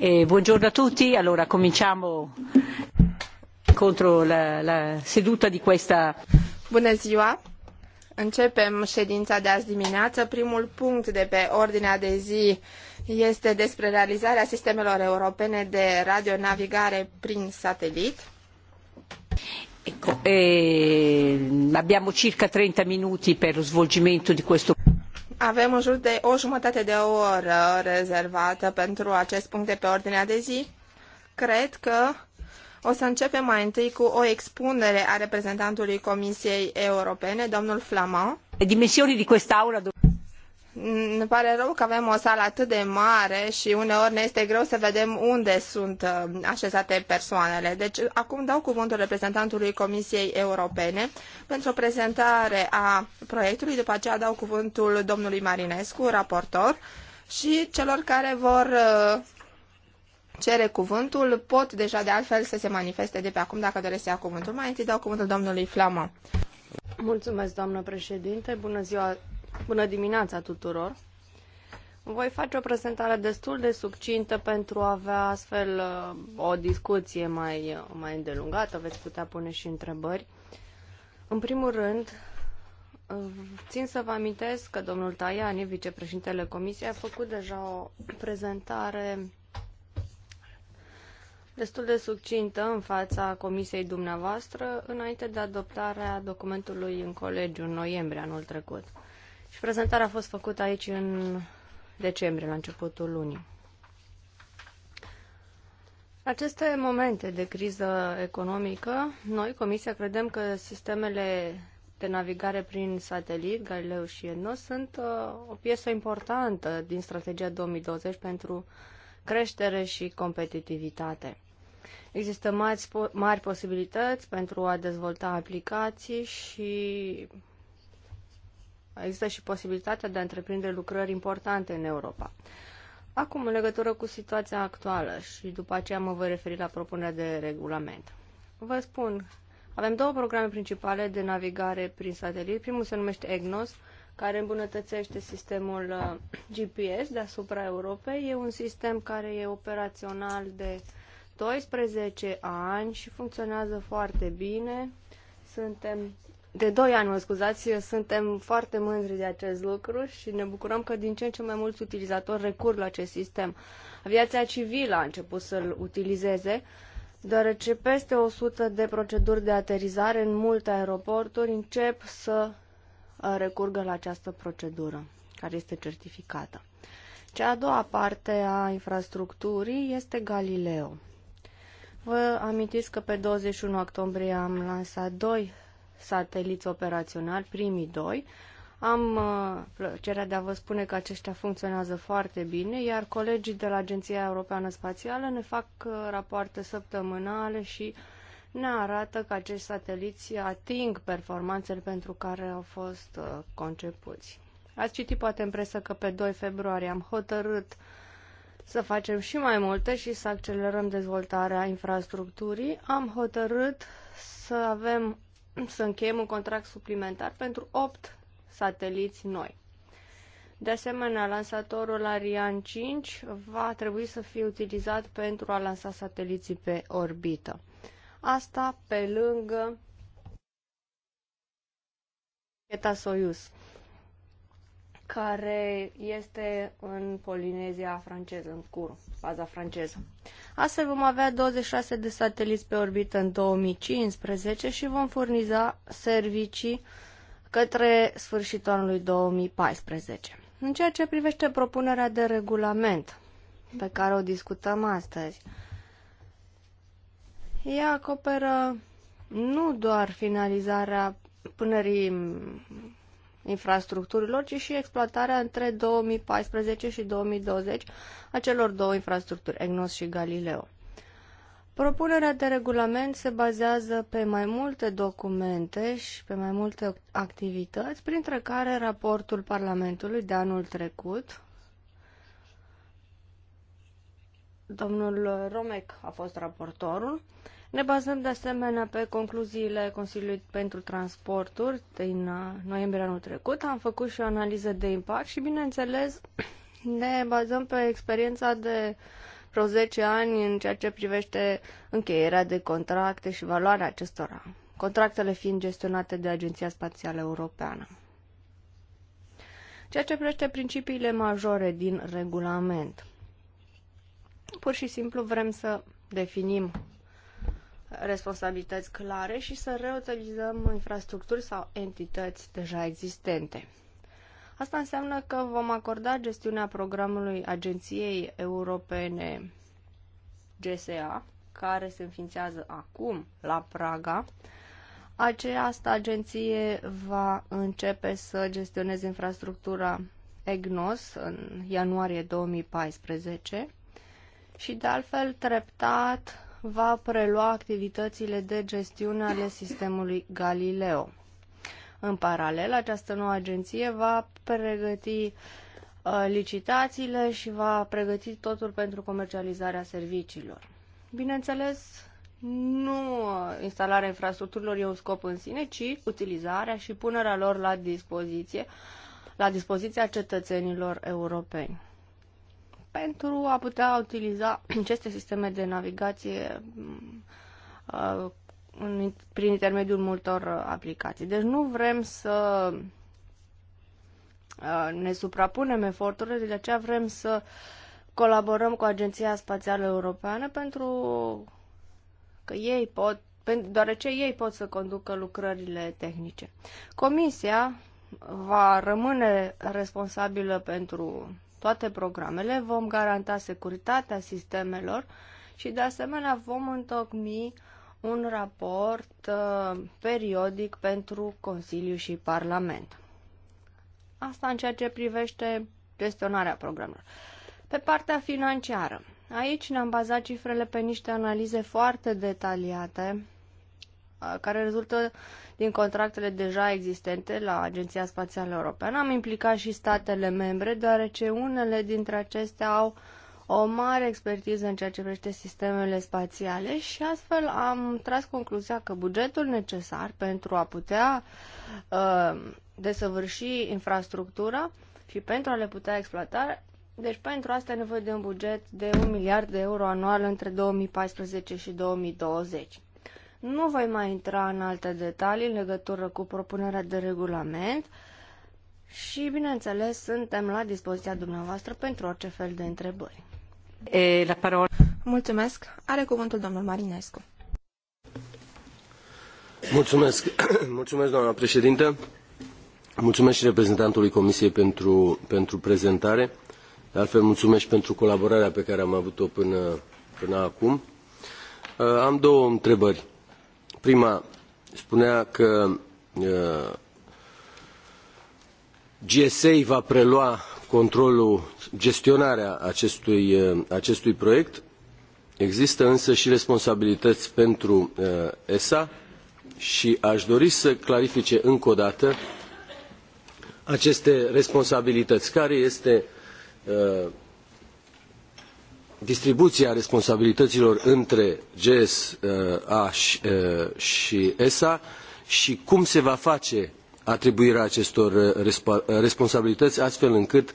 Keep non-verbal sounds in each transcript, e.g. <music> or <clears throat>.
Eh, buongiorno a tutti, allora cominciamo contro la, la seduta di questa. Bună ziua! Începem ședința de azi dimineață. Primul punct de pe ordinea de zi este despre realizarea sistemelor europene de radionavigare prin satelit. Ecco, eh, abbiamo circa 30 minuti per lo svolgimento di questo avem în jur de o jumătate de oră rezervată pentru acest punct de pe ordinea de zi. Cred că o să începem mai întâi cu o expunere a reprezentantului Comisiei Europene, domnul Flamand. Dimensiunile din quest'aula îmi pare rău că avem o sală atât de mare și uneori ne este greu să vedem unde sunt uh, așezate persoanele. Deci acum dau cuvântul reprezentantului Comisiei Europene pentru o prezentare a proiectului, după aceea dau cuvântul domnului Marinescu, raportor, și celor care vor uh, cere cuvântul pot deja de altfel să se manifeste de pe acum dacă doresc să ia cuvântul. Mai întâi dau cuvântul domnului Flama. Mulțumesc, doamnă președinte. Bună ziua Bună dimineața tuturor! Voi face o prezentare destul de succintă pentru a avea astfel uh, o discuție mai, uh, mai îndelungată. Veți putea pune și întrebări. În primul rând, uh, țin să vă amintesc că domnul Taiani, vicepreședintele Comisiei, a făcut deja o prezentare destul de succintă în fața comisiei dumneavoastră înainte de adoptarea documentului în colegiu în noiembrie anul trecut. Și prezentarea a fost făcută aici în decembrie, la începutul lunii. Aceste momente de criză economică, noi, Comisia, credem că sistemele de navigare prin satelit, Galileo și Edno, sunt uh, o piesă importantă din strategia 2020 pentru creștere și competitivitate. Există mari, mari posibilități pentru a dezvolta aplicații și există și posibilitatea de a întreprinde lucrări importante în Europa. Acum, în legătură cu situația actuală și după aceea mă voi referi la propunerea de regulament. Vă spun, avem două programe principale de navigare prin satelit. Primul se numește EGNOS, care îmbunătățește sistemul uh, GPS deasupra Europei. E un sistem care e operațional de 12 ani și funcționează foarte bine. Suntem de 2 ani, mă scuzați, suntem foarte mândri de acest lucru și ne bucurăm că din ce în ce mai mulți utilizatori recurg la acest sistem. Aviația civilă a început să-l utilizeze, deoarece peste 100 de proceduri de aterizare în multe aeroporturi încep să uh, recurgă la această procedură care este certificată. Cea a doua parte a infrastructurii este Galileo. Vă amintiți că pe 21 octombrie am lansat doi sateliți operaționali, primii doi. Am uh, plăcerea de a vă spune că aceștia funcționează foarte bine, iar colegii de la Agenția Europeană Spațială ne fac uh, rapoarte săptămânale și ne arată că acești sateliți ating performanțele pentru care au fost uh, concepuți. Ați citit poate în presă că pe 2 februarie am hotărât să facem și mai multe și să accelerăm dezvoltarea infrastructurii. Am hotărât să avem să încheiem un contract suplimentar pentru 8 sateliți noi. De asemenea, lansatorul Ariane 5 va trebui să fie utilizat pentru a lansa sateliții pe orbită. Asta pe lângă Cheta Soyuz, care este în Polinezia franceză, în Cur, baza franceză. Astfel vom avea 26 de sateliți pe orbită în 2015 și vom furniza servicii către sfârșitul anului 2014. În ceea ce privește propunerea de regulament pe care o discutăm astăzi, ea acoperă nu doar finalizarea punerii infrastructurilor, ci și exploatarea între 2014 și 2020 a celor două infrastructuri, EGNOS și Galileo. Propunerea de regulament se bazează pe mai multe documente și pe mai multe activități, printre care raportul Parlamentului de anul trecut. Domnul Romec a fost raportorul ne bazăm de asemenea pe concluziile Consiliului pentru Transporturi din uh, noiembrie anul trecut. Am făcut și o analiză de impact și, bineînțeles, <clears throat> ne bazăm pe experiența de vreo 10 ani în ceea ce privește încheierea de contracte și valoarea acestora, contractele fiind gestionate de Agenția Spațială Europeană. Ceea ce privește principiile majore din regulament. Pur și simplu vrem să definim responsabilități clare și să reutilizăm infrastructuri sau entități deja existente. Asta înseamnă că vom acorda gestiunea programului Agenției Europene GSA, care se înființează acum la Praga. Această agenție va începe să gestioneze infrastructura EGNOS în ianuarie 2014 și de altfel treptat va prelua activitățile de gestiune ale sistemului Galileo. În paralel, această nouă agenție va pregăti uh, licitațiile și va pregăti totul pentru comercializarea serviciilor. Bineînțeles, nu uh, instalarea infrastructurilor e un scop în sine, ci utilizarea și punerea lor la dispoziție, la dispoziția cetățenilor europeni pentru a putea utiliza <clears throat> aceste sisteme de navigație uh, în, prin intermediul multor uh, aplicații. Deci nu vrem să uh, ne suprapunem eforturile, de aceea vrem să colaborăm cu Agenția Spațială Europeană pentru că ei pot, deoarece ei pot să conducă lucrările tehnice. Comisia va rămâne responsabilă pentru toate programele, vom garanta securitatea sistemelor și de asemenea vom întocmi un raport uh, periodic pentru Consiliu și Parlament. Asta în ceea ce privește gestionarea programelor. Pe partea financiară, aici ne-am bazat cifrele pe niște analize foarte detaliate uh, care rezultă din contractele deja existente la Agenția Spațială Europeană. Am implicat și statele membre, deoarece unele dintre acestea au o mare expertiză în ceea ce privește sistemele spațiale și astfel am tras concluzia că bugetul necesar pentru a putea uh, desăvârși infrastructura și pentru a le putea exploata deci pentru asta e nevoie de un buget de 1 miliard de euro anual între 2014 și 2020. Nu voi mai intra în alte detalii în legătură cu propunerea de regulament și, bineînțeles, suntem la dispoziția dumneavoastră pentru orice fel de întrebări. E, la parol. Mulțumesc. Are cuvântul domnul Marinescu. Mulțumesc, <clears throat> Mulțumesc doamna președintă. Mulțumesc și reprezentantului Comisiei pentru, pentru prezentare. De altfel, mulțumesc și pentru colaborarea pe care am avut-o până, până acum. Uh, am două întrebări. Prima spunea că uh, GSA va prelua controlul, gestionarea acestui, uh, acestui proiect. Există însă și responsabilități pentru uh, ESA și aș dori să clarifice încă o dată aceste responsabilități. Care este distribuția responsabilităților între GSA uh, și ESA uh, și cum se va face atribuirea acestor uh, responsabilități astfel încât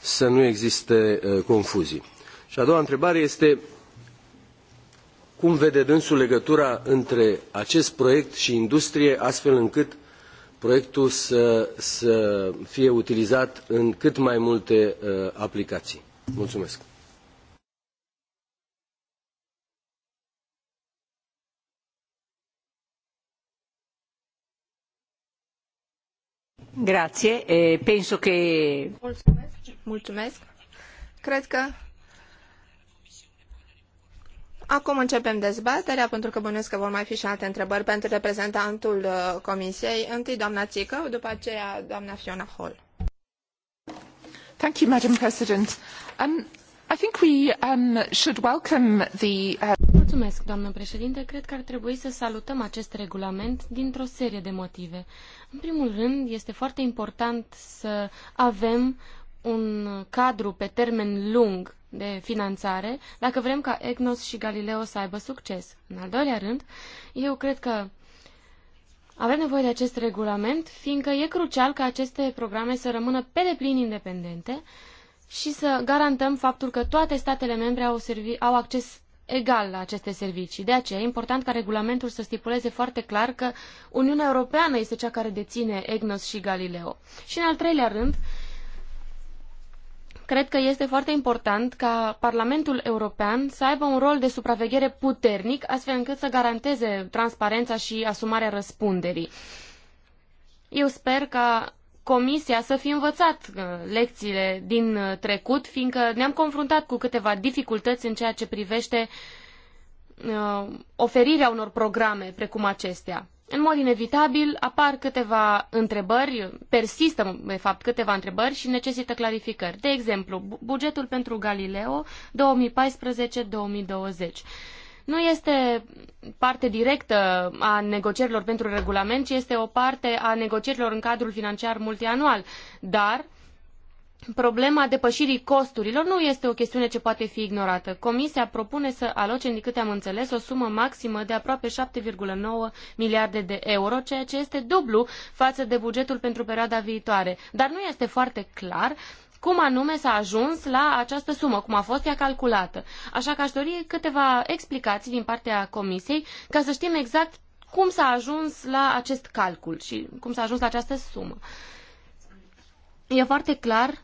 să nu existe confuzii. Și a doua întrebare este cum vede dânsul legătura între acest proiect și industrie astfel încât proiectul să, să fie utilizat în cât mai multe aplicații. Mulțumesc! Mulțumesc. Mulțumesc. Cred că Acum începem dezbaterea, pentru că bănuiesc că vor mai fi și alte întrebări pentru reprezentantul uh, Comisiei. Întâi doamna Țică, după aceea doamna Fiona Hall. Thank you, Madam President. Um, Um, uh, doamnă Cred că ar trebui să salutăm acest regulament dintr-o serie de motive. În primul rând, este foarte important să avem un cadru pe termen lung de finanțare, dacă vrem ca EGNOS și Galileo să aibă succes. În al doilea rând, eu cred că avem nevoie de acest regulament, fiindcă e crucial ca aceste programe să rămână pe deplin independente și să garantăm faptul că toate statele membre au, servi- au acces egal la aceste servicii. De aceea e important ca regulamentul să stipuleze foarte clar că Uniunea Europeană este cea care deține EGNOS și Galileo. Și în al treilea rând, cred că este foarte important ca Parlamentul European să aibă un rol de supraveghere puternic, astfel încât să garanteze transparența și asumarea răspunderii. Eu sper ca Comisia să fi învățat uh, lecțiile din uh, trecut, fiindcă ne-am confruntat cu câteva dificultăți în ceea ce privește uh, oferirea unor programe precum acestea. În mod inevitabil apar câteva întrebări, persistă de fapt câteva întrebări și necesită clarificări. De exemplu, bugetul pentru Galileo 2014-2020 nu este parte directă a negocierilor pentru regulament, ci este o parte a negocierilor în cadrul financiar multianual. Dar problema depășirii costurilor nu este o chestiune ce poate fi ignorată. Comisia propune să aloce, din câte am înțeles, o sumă maximă de aproape 7,9 miliarde de euro, ceea ce este dublu față de bugetul pentru perioada viitoare. Dar nu este foarte clar cum anume s-a ajuns la această sumă, cum a fost ea calculată. Așa că aș dori câteva explicații din partea Comisiei ca să știm exact cum s-a ajuns la acest calcul și cum s-a ajuns la această sumă. E foarte clar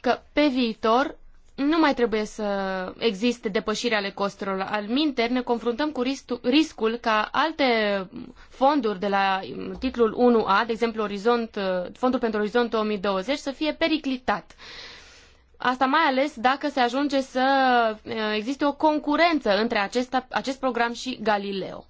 că pe viitor nu mai trebuie să existe depășiri ale costurilor. Al minter ne confruntăm cu riscul ca alte fonduri de la titlul 1A, de exemplu Orizont, Fondul pentru Orizont 2020, să fie periclitat. Asta mai ales dacă se ajunge să eh, existe o concurență între acest program și Galileo.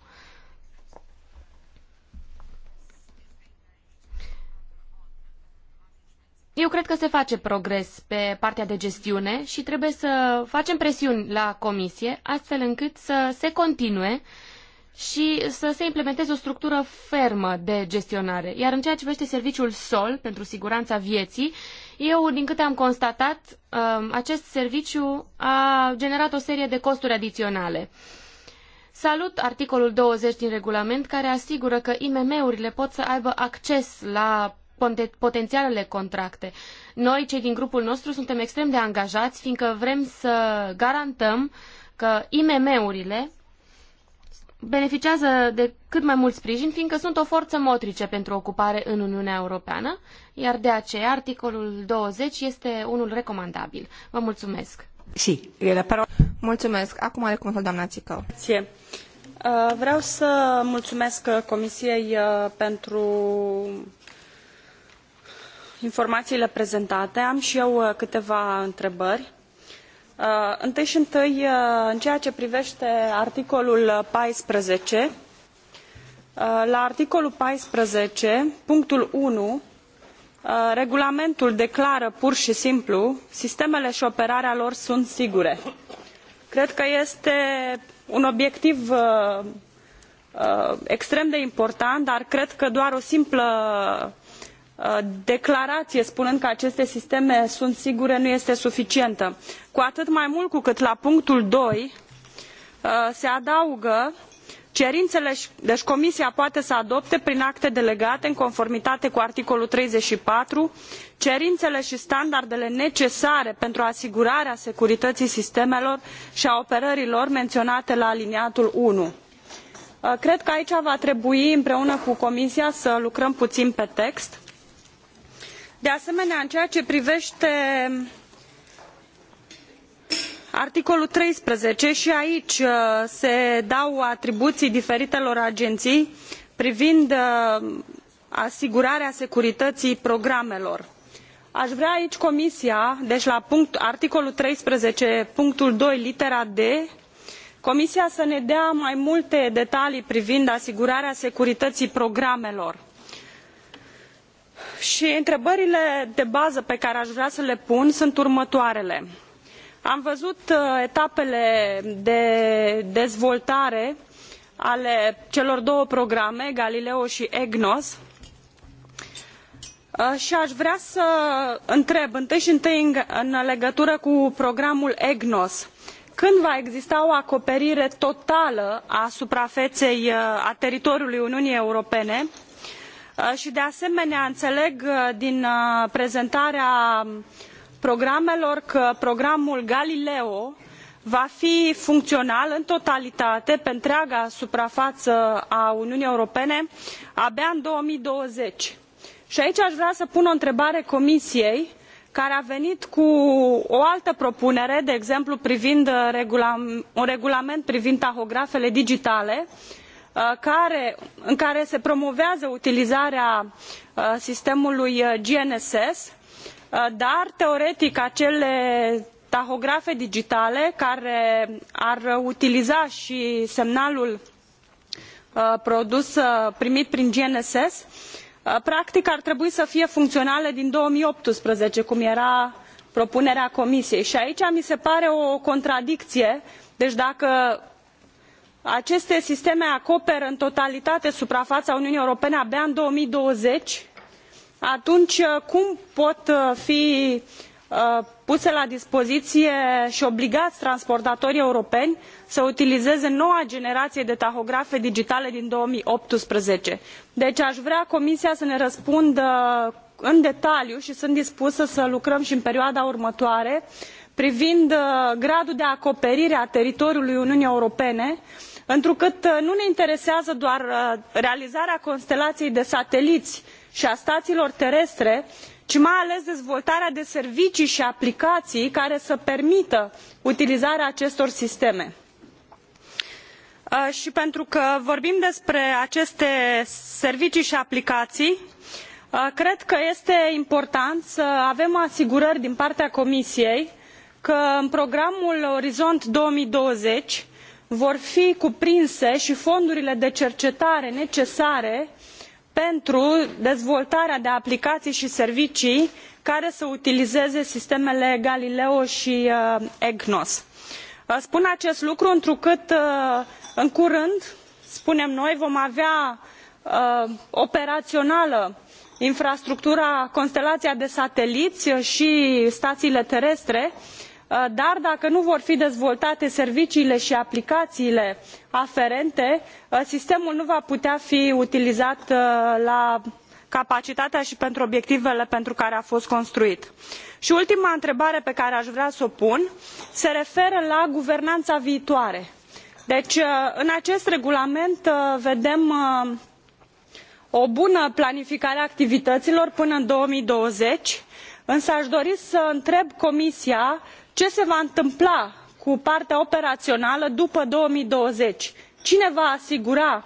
Eu cred că se face progres pe partea de gestiune și trebuie să facem presiuni la comisie astfel încât să se continue și să se implementeze o structură fermă de gestionare. Iar în ceea ce privește serviciul SOL pentru siguranța vieții, eu, din câte am constatat, um, acest serviciu a generat o serie de costuri adiționale. Salut articolul 20 din regulament care asigură că IMM-urile pot să aibă acces la potențialele contracte. Noi, cei din grupul nostru, suntem extrem de angajați, fiindcă vrem să garantăm că IMM-urile beneficiază de cât mai mult sprijin, fiindcă sunt o forță motrice pentru ocupare în Uniunea Europeană, iar de aceea articolul 20 este unul recomandabil. Vă mulțumesc! Și, Mulțumesc! Acum are cuvântul doamna Țicău. Uh, vreau să mulțumesc Comisiei uh, pentru informaiile prezentate am i eu uh, câteva întrebări uh, întâi i întâi uh, în ceea ce privete articolul paisprezece la articolul paisprezece punctul unu regulamentul declară pur i simplu sistemele i operarea lor sunt sigure. cred că este un obiectiv extrem de important dar cred că doar o simplă declaraie spunând că aceste sisteme sunt sigure nu este suficientă cu atât mai mult cu cât la punctul doi uh, se adaugă cerinele deci comisia poate să adopte prin acte delegate în conformitate cu articolul treizeci și patru cerinele i standardele necesare pentru asigurarea securităii sistemelor i a operării lor menionate la alineatul. unu uh, cred că aici va trebui împreună cu comisia să lucrăm puin pe text de asemenea în ceea ce privete articolul treisprezece i aici uh, se dau atribuii diferitelor agenii privind uh, asigurarea securităii programelor. a vrea aici comisia deci la articolul treisprezece punctul doi litera d comisia să ne dea mai multe detalii privind asigurarea securităii programelor i întrebările de bază pe care a vrea să le pun sunt următoarele am văzut uh, etapele de dezvoltare ale celor două programe galileo i egnos uh, i a vrea să întreb întâi i întâi în legătură cu programul egnos când va exista o acoperire totală a suprafeei uh, a teritoriului uniunii europene i Uh, i de asemenea îneleg uh, din uh, prezentarea programelor că programul galileo va fi funcional în totalitate pe întreaga suprafaă a uniunii europene abia în două mii douăzeci i aici a vrea să pun o întrebare comisiei care a venit cu o altă propunere de exemplu privind un regulament privind tahografele digitale i Uh, în care se promovează utilizarea uh, sistemului uh, gnss dar teoretic acele tahografe digitale care ar utiliza i semnalul produs primit prin gnss practic ar trebui să fie funcionale din două mii optsprezece cum era propunerea comisiei i aici mi se pare o contradicie deci dacă aceste sisteme acoperă în totalitate suprafaa uniunii europene abia în două mii douăzeci atunci uh, cum pot uh, fi uh, puse la dispoziie i obligai transportatorii europeni să utilizeze noua generaie de tahografe digitale din două mii optsprezece deci a vrea comisia să ne răspundă în detaliu i sunt dispusă să lucrăm i în perioada următoare privind gradul de acoperire a teritoriului uniunii europene i întrucât nu ne interesează doar ă, realizarea constelaiei de satelii i a staiilor terestre ci mai ales dezvoltarea de servicii i aplicaii care să permită utilizarea acestor sisteme ă, i pentru că vorbim despre aceste servicii i aplicaii ă, cred că este important să avem asigurări din partea comisiei că în programul orizont două mii douăzeci vor fi cuprinse i fondurile de cercetare necesare pentru dezvoltarea de aplicaii i servicii care să utilizeze sistemele galileo i uh, egnos. Uh, spun acest lucru întrucât uh, în curând spunem noi vom avea operaională infrastructura constelaia de satelii i staiile terestre i Uh, dar dacă nu vor fi dezvoltate serviciile i aplicaiile aferente uh, sistemul nu va putea fi utilizat uh, la capacitatea i pentru obiectivele pentru care a fost construit. i ultima întrebare pe care a vrea să o pun se referă la guvernana viitoare. deci în acest regulament vedem o bună planificare a activităilor până în două mii douăzeci însă a dori să întreb comisia dacă ce se va întâmpla cu partea operaională după două mii douăzeci cine va asigura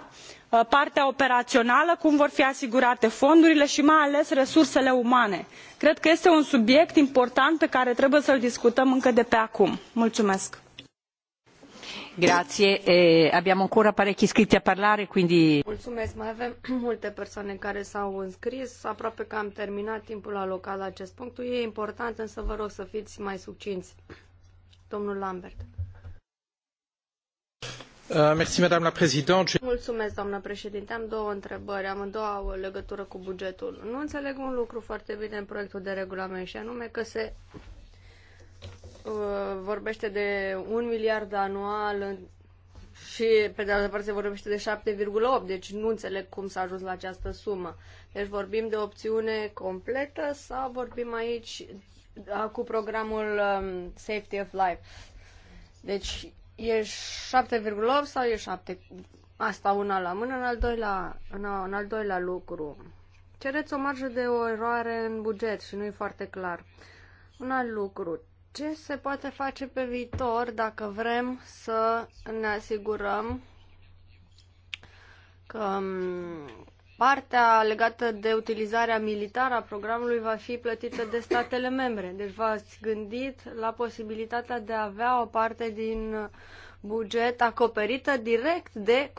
uh, partea operaională cum vor fi asigurate fondurile i mai ales resursele umane? cred că este un subiect important pe care trebuie să l discutăm încă de pe acum. mulumesc. Grazie. E, abbiamo ancora parecchi iscritti a parlare, quindi... Mulțumesc, mai avem <clears throat> multe persoane care s-au înscris, aproape că am terminat timpul alocat la acest punct. E important, însă vă rog să fiți mai succinți. Domnul Lambert. Uh, merci, madame la Mulțumesc, doamnă președinte. Am două întrebări, amândouă au legătură cu bugetul. Nu înțeleg un lucru foarte bine în proiectul de regulament și anume că se Uh, vorbește de un miliard anual și pe de altă parte se vorbește de 7,8, deci nu înțeleg cum s-a ajuns la această sumă. Deci vorbim de opțiune completă sau vorbim aici cu programul um, Safety of Life. Deci e 7,8 sau e 7? Asta una la mână, în al doilea, în, în al doilea lucru. Cereți o marjă de o eroare în buget și nu e foarte clar. Un alt lucru, ce se poate face pe viitor dacă vrem să ne asigurăm că mm, partea legată de utilizarea militară a programului va fi plătită de statele membre? Deci v-ați gândit la posibilitatea de a avea o parte din buget acoperită direct de,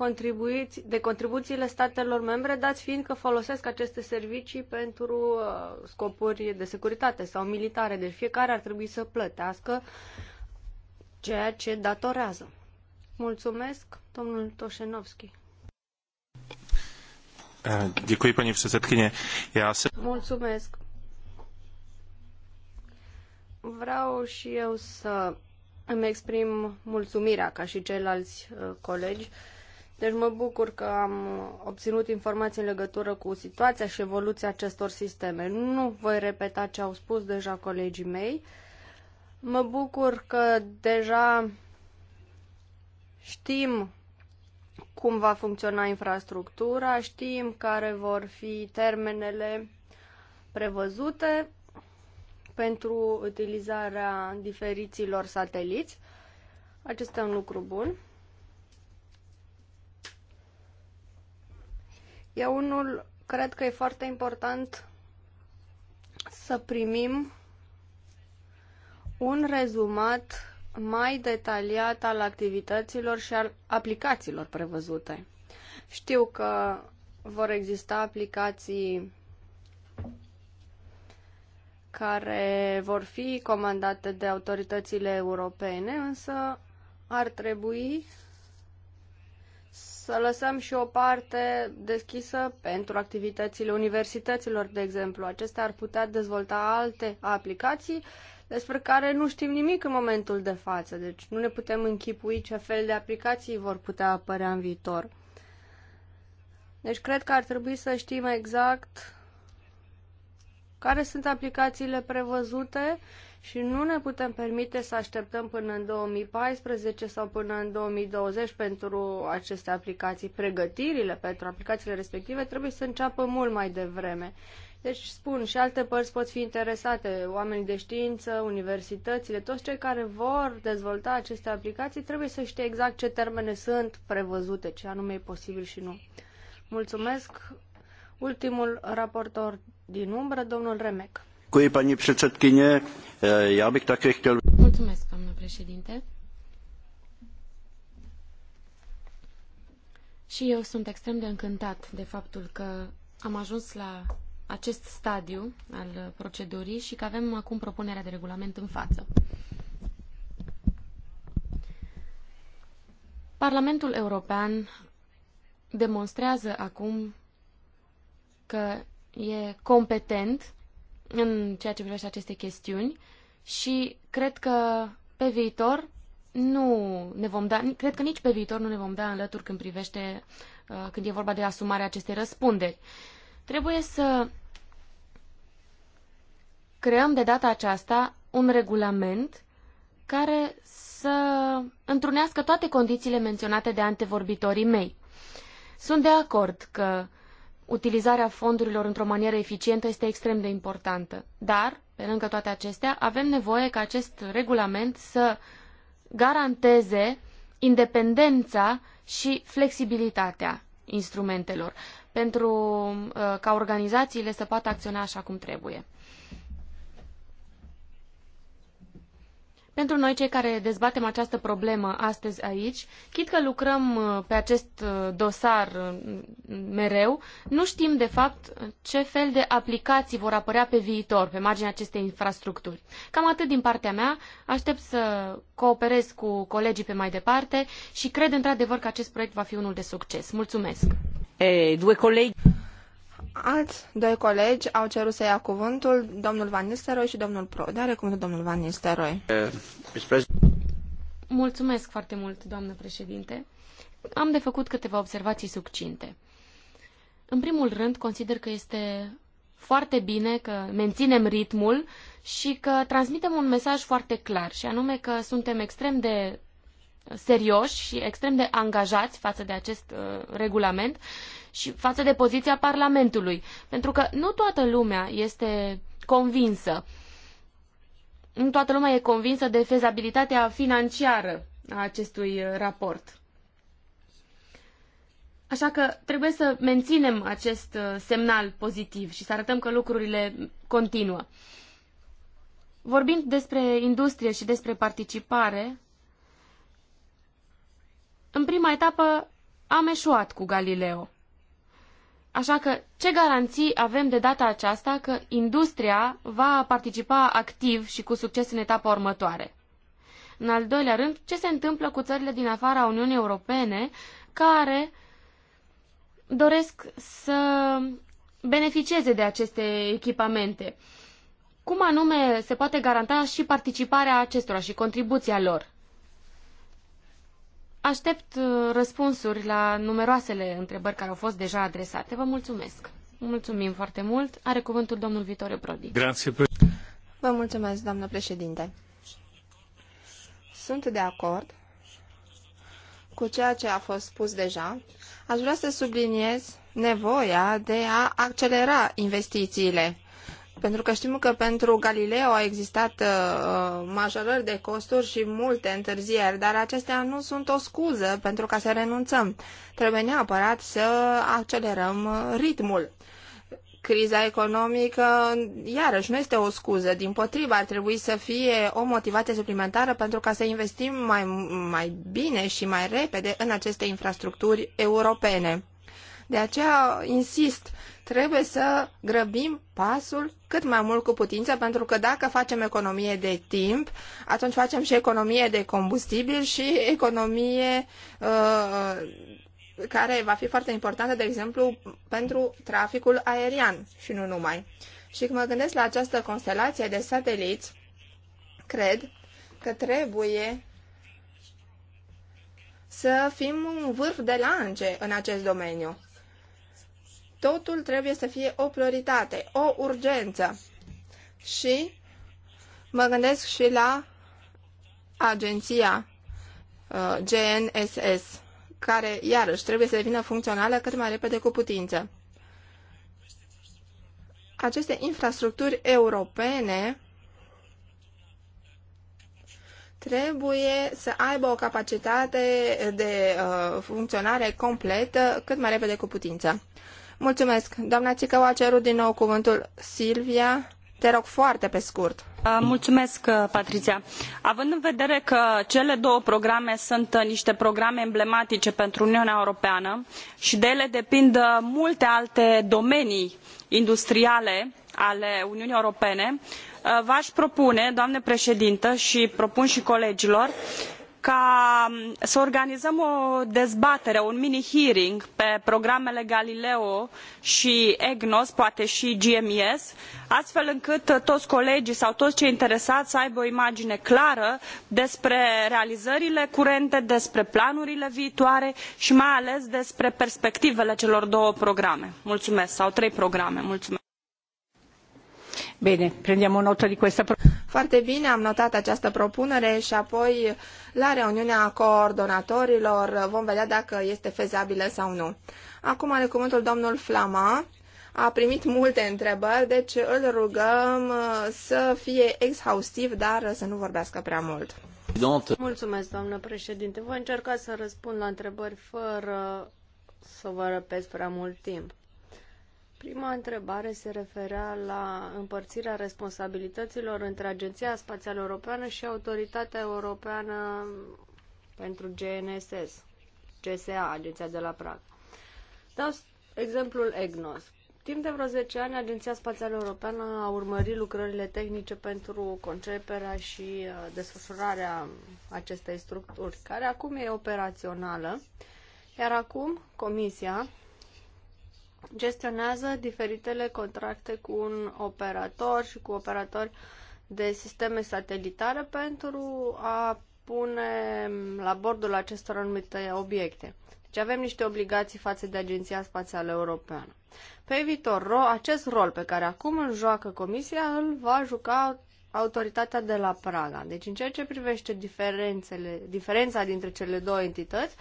de contribuțiile statelor membre, dați fiind că folosesc aceste servicii pentru uh, scopuri de securitate sau militare. Deci fiecare ar trebui să plătească ceea ce datorează. Mulțumesc, domnul Toșenovski. Eh, děkuji, paní předsedkyně. Já se... Mulțumesc. Vreau și eu să îmi exprim mulțumirea ca și ceilalți uh, colegi. Deci mă bucur că am obținut informații în legătură cu situația și evoluția acestor sisteme. Nu voi repeta ce au spus deja colegii mei. Mă bucur că deja știm cum va funcționa infrastructura, știm care vor fi termenele prevăzute pentru utilizarea diferiților sateliți. Acesta e un lucru bun. E unul, cred că e foarte important să primim un rezumat mai detaliat al activităților și al aplicațiilor prevăzute. Știu că vor exista aplicații care vor fi comandate de autoritățile europene, însă ar trebui să lăsăm și o parte deschisă pentru activitățile universităților, de exemplu. Acestea ar putea dezvolta alte aplicații despre care nu știm nimic în momentul de față, deci nu ne putem închipui ce fel de aplicații vor putea apărea în viitor. Deci cred că ar trebui să știm exact care sunt aplicațiile prevăzute și nu ne putem permite să așteptăm până în 2014 sau până în 2020 pentru aceste aplicații. Pregătirile pentru aplicațiile respective trebuie să înceapă mult mai devreme. Deci, spun, și alte părți pot fi interesate, oamenii de știință, universitățile, toți cei care vor dezvolta aceste aplicații trebuie să știe exact ce termene sunt prevăzute, ce anume e posibil și nu. Mulțumesc. Ultimul raportor din umbră, domnul Remek. Děkuji, paní předsedkyně. Eh, já Și eu sunt extrem de încântat de faptul că am ajuns la acest stadiu al procedurii și că avem acum propunerea de regulament în față. Parlamentul European demonstrează acum că e competent în ceea ce privește aceste chestiuni și cred că pe viitor nu ne vom da, cred că nici pe viitor nu ne vom da înlături când privește, uh, când e vorba de asumarea acestei răspunderi. Trebuie să creăm de data aceasta un regulament care să întrunească toate condițiile menționate de antevorbitorii mei. Sunt de acord că utilizarea fondurilor într-o manieră eficientă este extrem de importantă. Dar, pe lângă toate acestea, avem nevoie ca acest regulament să garanteze independența și flexibilitatea instrumentelor pentru uh, ca organizațiile să poată acționa așa cum trebuie. Pentru noi, cei care dezbatem această problemă astăzi aici, chit că lucrăm uh, pe acest uh, dosar uh, mereu, nu știm, de fapt, ce fel de aplicații vor apărea pe viitor, pe marginea acestei infrastructuri. Cam atât din partea mea. Aștept să cooperez cu colegii pe mai departe și cred, într-adevăr, că acest proiect va fi unul de succes. Mulțumesc! E, eh, due colegi. Alți doi colegi au cerut să ia cuvântul, domnul Van Nistelrooy și domnul Pro. Dar cuvântul domnul Van Nistelrooy. Mulțumesc foarte mult, doamnă președinte. Am de făcut câteva observații succinte. În primul rând, consider că este foarte bine că menținem ritmul și că transmitem un mesaj foarte clar, și anume că suntem extrem de serioși și extrem de angajați față de acest uh, regulament și față de poziția Parlamentului. Pentru că nu toată lumea este convinsă. Nu toată lumea e convinsă de fezabilitatea financiară a acestui uh, raport. Așa că trebuie să menținem acest uh, semnal pozitiv și să arătăm că lucrurile continuă. Vorbind despre industrie și despre participare, în prima etapă am eșuat cu Galileo. Așa că ce garanții avem de data aceasta că industria va participa activ și cu succes în etapa următoare? În al doilea rând, ce se întâmplă cu țările din afara Uniunii Europene care doresc să beneficieze de aceste echipamente? Cum anume se poate garanta și participarea acestora și contribuția lor? Aștept uh, răspunsuri la numeroasele întrebări care au fost deja adresate. Vă mulțumesc. Mulțumim foarte mult. Are cuvântul domnul Vitoriu Prodi. Vă mulțumesc, doamnă președinte. Sunt de acord cu ceea ce a fost spus deja. Aș vrea să subliniez nevoia de a accelera investițiile pentru că știm că pentru Galileo au existat uh, uh, majorări de costuri și multe întârzieri, dar acestea nu sunt o scuză pentru ca să renunțăm. Trebuie neapărat să accelerăm uh, ritmul. Criza economică, iarăși, nu este o scuză. Din potrivă, ar trebui să fie o motivație suplimentară pentru ca să investim mai, mai bine și mai repede în aceste infrastructuri europene. De aceea insist trebuie să grăbim pasul cât mai mult cu putință, pentru că dacă facem economie de timp, atunci facem și economie de combustibil și economie uh, care va fi foarte importantă, de exemplu, pentru traficul aerian și nu numai. Și când mă gândesc la această constelație de sateliți, cred că trebuie să fim un vârf de lance în acest domeniu totul trebuie să fie o prioritate, o urgență. Și mă gândesc și la agenția uh, GNSS, care iarăși trebuie să devină funcțională cât mai repede cu putință. Aceste infrastructuri europene trebuie să aibă o capacitate de uh, funcționare completă cât mai repede cu putință. Mulțumesc. Doamna Țicău a cerut din nou cuvântul Silvia. Te rog foarte pe scurt. Mulțumesc, uh, Patricia. Având în vedere că cele două programe sunt uh, niște programe emblematice pentru Uniunea Europeană și de ele depind uh, multe alte domenii industriale ale Uniunii Europene, v-aș propune, doamnă președintă, și propun și colegilor, ca mm, să organizăm o dezbatere, un mini-hearing pe programele Galileo și EGNOS, poate și GMES, astfel încât toți colegii sau toți cei interesați să aibă o imagine clară despre realizările curente, despre planurile viitoare și mai ales despre perspectivele celor două programe, mulțumesc, sau trei programe. Mulțumesc. Bine, prendiamo notă de questa Foarte bine, am notat această propunere și apoi la reuniunea coordonatorilor vom vedea dacă este fezabilă sau nu. Acum are cuvântul domnul Flama. A primit multe întrebări, deci îl rugăm uh, să fie exhaustiv, dar să nu vorbească prea mult. Mulțumesc, doamnă președinte. Voi încerca să răspund la întrebări fără să vă răpesc prea mult timp. Prima întrebare se referea la împărțirea responsabilităților între Agenția Spațială Europeană și Autoritatea Europeană pentru GNSS, GSA, Agenția de la Prag. Dau exemplul EGNOS. Timp de vreo 10 ani, Agenția Spațială Europeană a urmărit lucrările tehnice pentru conceperea și uh, desfășurarea acestei structuri, care acum e operațională, iar acum Comisia gestionează diferitele contracte cu un operator și cu operatori de sisteme satelitare pentru a pune la bordul acestor anumite obiecte. Deci avem niște obligații față de Agenția Spațială Europeană. Pe viitor, ro- acest rol pe care acum îl joacă Comisia îl va juca autoritatea de la Praga. Deci în ceea ce privește diferențele, diferența dintre cele două entități,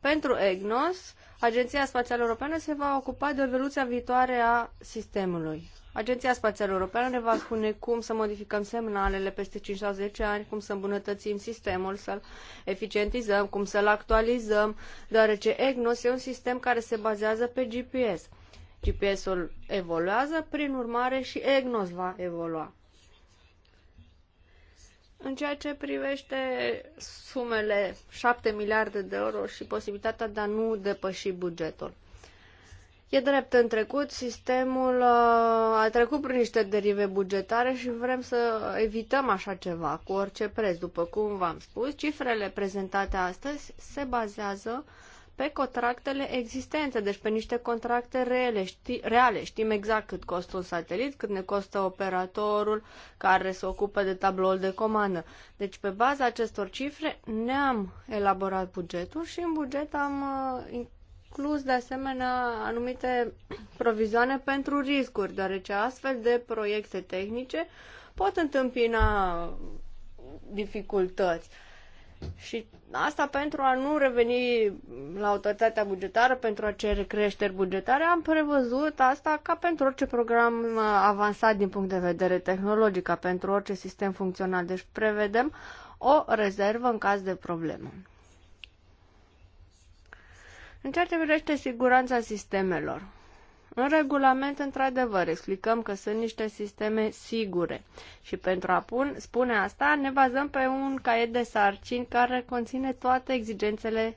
pentru EGNOS Agenția Spațială Europeană se va ocupa de evoluția viitoare a sistemului. Agenția Spațială Europeană ne va spune cum să modificăm semnalele peste 5 sau 10 ani, cum să îmbunătățim sistemul, să-l eficientizăm, cum să-l actualizăm, deoarece EGNOS e un sistem care se bazează pe GPS. GPS-ul evoluează, prin urmare și EGNOS va evolua. În ceea ce privește sumele 7 miliarde de euro și posibilitatea de a nu depăși bugetul. E drept, în trecut sistemul uh, a trecut prin niște derive bugetare și vrem să evităm așa ceva cu orice preț. După cum v-am spus, cifrele prezentate astăzi se bazează pe contractele existente, deci pe niște contracte reale. Ști, reale. Știm exact cât costă un satelit, cât ne costă operatorul care se ocupă de tabloul de comandă. Deci pe baza acestor cifre ne-am elaborat bugetul și în buget am uh, inclus de asemenea anumite provizioane pentru riscuri, deoarece astfel de proiecte tehnice pot întâmpina dificultăți. Uh, și asta pentru a nu reveni la autoritatea bugetară pentru a cere creșteri bugetare, am prevăzut asta ca pentru orice program uh, avansat din punct de vedere tehnologic, ca pentru orice sistem funcțional. Deci prevedem o rezervă în caz de problemă. În ceea ce privește siguranța sistemelor, în regulament, într-adevăr, explicăm că sunt niște sisteme sigure și pentru a pun, spune asta ne bazăm pe un caiet de sarcini care conține toate exigențele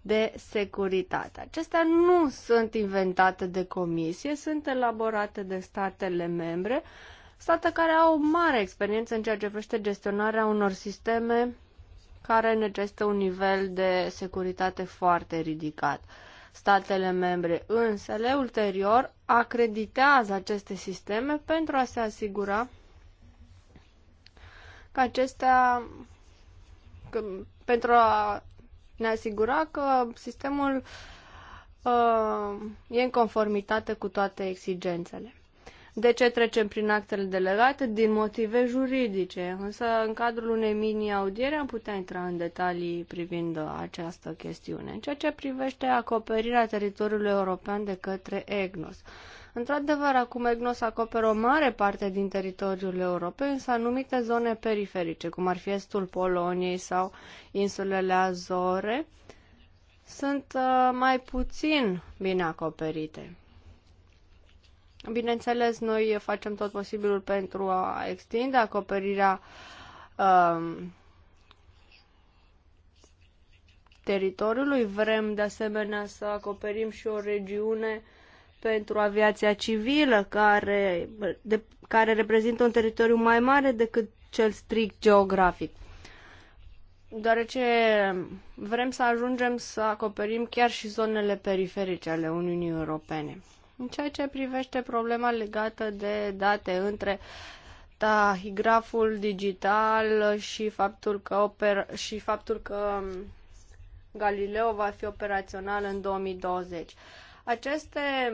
de securitate. Acestea nu sunt inventate de comisie, sunt elaborate de statele membre, state care au mare experiență în ceea ce privește gestionarea unor sisteme care necesită un nivel de securitate foarte ridicat statele membre, însă le ulterior acreditează aceste sisteme pentru a se asigura că acestea că, pentru a ne asigura că sistemul uh, e în conformitate cu toate exigențele. De ce trecem prin actele delegate? Din motive juridice. Însă, în cadrul unei mini-audiere am putea intra în detalii privind această chestiune, ceea ce privește acoperirea teritoriului european de către EGNOS. Într-adevăr, acum EGNOS acoperă o mare parte din teritoriul european, însă anumite zone periferice, cum ar fi estul Poloniei sau insulele Azore, sunt uh, mai puțin bine acoperite. Bineînțeles, noi facem tot posibilul pentru a extinde acoperirea um, teritoriului. Vrem de asemenea să acoperim și o regiune pentru aviația civilă, care, de, care reprezintă un teritoriu mai mare decât cel strict geografic. Deoarece vrem să ajungem să acoperim chiar și zonele periferice ale Uniunii Europene. În ceea ce privește problema legată de date între tahigraful digital și faptul că, oper- și faptul că um, Galileo va fi operațional în 2020. Aceste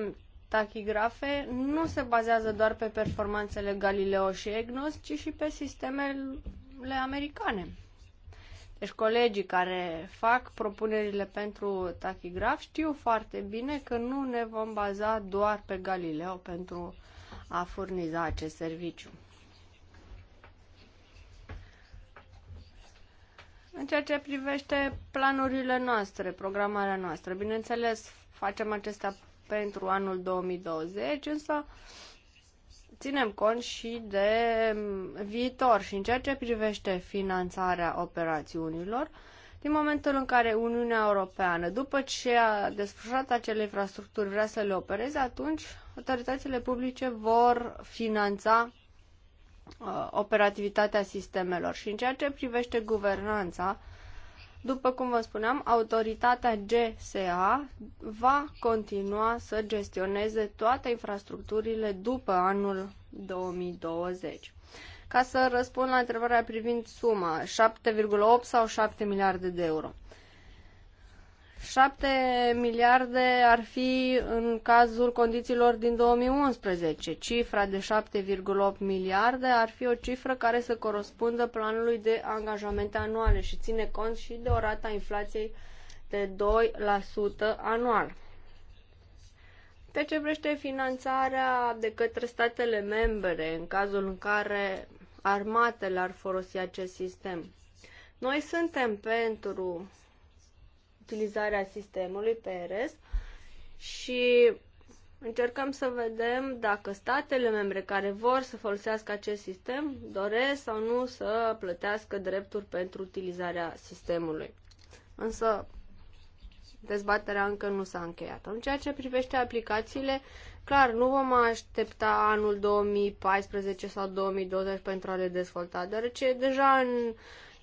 tachigrafe nu se bazează doar pe performanțele Galileo și EGNOS, ci și pe sistemele americane. Deci colegii care fac propunerile pentru tachigraf știu foarte bine că nu ne vom baza doar pe Galileo pentru a furniza acest serviciu. În ceea ce privește planurile noastre, programarea noastră, bineînțeles, facem acestea pentru anul 2020, însă ținem cont și de mm, viitor și în ceea ce privește finanțarea operațiunilor, din momentul în care Uniunea Europeană, după ce a desfășurat acele infrastructuri, vrea să le opereze, atunci autoritățile publice vor finanța uh, operativitatea sistemelor. Și în ceea ce privește guvernanța, uh, după cum vă spuneam, autoritatea GSA va continua să gestioneze toate infrastructurile după anul 2020. Ca să răspund la întrebarea privind suma, 7,8 sau 7 miliarde de euro. 7 miliarde ar fi în cazul condițiilor din 2011. Cifra de 7,8 miliarde ar fi o cifră care să corespundă planului de angajamente anuale și ține cont și de o rata inflației de 2% anual. Pe ce vrește finanțarea de către statele membre în cazul în care armatele ar folosi acest sistem? Noi suntem pentru utilizarea sistemului PRS și încercăm să vedem dacă statele membre care vor să folosească acest sistem doresc sau nu să plătească drepturi pentru utilizarea sistemului. Însă dezbaterea încă nu s-a încheiat. În ceea ce privește aplicațiile, clar, nu vom aștepta anul 2014 sau 2020 pentru a le dezvolta, deoarece deja în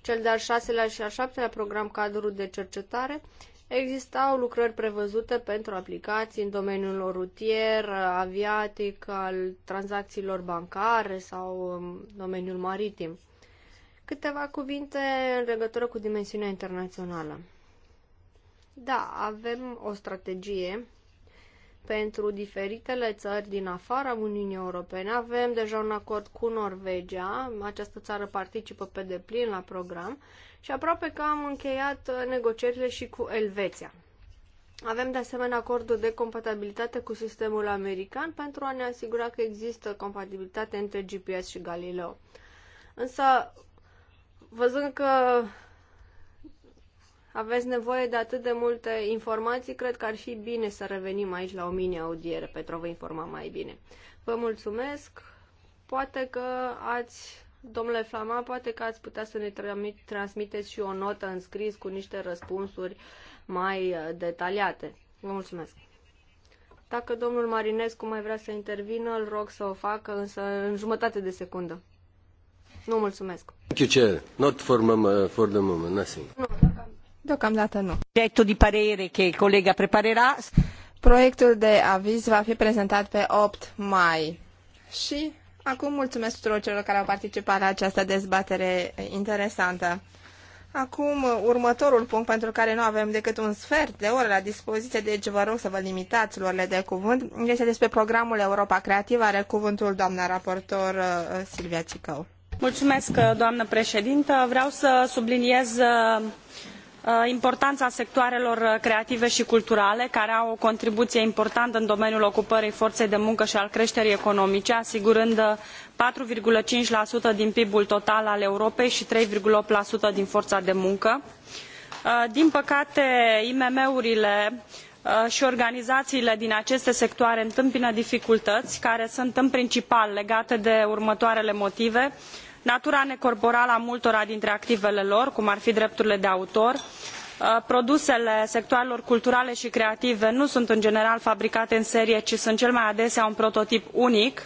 cel de-al șaselea și al șaptelea program cadru de cercetare, existau lucrări prevăzute pentru aplicații în domeniul rutier, aviatic, al tranzacțiilor bancare sau în um, domeniul maritim. Câteva cuvinte în legătură cu dimensiunea internațională. Da, avem o strategie pentru diferitele țări din afara Uniunii Europene. Avem deja un acord cu Norvegia, această țară participă pe deplin la program și aproape că am încheiat uh, negocierile și cu Elveția. Avem de asemenea acordul de compatibilitate cu sistemul american pentru a ne asigura că există compatibilitate între GPS și Galileo. Însă, văzând că aveți nevoie de atât de multe informații, cred că ar fi bine să revenim aici la o mini-audiere pentru a vă informa mai bine. Vă mulțumesc. Poate că ați, domnule Flama, poate că ați putea să ne transmiteți și o notă în scris cu niște răspunsuri mai uh, detaliate. Vă mulțumesc. Dacă domnul Marinescu mai vrea să intervină, îl rog să o facă, însă în jumătate de secundă. Nu mulțumesc. Thank you, Chair. Not for, mama, uh, for the moment, nothing. No. Deocamdată nu. Proiectul de parere că colega preparerà. Proiectul de aviz va fi prezentat pe 8 mai. Și acum mulțumesc tuturor celor care au participat la această dezbatere interesantă. Acum, următorul punct pentru care nu avem decât un sfert de oră la dispoziție, deci vă rog să vă limitați luările de cuvânt, este despre programul Europa Creativă, are cuvântul doamna raportor uh, Silvia Țicău. Mulțumesc, uh, doamnă președintă. Vreau să subliniez uh, Uh, importana sectoarelor creative i culturale care au o contribuie importantă în domeniul ocupării forei de muncă i al creterii economice asigurând patru cinci din pib ul total al europei i trei opt din fora de muncă. Uh, din păcate imm urile i uh, organizaiile din aceste sectoare întâmpină dificultăi care sunt în principal legate de următoarele motive natura necorporală a multora dintre activele lor cum ar fi drepturile de autor uh, produsele sectoarelor culturale i creative nu sunt în general fabricate în serie ci sunt cel mai adesea un prototip unic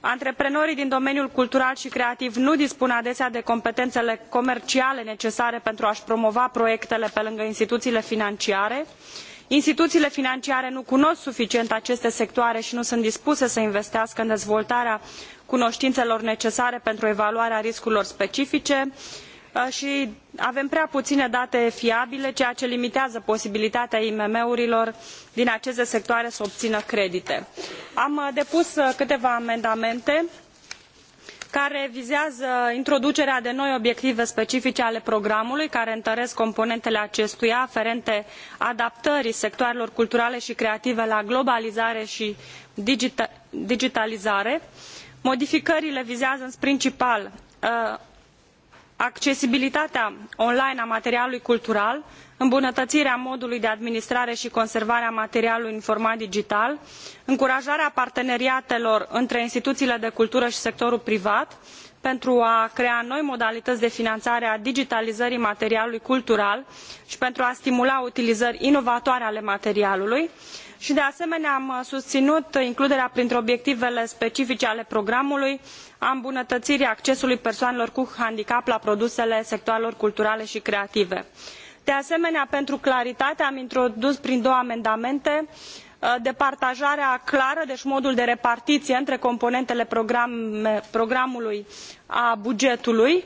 antreprenorii din domeniul cultural i creativ nu dispun adesea de competenele comerciale necesare pentru a i promova proiectele pe lângă instituiile financiare i instituiile financiare nu cunosc suficient aceste sectoare i nu sunt dispuse să investească în dezvoltarea cunotinelor necesare pentru evaluarea riscurilor specifice uh, i avem prea puine date fiabile ceea ce limitează posibilitatea imm urilor din aceste sectoare să obină credite. am uh, depus uh, câteva amendamente care vizează introducerea de noi obiective specifice ale programului care întăresc componentele acestuia aferente adaptării sectoarelor culturale i creative la globalizare i digitalizare modificările vizează în principal uh, accesibilitatea online a materialului cultural îmbunătăirea modului de administrare i conservare a materialului în format digital încurajarea parteneriatelor între instituiile de cultură i sectorul privat pentru a crea noi modalităi de finanare a digitalizării materialului cultural i pentru a stimula utilizări inovatoare ale materialului i de asemenea am susinut includerea printre obiectivele specifice ale programului a îmbunătăirii accesului persoanelor cu handicap la produsele sectoarelor culturale i creative de asemenea pentru claritate am introdus prin două amendamente uh, departajarea clară deci modul de repartiie între componentele programului a bugetului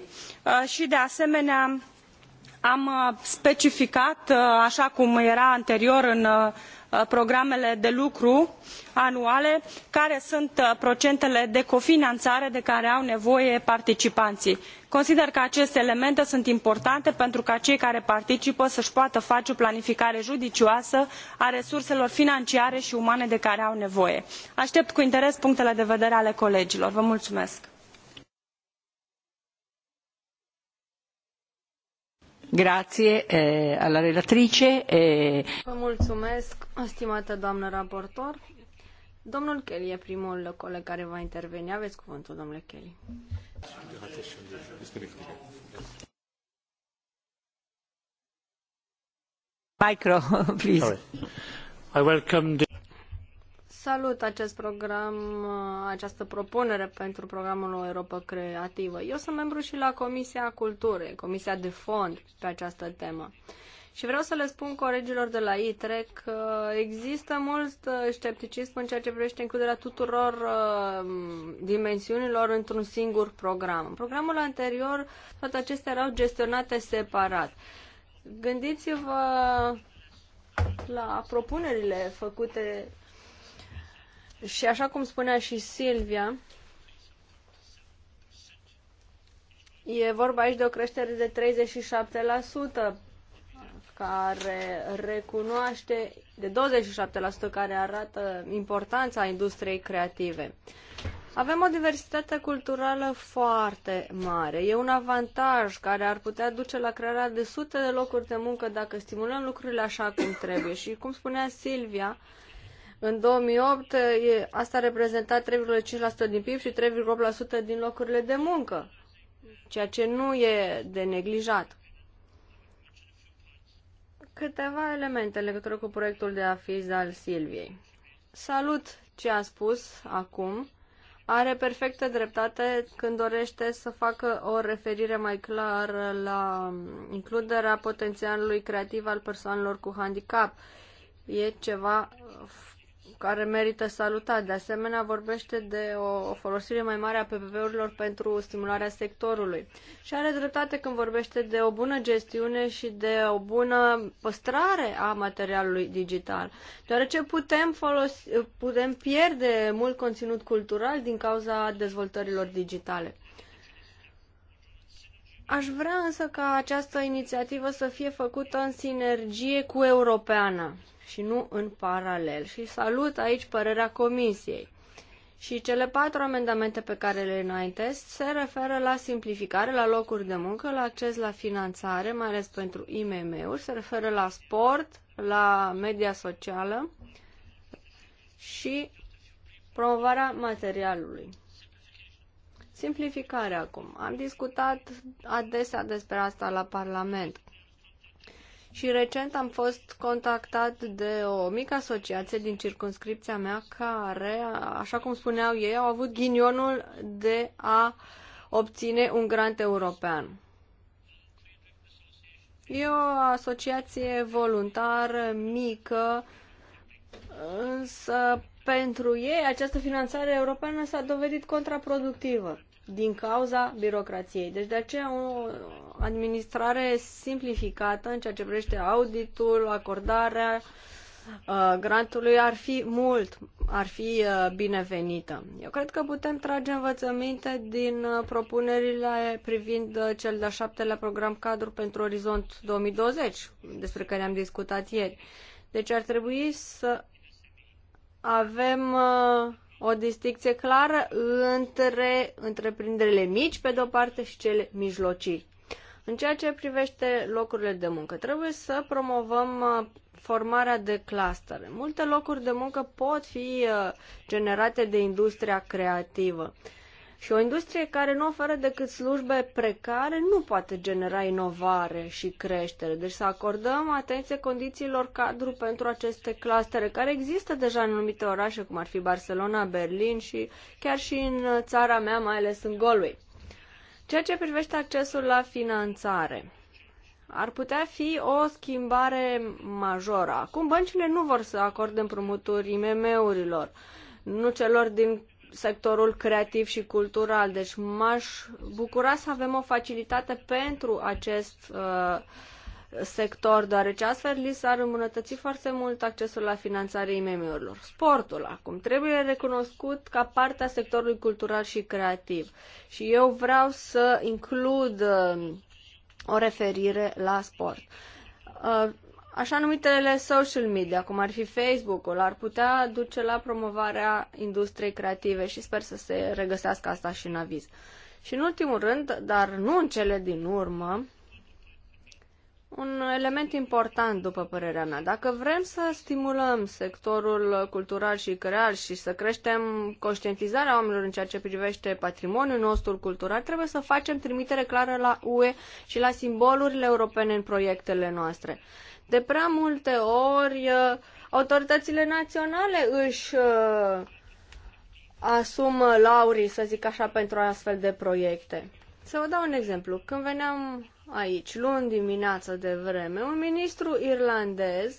uh, i de asemenea am uh, specificat aa cum era anterior în Uh, programele de lucru anuale care sunt uh, procentele de cofinanțare de care au nevoie participanții. consider că aceste elemente sunt importante pentru ca cei care participă să îi poată face o planificare judicioasă a resurselor financiare și umane de care au nevoie. aștept cu interes punctele de vedere ale colegilor. Vă mulțumesc! Grazie eh, alla relatrice. Eh... Vă mulțumesc, stimată doamnă raportor. Domnul Kelly e primul coleg care va interveni. Aveți cuvântul, domnule Kelly. Micro, <laughs> please. I welcome the salut acest program, această propunere pentru programul Europa Creativă. Eu sunt membru și la Comisia Culturii, Comisia de Fond pe această temă. Și vreau să le spun colegilor de la ITRE că există mult uh, scepticism în ceea ce privește includerea tuturor uh, dimensiunilor într-un singur program. În programul anterior, toate acestea erau gestionate separat. Gândiți-vă la propunerile făcute și așa cum spunea și Silvia, e vorba aici de o creștere de 37% care recunoaște, de 27% care arată importanța industriei creative. Avem o diversitate culturală foarte mare. E un avantaj care ar putea duce la crearea de sute de locuri de muncă dacă stimulăm lucrurile așa cum trebuie. Și cum spunea Silvia, uh, în 2008 asta reprezenta 3,5% din PIB și 3,8% din locurile de muncă, ceea ce nu e de neglijat. Câteva elemente în legătură cu proiectul de afiz al Silviei. Salut ce a spus acum. Are perfectă dreptate când dorește să facă o referire mai clară la includerea potențialului creativ al persoanelor cu handicap. E ceva care merită salutat. De asemenea, vorbește de o, folosire mai mare a PPP-urilor pentru stimularea sectorului. Și are dreptate când vorbește de o bună gestiune și de o bună păstrare a materialului digital. Deoarece putem, folosi, putem pierde mult conținut cultural din cauza dezvoltărilor digitale. Aș vrea însă ca această inițiativă să fie făcută în sinergie cu Europeana și nu în paralel. Și salut aici părerea comisiei. Și cele patru amendamente pe care le înaintez se referă la simplificare, la locuri de muncă, la acces la finanțare, mai ales pentru IMM-uri, se referă la sport, la media socială și promovarea materialului. Simplificare acum. Am discutat adesea despre asta la Parlament. Și recent am fost contactat de o mică asociație din circunscripția mea care, așa cum spuneau ei, au avut ghinionul de a obține un grant european. E o asociație voluntară, mică, însă pentru ei această finanțare europeană s-a dovedit contraproductivă din cauza birocrației. Deci de aceea administrare simplificată în ceea ce privește auditul, acordarea uh, grantului ar fi mult, ar fi uh, binevenită. Eu cred că putem trage învățăminte din uh, propunerile privind cel de-a șaptelea program cadru pentru Orizont 2020, despre care am discutat ieri. Deci ar trebui să avem o distinție clară între întreprinderile mici, pe de-o parte, și cele mijlocii. În ceea ce privește locurile de muncă, trebuie să promovăm uh, formarea de clustere. Multe locuri de muncă pot fi uh, generate de industria creativă. Și o industrie care nu oferă decât slujbe precare nu poate genera inovare și creștere. Deci să acordăm atenție condițiilor cadru pentru aceste clustere care există deja în anumite orașe, cum ar fi Barcelona, Berlin și chiar și în uh, țara mea, mai ales în Galway. Ceea ce privește accesul la finanțare, ar putea fi o schimbare majoră. Acum băncile nu vor să acorde împrumuturi IMM-urilor, nu celor din sectorul creativ și cultural. Deci m-aș bucura să avem o facilitate pentru acest uh, sector, deoarece astfel li s-ar îmbunătăți foarte mult accesul la finanțare IMM-urilor. Sportul acum trebuie recunoscut ca partea sectorului cultural și creativ și eu vreau să includ uh, o referire la sport. Uh, așa numitele social media, cum ar fi Facebook-ul, ar putea duce la promovarea industriei creative și sper să se regăsească asta și în aviz. Și în ultimul rând, dar nu în cele din urmă, un element important, după părerea mea. Dacă vrem să stimulăm sectorul cultural și creal și să creștem conștientizarea oamenilor în ceea ce privește patrimoniul nostru cultural, trebuie să facem trimitere clară la UE și la simbolurile europene în proiectele noastre. De prea multe ori, uh, autoritățile naționale își uh, asumă laurii, să zic așa, pentru astfel de proiecte. Să vă dau un exemplu. Când veneam aici, luni dimineață de vreme, un ministru irlandez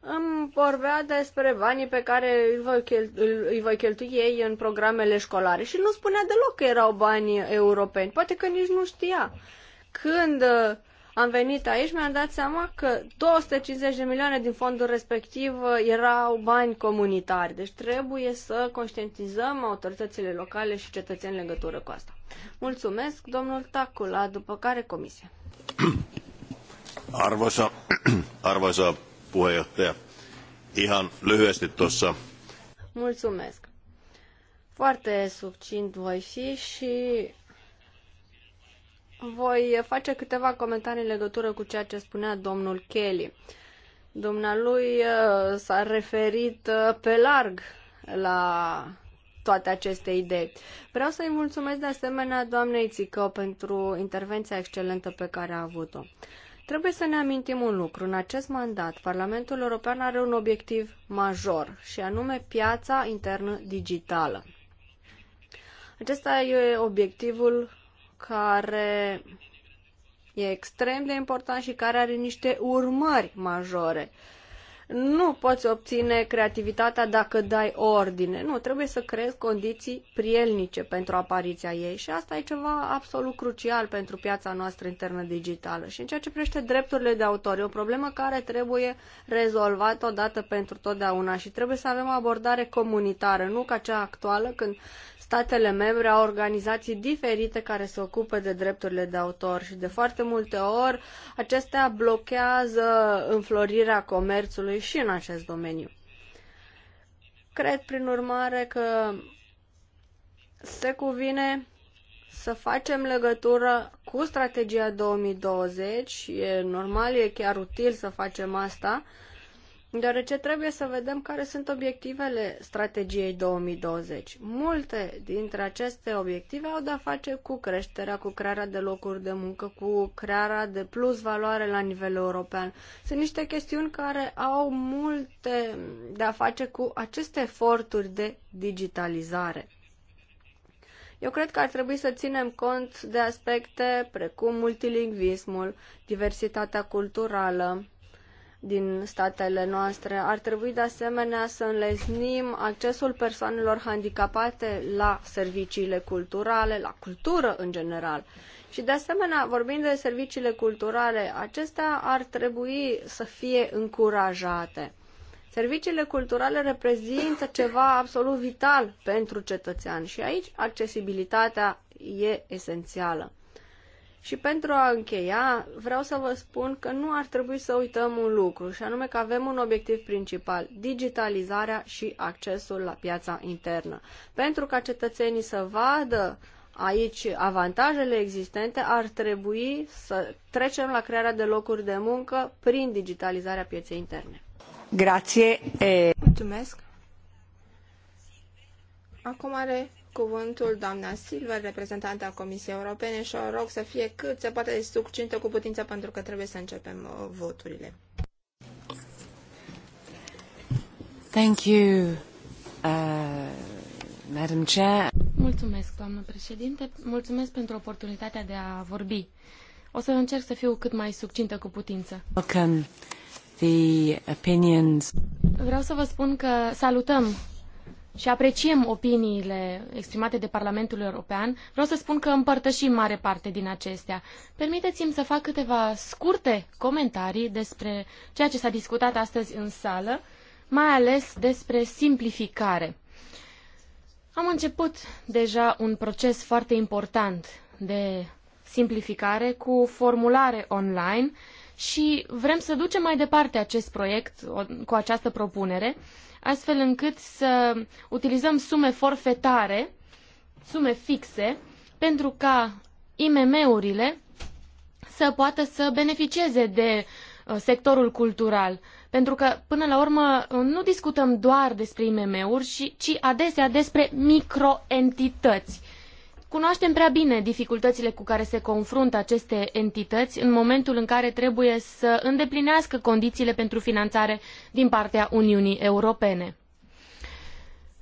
îmi vorbea despre banii pe care îi voi, cheltu- îi voi cheltui ei în programele școlare și nu spunea deloc că erau bani europeni, poate că nici nu știa. Când uh, am venit aici, mi-am dat seama că 250 de milioane din fondul respectiv uh, erau bani comunitari. Deci trebuie să conștientizăm autoritățile locale și cetățeni în legătură cu asta. Mulțumesc, domnul Tacula, după care comisia. Arvoisa, <clears throat> arvoisa puheenjohtaja, ihan lyhyesti tuossa. Mulțumesc. Foarte subțin voi fi și voi face câteva comentarii în legătură cu ceea ce spunea domnul Kelly. Dumnealui uh, s-a referit uh, pe larg la toate aceste idei. Vreau să-i mulțumesc de asemenea doamnei Țică pentru intervenția excelentă pe care a avut-o. Trebuie să ne amintim un lucru. În acest mandat, Parlamentul European are un obiectiv major, și anume piața internă digitală. Acesta e obiectivul care e extrem de important și care are niște urmări majore. Uh, nu poți obține creativitatea dacă dai ordine. Nu, trebuie să creezi condiții prielnice pentru apariția ei și asta e ceva absolut crucial pentru piața noastră internă digitală. Și în ceea ce privește drepturile de autor, e o problemă care trebuie rezolvată odată pentru totdeauna și trebuie să avem o abordare comunitară, nu ca cea actuală când statele membre au organizații diferite care se ocupă de drepturile de autor și de foarte multe ori acestea blochează înflorirea comerțului omului și în acest domeniu. Cred, prin urmare, că se cuvine să facem legătură cu strategia 2020. E normal, e chiar util să facem asta, deoarece trebuie să vedem care sunt obiectivele strategiei 2020. Multe dintre aceste obiective au de-a face cu creșterea, cu crearea de locuri de muncă, cu crearea de plus valoare la nivel european. Sunt niște chestiuni care au multe de-a face cu aceste eforturi de digitalizare. Eu cred că ar trebui să ținem cont de aspecte precum multilingvismul, diversitatea culturală, din statele noastre. Ar trebui de asemenea să înlesnim accesul persoanelor handicapate la serviciile culturale, la cultură în general. Și de asemenea, vorbind de serviciile culturale, acestea ar trebui să fie încurajate. Serviciile culturale reprezintă ceva absolut vital pentru cetățean și aici accesibilitatea e esențială. Și pentru a încheia, vreau să vă spun că nu ar trebui să uităm un lucru, și anume că avem un obiectiv principal, digitalizarea și accesul la piața internă. Pentru ca cetățenii să vadă aici avantajele existente, ar trebui să trecem la crearea de locuri de muncă prin digitalizarea pieței interne. Grație. Mulțumesc. Acum are cuvântul doamna Silver, reprezentantă a Comisiei Europene, și o rog să fie cât se poate de succintă cu putință pentru că trebuie să începem uh, voturile. Thank you, uh, Madam Chair. Mulțumesc, doamnă președinte. Mulțumesc pentru oportunitatea de a vorbi. O să încerc să fiu cât mai succintă cu putință. Welcome the opinions. Vreau să vă spun că salutăm și apreciem opiniile exprimate de Parlamentul European, vreau să spun că împărtășim mare parte din acestea. Permiteți-mi să fac câteva scurte comentarii despre ceea ce s-a discutat astăzi în sală, mai ales despre simplificare. Am început deja un proces foarte important de simplificare cu formulare online și vrem să ducem mai departe acest proiect cu această propunere astfel încât să utilizăm sume forfetare, sume fixe, pentru ca IMM-urile să poată să beneficieze de uh, sectorul cultural. Pentru că, până la urmă, uh, nu discutăm doar despre IMM-uri, ci adesea despre microentități Cunoaștem prea bine dificultățile cu care se confruntă aceste entități în momentul în care trebuie să îndeplinească condițiile pentru finanțare din partea Uniunii Europene.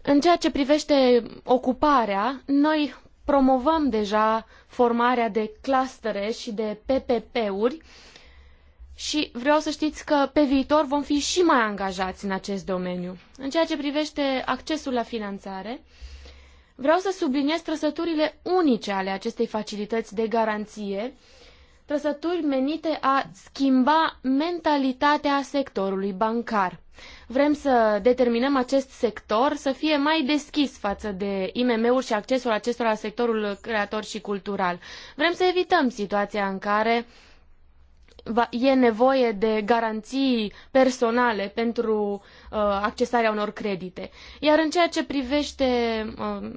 În ceea ce privește ocuparea, noi promovăm deja formarea de clustere și de PPP-uri și vreau să știți că pe viitor vom fi și mai angajați în acest domeniu. În ceea ce privește accesul la finanțare, uh, Vreau să subliniez trăsăturile unice ale acestei facilități de garanție, trăsături menite a schimba mentalitatea sectorului bancar. Vrem să determinăm acest sector să fie mai deschis față de IMM-uri și accesul acestora la sectorul creator și cultural. Vrem să evităm situația în care e nevoie de garanții personale pentru uh, accesarea unor credite. Iar în ceea ce privește uh,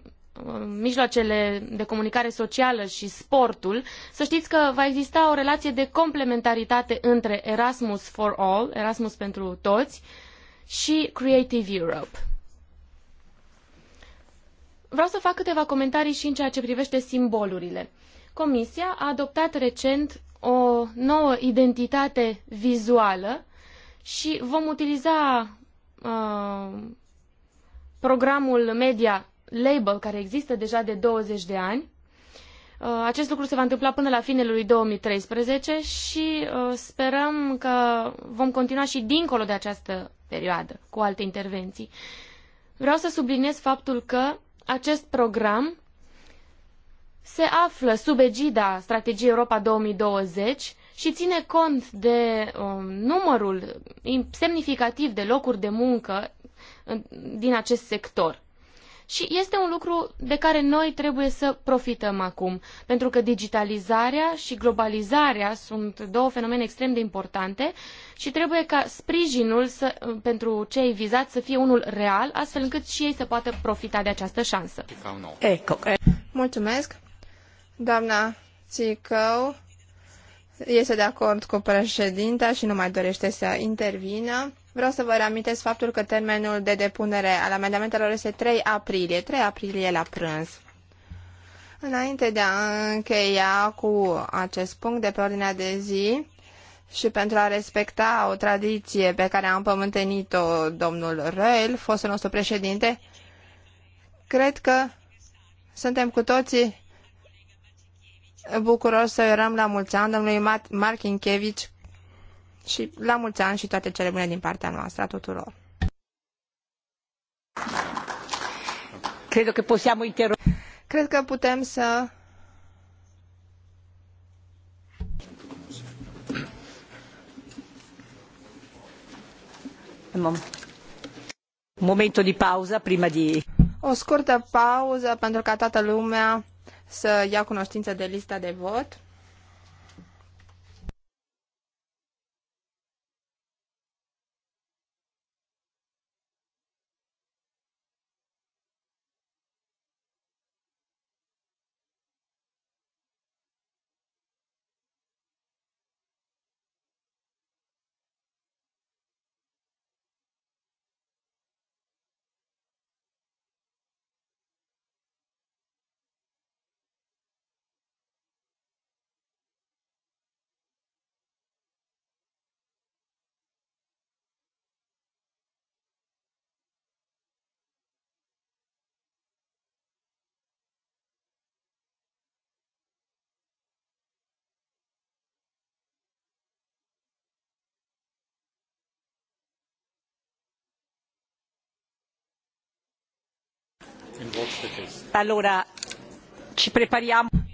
mijloacele de comunicare socială și sportul, să știți că va exista o relație de complementaritate între Erasmus for All, Erasmus pentru toți, și Creative Europe. Vreau să fac câteva comentarii și în ceea ce privește simbolurile. Comisia a adoptat recent o nouă identitate vizuală și vom utiliza uh, programul media label care există deja de 20 de ani. Uh, acest lucru se va întâmpla până la finele lui 2013 și uh, sperăm că vom continua și dincolo de această perioadă cu alte intervenții. Vreau să subliniez faptul că acest program se află sub egida strategiei Europa 2020 și ține cont de um, numărul semnificativ de locuri de muncă din acest sector. Și este un lucru de care noi trebuie să profităm acum, pentru că digitalizarea și globalizarea sunt două fenomene extrem de importante și trebuie ca sprijinul să, um, pentru cei vizați să fie unul real, astfel încât și ei să poată profita de această șansă. Mulțumesc! Doamna Țicău este de acord cu președinta și nu mai dorește să intervină. Vreau să vă reamintesc faptul că termenul de depunere al amendamentelor este 3 aprilie, 3 aprilie la prânz. Înainte de a încheia cu acest punct de pe ordinea de zi și pentru a respecta o tradiție pe care am pământenit o domnul Răel, fostul nostru președinte, cred că suntem cu toții bucuros să urăm la mulți ani domnului Mark Inkevici și la mulți ani și toate cele bune din partea noastră a tuturor. Cred că Cred că putem să momento de pauză prima de... O scurtă pauză pentru ca toată lumea să ia cunoștință de lista de vot.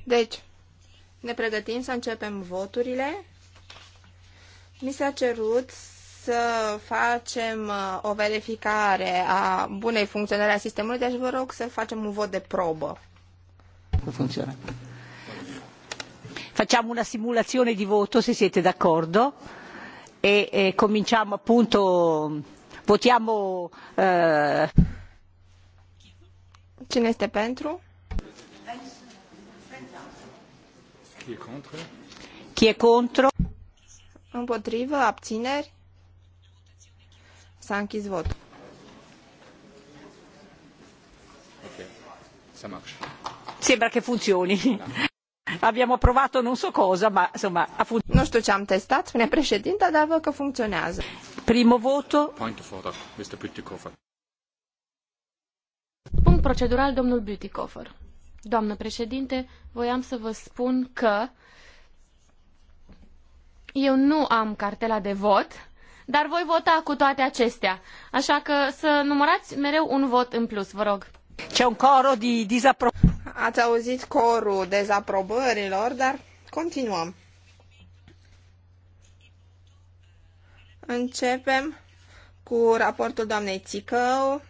Deci, ne pregătim să începem voturile. Mi s-a cerut să facem uh, o verificare a bunei funcționări a sistemului, deci vă rog să facem un vot de probă. Funcționează. Facem una simulație de vot, se siete d'accordo, e, e cominciamo appunto, votiamo... Eh, Cine este pentru? Chi e contro? Chi e contro? Împotrivă, abțineri? S-a închis votul. Ok, să marche. Sembra che funzioni. Da. Abbiamo approvato non so cosa, ma insomma ha funzionato. Non știu ce am testat, spune președinta, dar văd că funcționează. Primo voto. Point of order, Mr. Bütikofer. Punct procedural, domnul Butikofer. Doamnă președinte, voiam să vă spun că eu nu am cartela de vot, dar voi vota cu toate acestea. Așa că să numărați mereu un vot în plus, vă rog. Ce un coro de dizapro... Ați auzit corul dezaprobărilor, dar continuăm. Începem cu raportul doamnei Țicău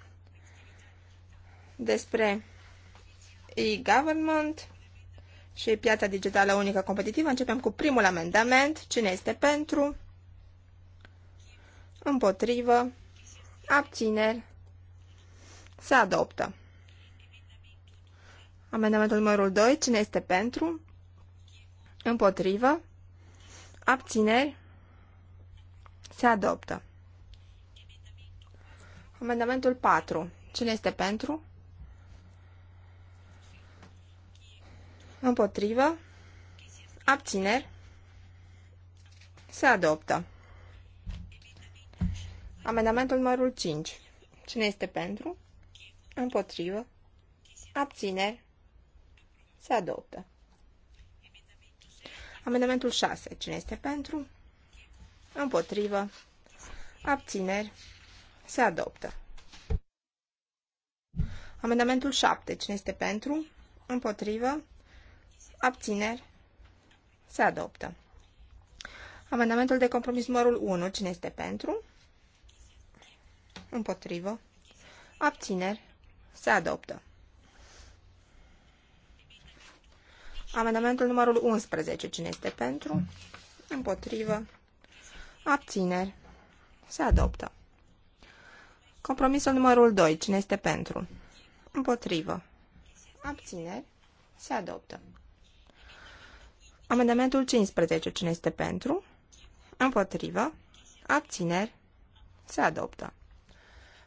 despre e-government și piața digitală unică competitivă. Începem cu primul amendament. Cine este pentru? Împotrivă? Abțineri? Se adoptă. Amendamentul numărul 2. Cine este pentru? Împotrivă? Abțineri? Se adoptă. Amendamentul 4. Cine este pentru? Împotrivă. Abțineri. Se adoptă. Amendamentul numărul 5. Cine este pentru? Împotrivă. Abțineri. Se adoptă. Amendamentul 6. Cine este pentru? Împotrivă. Abțineri. Se adoptă. Amendamentul 7. Cine este pentru? Împotrivă. Abțineri. Se adoptă. Amendamentul de compromis numărul 1. Cine este pentru? Împotrivă. Abțineri. Se adoptă. Amendamentul numărul 11. Cine este pentru? Împotrivă. Abțineri. Se adoptă. Compromisul numărul 2. Cine este pentru? Împotrivă. Abțineri. Se adoptă. Amendamentul 15. Cine este pentru? Împotrivă. Abțineri. Se adoptă.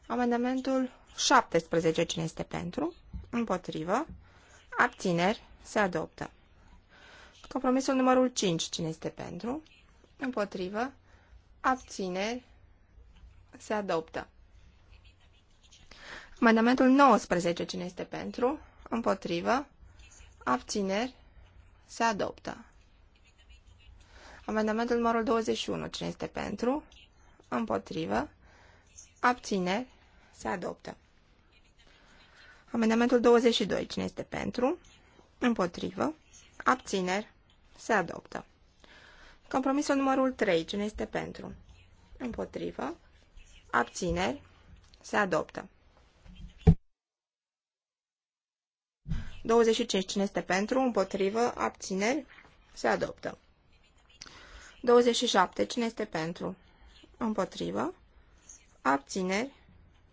Amendamentul 17. Cine este pentru? Împotrivă. Abțineri. Se adoptă. Compromisul numărul 5. Cine este pentru? Împotrivă. Abțineri. Se adoptă. Amendamentul 19. Cine este pentru? Împotrivă. Abțineri. Se adoptă. Amendamentul numărul 21. Cine este pentru? Împotrivă. Abțineri. Se adoptă. Amendamentul 22. Cine este pentru? Împotrivă. Abțineri. Se adoptă. Compromisul numărul 3. Cine este pentru? Împotrivă. Abțineri. Se adoptă. 25. Cine este pentru? Împotrivă. Abțineri. Se adoptă. 27. Cine este pentru? Împotrivă. Abțineri.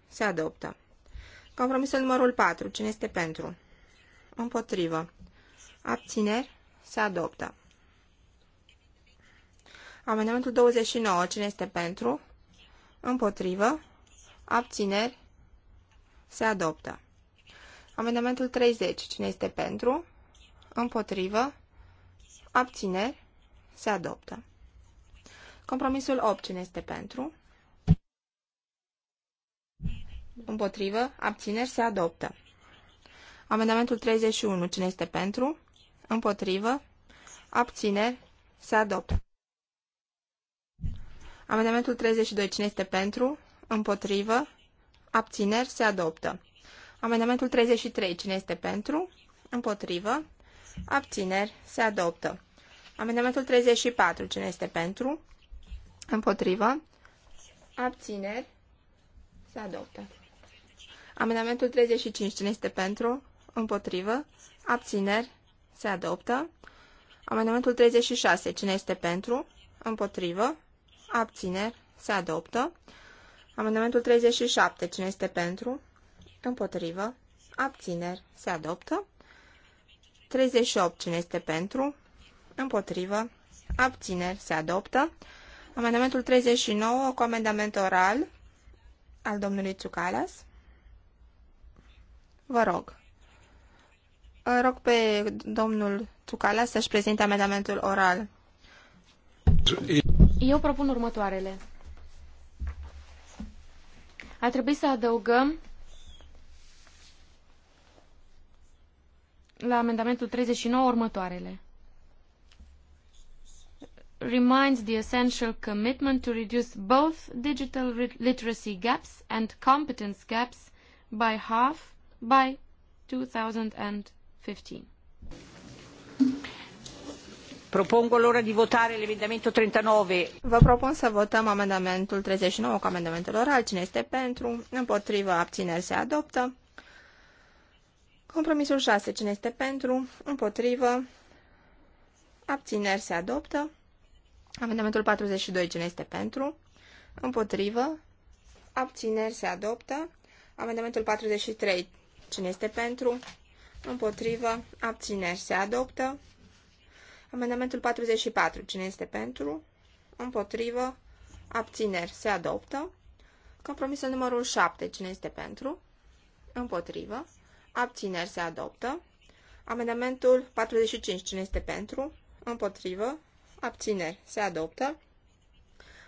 Se adoptă. Compromisul numărul 4. Cine este pentru? Împotrivă. Abțineri. Se adoptă. Amendamentul 29. Cine este pentru? Împotrivă. Abțineri. Se adoptă. Amendamentul 30. Cine este pentru? Împotrivă. Abțineri. Se adoptă. Compromisul 8, cine este pentru? Împotrivă, abțineri, se adoptă. Amendamentul 31, cine este pentru? Împotrivă, abțineri, se adoptă. Amendamentul 32, cine este pentru? Împotrivă, abțineri, se adoptă. Amendamentul 33, cine este pentru? Împotrivă, abțineri, se adoptă. Amendamentul 34, cine este pentru? Împotrivă. Abțineri. Se adoptă. Amendamentul 35. Cine este pentru? Împotrivă. Abțineri. Se adoptă. Amendamentul 36. Cine este pentru? Împotrivă. Abțineri. Se adoptă. Amendamentul 37. Cine este pentru? Împotrivă. Abțineri. Se adoptă. 38. Cine este pentru? Împotrivă. Abțineri. Se adoptă. Amendamentul 39 cu amendament oral al domnului Tsukalas. Vă rog. Vă rog pe domnul Tsukalas să-și prezinte amendamentul oral. Eu propun următoarele. Ar trebui să adăugăm la amendamentul 39 următoarele reminds the essential commitment to reduce both digital literacy gaps and competence gaps by half by 2015. Propongo l'ora di votare l'emendamento 39. Vă propun să votăm amendamentul 39 cu amendamentul oral. Cine este pentru? Împotrivă, abțineri, se adoptă. Compromisul 6. Cine este pentru? Împotrivă, abțineri, se adoptă. Amendamentul 42, cine este pentru? Împotrivă. Abțineri se adoptă. Amendamentul 43, cine este pentru? Împotrivă. Abțineri se adoptă. Amendamentul 44, cine este pentru? Împotrivă. Abțineri se adoptă. Compromisul numărul 7, cine este pentru? Împotrivă. Abțineri se adoptă. Amendamentul 45, cine este pentru? Împotrivă abțineri, se adoptă.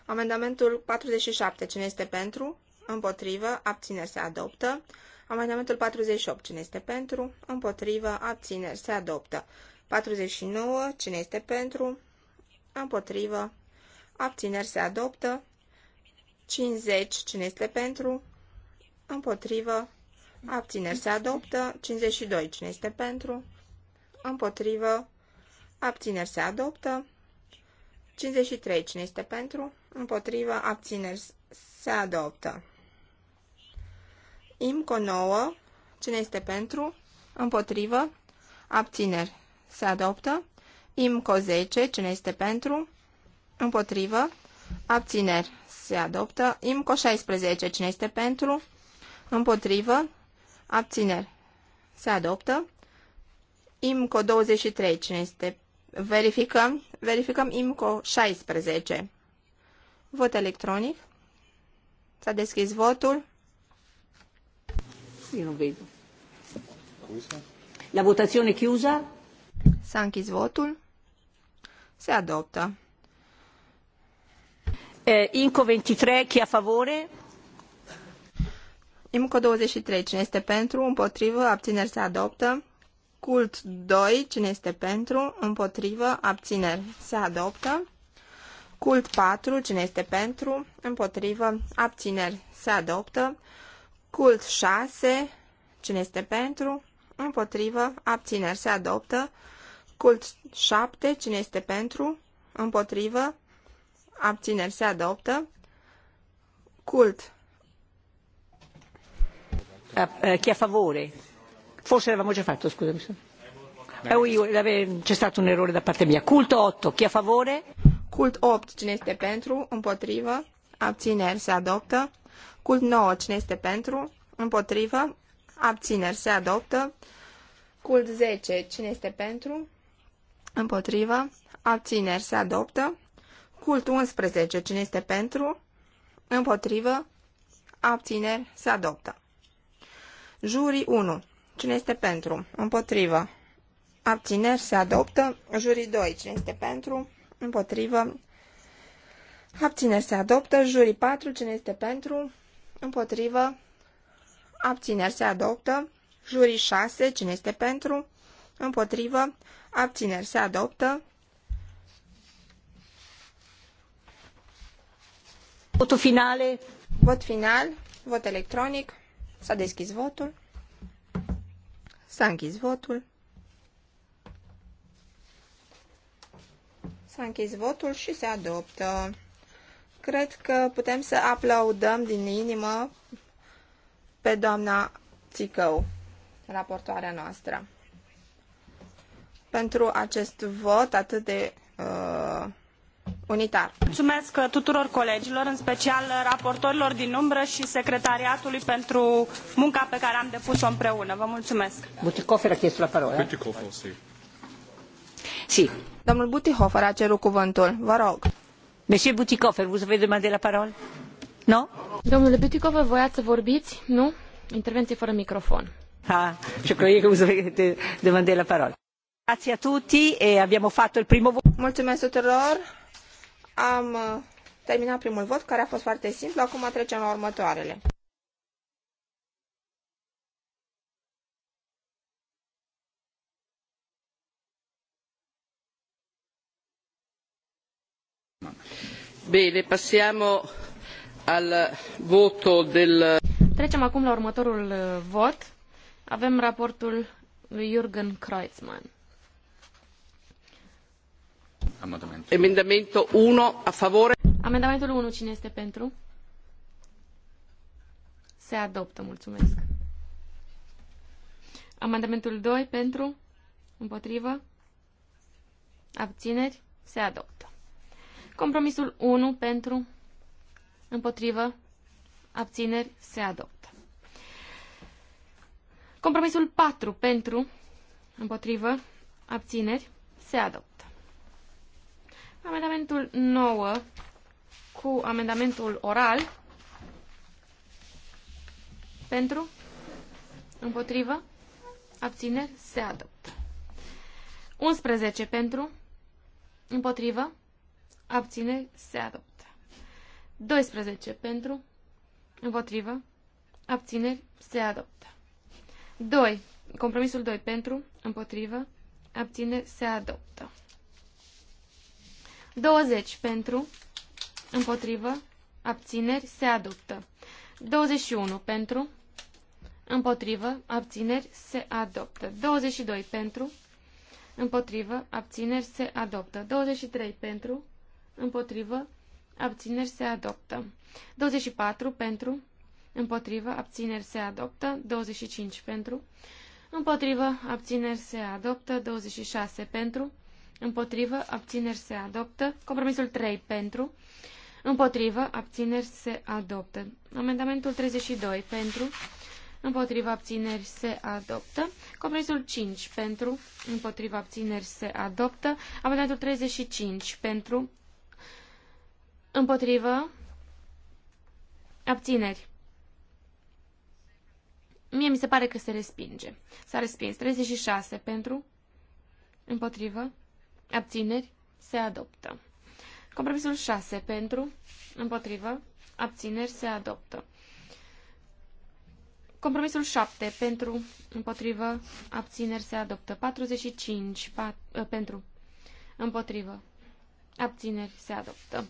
Amendamentul 47, cine este pentru, împotrivă, abțineri, se adoptă. Amendamentul 48, cine este pentru, împotrivă, abțineri, se adoptă. 49, cine este pentru, împotrivă, abțineri, se adoptă. 50, cine este pentru, împotrivă, abțineri, se adoptă. 52, cine este pentru, împotrivă, Abțineri se adoptă. 53. Cine este pentru? Împotrivă. Abțineri. Se adoptă. IMCO 9. Cine este pentru? Împotrivă. Abțineri. Se adoptă. IMCO 10. Cine este pentru? Împotrivă. Abțineri. Se adoptă. IMCO 16. Cine este pentru? Împotrivă. Abțineri. Se adoptă. IMCO 23. Cine este? Verificăm verificăm IMCO 16. Vot electronic. S-a deschis votul. Eu nu vedo. La votazione chiusa. S-a închis votul. Se adoptă. Eh, IMCO 23, chi a favore? IMCO 23, cine este pentru, împotrivă, abțineri se adoptă. Cult 2, cine este pentru, împotrivă, abțineri, se adoptă. Cult 4, cine este pentru, împotrivă, abțineri, se adoptă. Cult 6, cine este pentru, împotrivă, abțineri, se adoptă. Cult 7, cine este pentru, împotrivă, abțineri, se adoptă. Cult. Eh, eh, chi a favore? forse l'avevamo già fatto scusami eh, eh, c'è stato un errore da parte mia cult 8 chi a favore cult 8 cine este pentru împotrivă abțineri se adoptă cult 9 cine este pentru împotrivă abțineri se adoptă cult 10 cine este pentru împotrivă abțineri se adoptă cult 11 cine este pentru împotrivă abțineri se adoptă Jurii 1. Cine este pentru? Împotrivă. Abțineri se adoptă. Jurii 2. Cine este pentru? Împotrivă. Abțineri se adoptă. Jurii 4. Cine este pentru? Împotrivă. Abțineri se adoptă. Jurii 6. Cine este pentru? Împotrivă. Abțineri se adoptă. Votul final. Vot final. Vot electronic. S-a deschis votul. S-a închis votul. S-a închis votul și se adoptă. Cred că putem să aplaudăm din inimă pe doamna Țicău, raportoarea noastră, pentru acest vot atât de uh, unitar. Mulțumesc tuturor colegilor, în special raportorilor din umbră și secretariatului pentru munca pe care am depus-o împreună. Vă mulțumesc. Buticofer a la parola. Eh? Buticofer, sì. Si. Domnul Butihofer a cerut cuvântul. Vă rog. Monsieur Buticofer, vous avez demandé la parole? Nu? No? Domnule Buticofer, voiați să vorbiți? Nu? Intervenție fără microfon. Ha. je croyais că vous avez demandé la parole. Grazie a tutti e abbiamo fatto il primo Mulțumesc tuturor am uh, terminat primul vot, care a fost foarte simplu. Acum trecem la următoarele. Bine, passiamo al voto del... Trecem acum la următorul uh, vot. Avem raportul lui Jürgen Kreuzmann. Amendamentul. Amendamentul 1 a favore. Amendamentul 1 cine este pentru? Se adoptă, mulțumesc. Amendamentul 2 pentru? Împotrivă? Abțineri? Se adoptă. Compromisul 1 pentru? Împotrivă? Abțineri? Se adoptă. Compromisul 4 pentru? Împotrivă? Abțineri? Se adoptă. Amendamentul 9 cu amendamentul oral pentru, împotrivă, abțineri, se adoptă. 11 pentru, împotrivă, abțineri, se adoptă. 12 pentru, împotrivă, abțineri, se adoptă. 2. Compromisul 2 pentru, împotrivă, abțineri, se adoptă. 20 pentru, împotrivă, abțineri, se adoptă. 21 pentru, împotrivă, abțineri, se adoptă. 22 pentru, împotrivă, abțineri, se adoptă. 23 pentru, împotrivă, abțineri, se adoptă. 24 pentru, împotrivă, abțineri, se adoptă. 25 pentru, împotrivă, abțineri, se adoptă. 26 pentru, împotrivă, abțineri se adoptă. Compromisul 3 pentru, împotrivă, abțineri se adoptă. Amendamentul 32 pentru, împotrivă, abțineri se adoptă. Compromisul 5 pentru, împotrivă, abțineri se adoptă. Amendamentul 35 pentru, împotrivă, abțineri. Mie mi se pare că se respinge. S-a respins. 36 pentru, împotrivă, Abțineri? Se adoptă. Compromisul 6. Pentru? Împotrivă? Abțineri? Se adoptă. Compromisul 7. Pentru? Împotrivă? Abțineri? Se adoptă. 45. Pat, ă, pentru? Împotrivă? Abțineri? Se adoptă.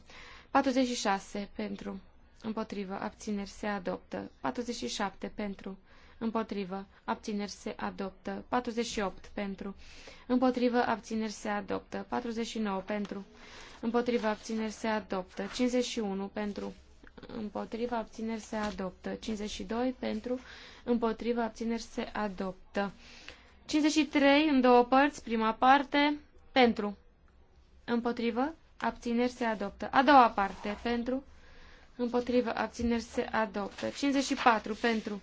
46. Pentru? Împotrivă? Abțineri? Se adoptă. 47. Pentru? împotrivă, abțineri se adoptă. 48 pentru, împotrivă, abțineri se adoptă. 49 pentru, împotrivă, abțineri se adoptă. 51 pentru, împotrivă, abțineri se adoptă. 52 pentru, împotrivă, abțineri se adoptă. 53 în două părți, prima parte, pentru, împotrivă, abțineri se adoptă. A doua parte, pentru, împotrivă, abțineri se adoptă. 54 pentru,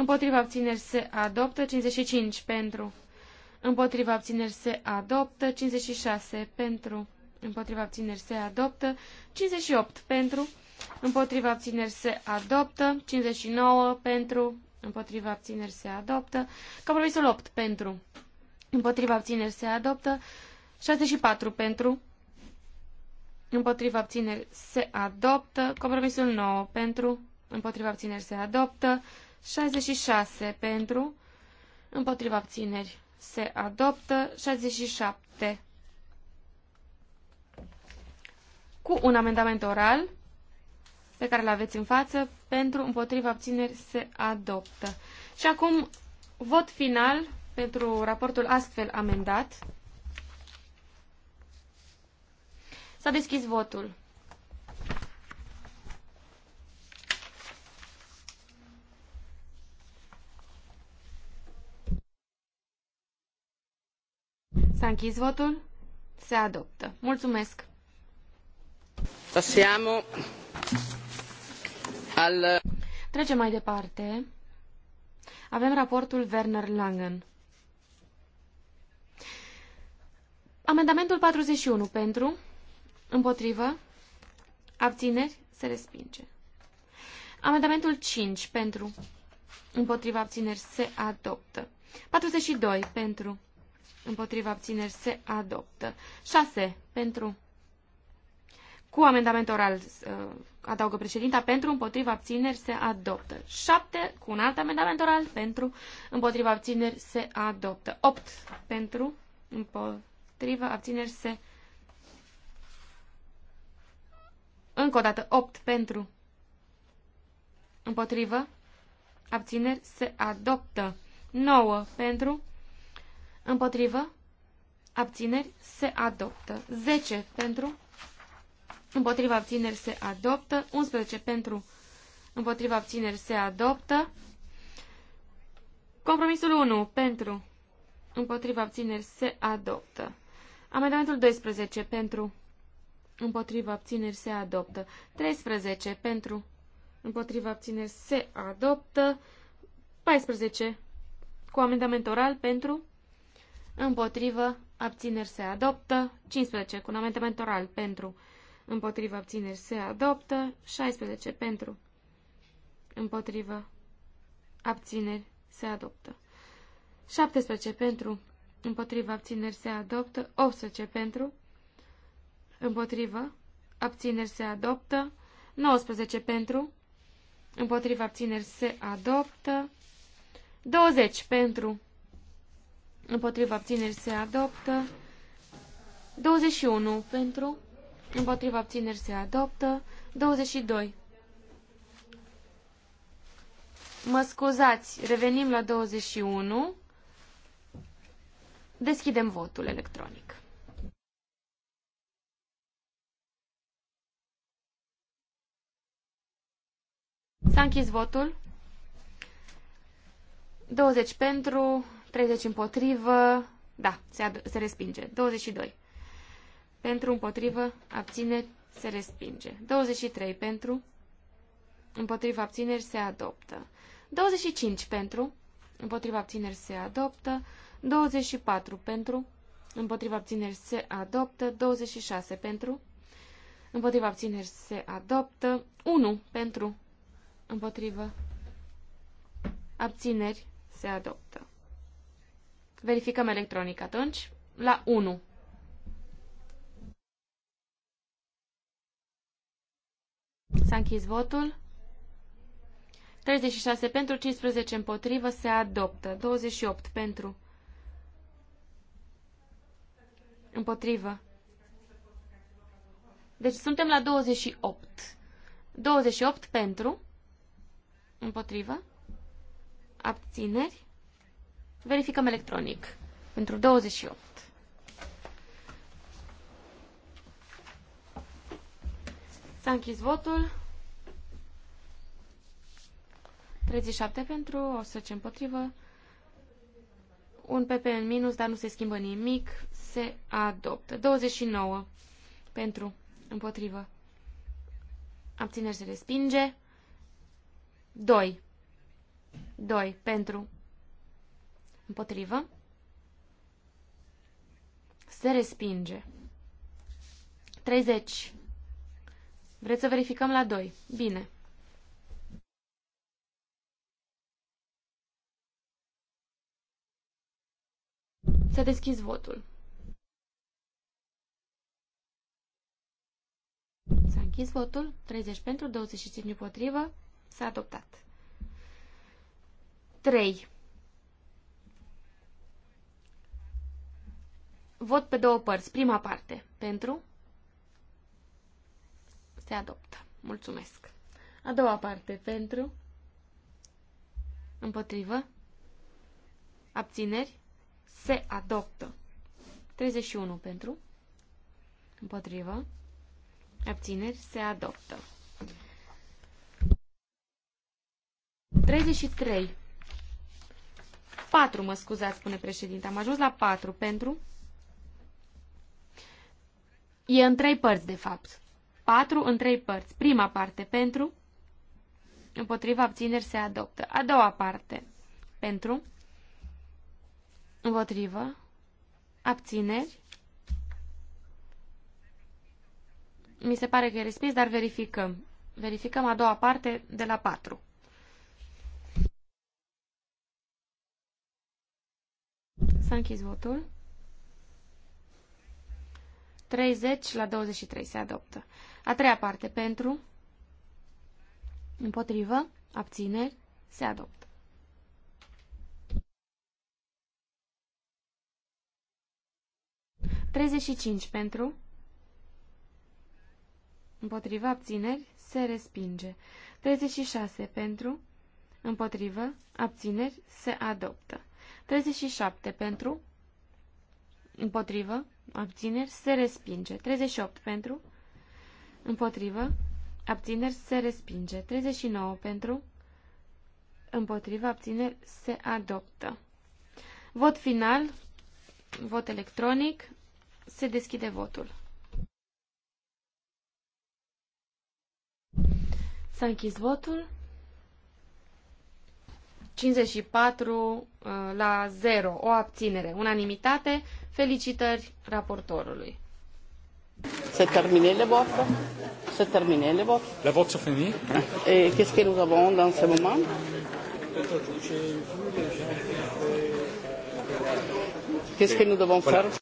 împotriva abțineri se adoptă, 55 pentru, împotriva abțineri se adoptă, 56 pentru, împotriva abțineri se adoptă, 58 pentru, împotriva abțineri se adoptă, 59 pentru, împotriva abțineri se adoptă, compromisul 8 pentru, împotriva abțineri se adoptă, 64 pentru, împotriva abțineri se adoptă, compromisul 9 pentru, împotriva abțineri se adoptă, 66 pentru, împotriva abțineri se adoptă, 67 cu un amendament oral pe care l aveți în față, pentru, împotriva abțineri se adoptă. Și acum vot final pentru raportul astfel amendat. S-a deschis votul. S-a închis votul? Se adoptă. Mulțumesc! Passiamo al... Trecem mai departe. Avem raportul Werner Langen. Amendamentul 41 pentru, împotrivă, abțineri, se respinge. Amendamentul 5 pentru, împotriva abțineri, se adoptă. 42 pentru, Împotriva abțineri se adoptă. 6. Pentru. Cu amendament oral uh, adaugă președinta. Pentru. Împotriva abțineri se adoptă. 7. Cu un alt amendament oral. Pentru. Împotriva abțineri se adoptă. 8. Pentru. Împotriva abțineri se. Încă o dată. 8. Pentru. Împotrivă. Abțineri se adoptă. 9. Pentru. Împotrivă? Abțineri se adoptă. 10 pentru. Împotriva abțineri se adoptă. 11 pentru. Împotriva abțineri se adoptă. Compromisul 1 pentru. Împotriva abțineri se adoptă. Amendamentul 12 pentru. Împotriva abțineri se adoptă. 13 pentru. Împotriva abțineri se adoptă. 14 cu amendament oral pentru împotrivă, abțineri se adoptă, 15 cu un amendament oral pentru, împotrivă, abțineri se adoptă, 16 pentru, împotrivă, abțineri se adoptă, 17 pentru, împotrivă, abțineri se adoptă, 18 pentru, împotrivă, abțineri se adoptă, 19 pentru, împotrivă, abțineri se adoptă, 20 pentru, împotriva abțineri se adoptă. 21 pentru, împotriva abțineri se adoptă. 22. Mă scuzați, revenim la 21. Deschidem votul electronic. S-a închis votul. 20 pentru, 30 împotrivă, da, se, se respinge. 22. Pentru, împotrivă, abține, se respinge. 23. Pentru, împotrivă, abțineri, se adoptă. 25. Pentru, împotrivă, abțineri, se adoptă. 24. Pentru, împotrivă, abțineri, se adoptă. 26. Pentru, împotrivă, abțineri, se adoptă. 1. Pentru, împotrivă, abțineri, se adoptă. Verificăm electronic atunci. La 1. S-a închis votul. 36 pentru, 15 împotrivă, se adoptă. 28 pentru. Împotrivă. Deci suntem la 28. 28 pentru. Împotrivă. Abțineri. Verificăm electronic. Pentru 28. S-a închis votul. 37 pentru, 110 împotrivă. Un PP în minus, dar nu se schimbă nimic. Se adoptă. 29 pentru, împotrivă. Abțineri se respinge. 2. 2 pentru, Împotrivă. Se respinge. 30. Vreți să verificăm la 2. Bine. S-a deschis votul. S-a închis votul. 30 pentru, 25 împotrivă. S-a adoptat. 3. Vot pe două părți. Prima parte. Pentru. Se adoptă. Mulțumesc. A doua parte. Pentru. Împotrivă. Abțineri. Se adoptă. 31 pentru. Împotrivă. Abțineri. Se adoptă. 33. 4, mă scuzați, spune președinte. Am ajuns la 4 pentru. E în trei părți, de fapt. Patru în trei părți. Prima parte pentru, împotriva abțineri se adoptă. A doua parte pentru, împotrivă, abțineri. Mi se pare că e respins, dar verificăm. Verificăm a doua parte de la patru. Să închizi votul. 30 la 23 se adoptă. A treia parte pentru, împotrivă, abțineri, se adoptă. Treizeci și cinci pentru, împotrivă, abțineri, se respinge. Treizeci și șase pentru, împotrivă, abțineri, se adoptă. Treizeci și șapte pentru, împotrivă, abțineri, se respinge. 38 pentru, împotrivă, abțineri, se respinge. 39 pentru, împotrivă, abțineri, se adoptă. Vot final, vot electronic, se deschide votul. S-a închis votul. 54 uh, la 0, o abținere, unanimitate. Felicitări raportorului. Se termine le vote Se termine le vote La vote sont finis Et qu'est-ce que nous avons dans ce moment Qu'est-ce que nous devons voilà. faire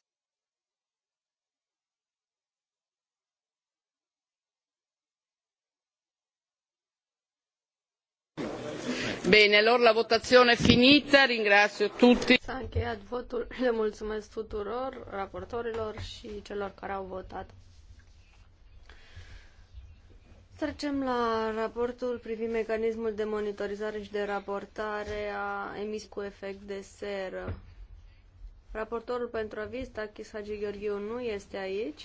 Bine, lor la votazione è finita, ringrazio tutti. S-a încheiat votul, <laughs> le mulțumesc tuturor, raportorilor și celor care au votat. Trecem la raportul privind mecanismul de monitorizare și de raportare a emis cu efect de seră. Raportorul pentru aviz, Takis Hagigeorgiu, nu este aici.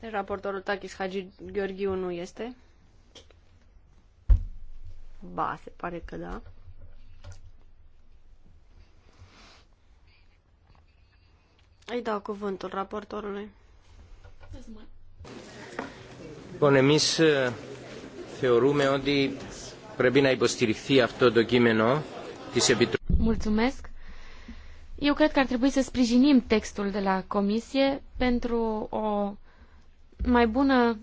Deci raportorul Takis Hagi Gheorghiu nu este. Ba, se pare că da. Îi dau cuvântul raportorului. Λοιπόν, εμείς θεωρούμε odi, πρέπει να υποστηριχθεί αυτό το κείμενο της Mulțumesc. Eu cred că ar trebui să sprijinim textul de la Comisie pentru o mai bună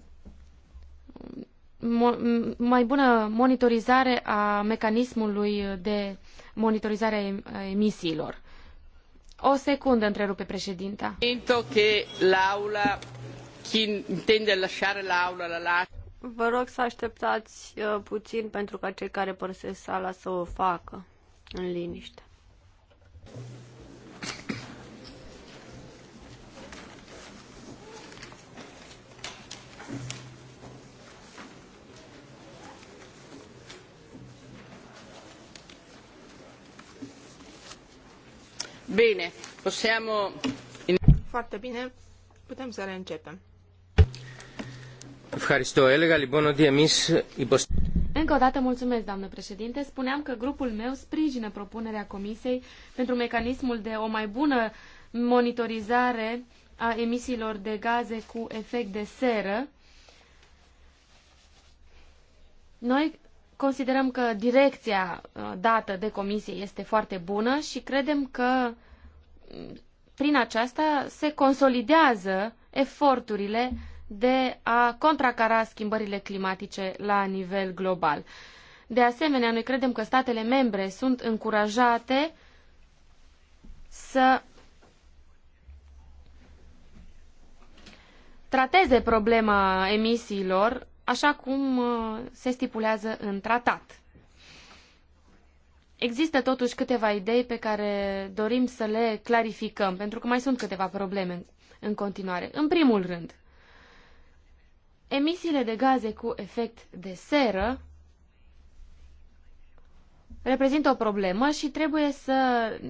mai bună monitorizare a mecanismului de monitorizare a emisiilor. O secundă întrerupe președinta. l'aula intende lasciare l'aula la Vă rog să așteptați uh, puțin pentru ca cei care părăsesc sala să o facă în liniște. Bine, Foarte bine, putem să reîncepem. Încă o dată mulțumesc, doamnă președinte. Spuneam că grupul meu sprijină propunerea Comisiei pentru mecanismul de o mai bună monitorizare a emisiilor de gaze cu efect de seră. Noi Considerăm că direcția uh, dată de comisie este foarte bună și credem că mm, prin aceasta se consolidează eforturile de a contracara schimbările climatice la nivel global. De asemenea, noi credem că statele membre sunt încurajate să trateze problema emisiilor așa cum uh, se stipulează în tratat. Există totuși câteva idei pe care dorim să le clarificăm, pentru că mai sunt câteva probleme în continuare. În primul rând, emisiile de gaze cu efect de seră reprezintă o problemă și trebuie să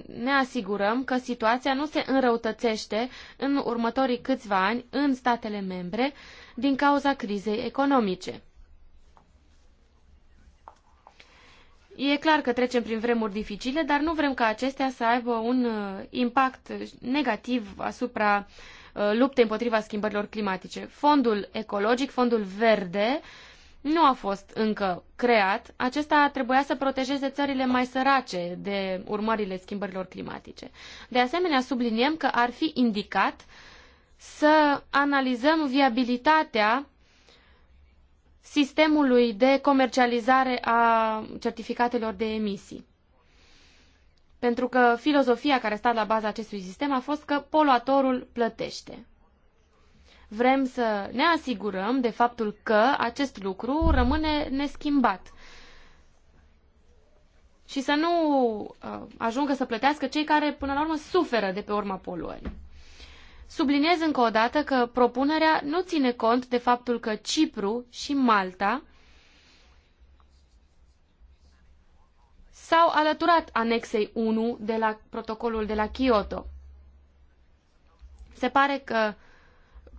ne asigurăm că situația nu se înrăutățește în următorii câțiva ani în statele membre din cauza crizei economice. E clar că trecem prin vremuri dificile, dar nu vrem ca acestea să aibă un uh, impact negativ asupra uh, luptei împotriva schimbărilor climatice. Fondul ecologic, fondul verde, nu a fost încă creat. Acesta trebuia să protejeze țările mai sărace de urmările schimbărilor climatice. De asemenea, subliniem că ar fi indicat uh, să analizăm viabilitatea sistemului de comercializare a certificatelor de emisii. Pentru că filozofia care stat la baza acestui sistem a fost că poluatorul plătește. Vrem să ne asigurăm de faptul că acest lucru rămâne neschimbat și să nu uh, ajungă să plătească cei care până la urmă suferă de pe urma poluării. Subliniez încă o dată că propunerea nu ține cont de faptul că Cipru și Malta s-au alăturat anexei 1 de la protocolul de la Kyoto. Se pare că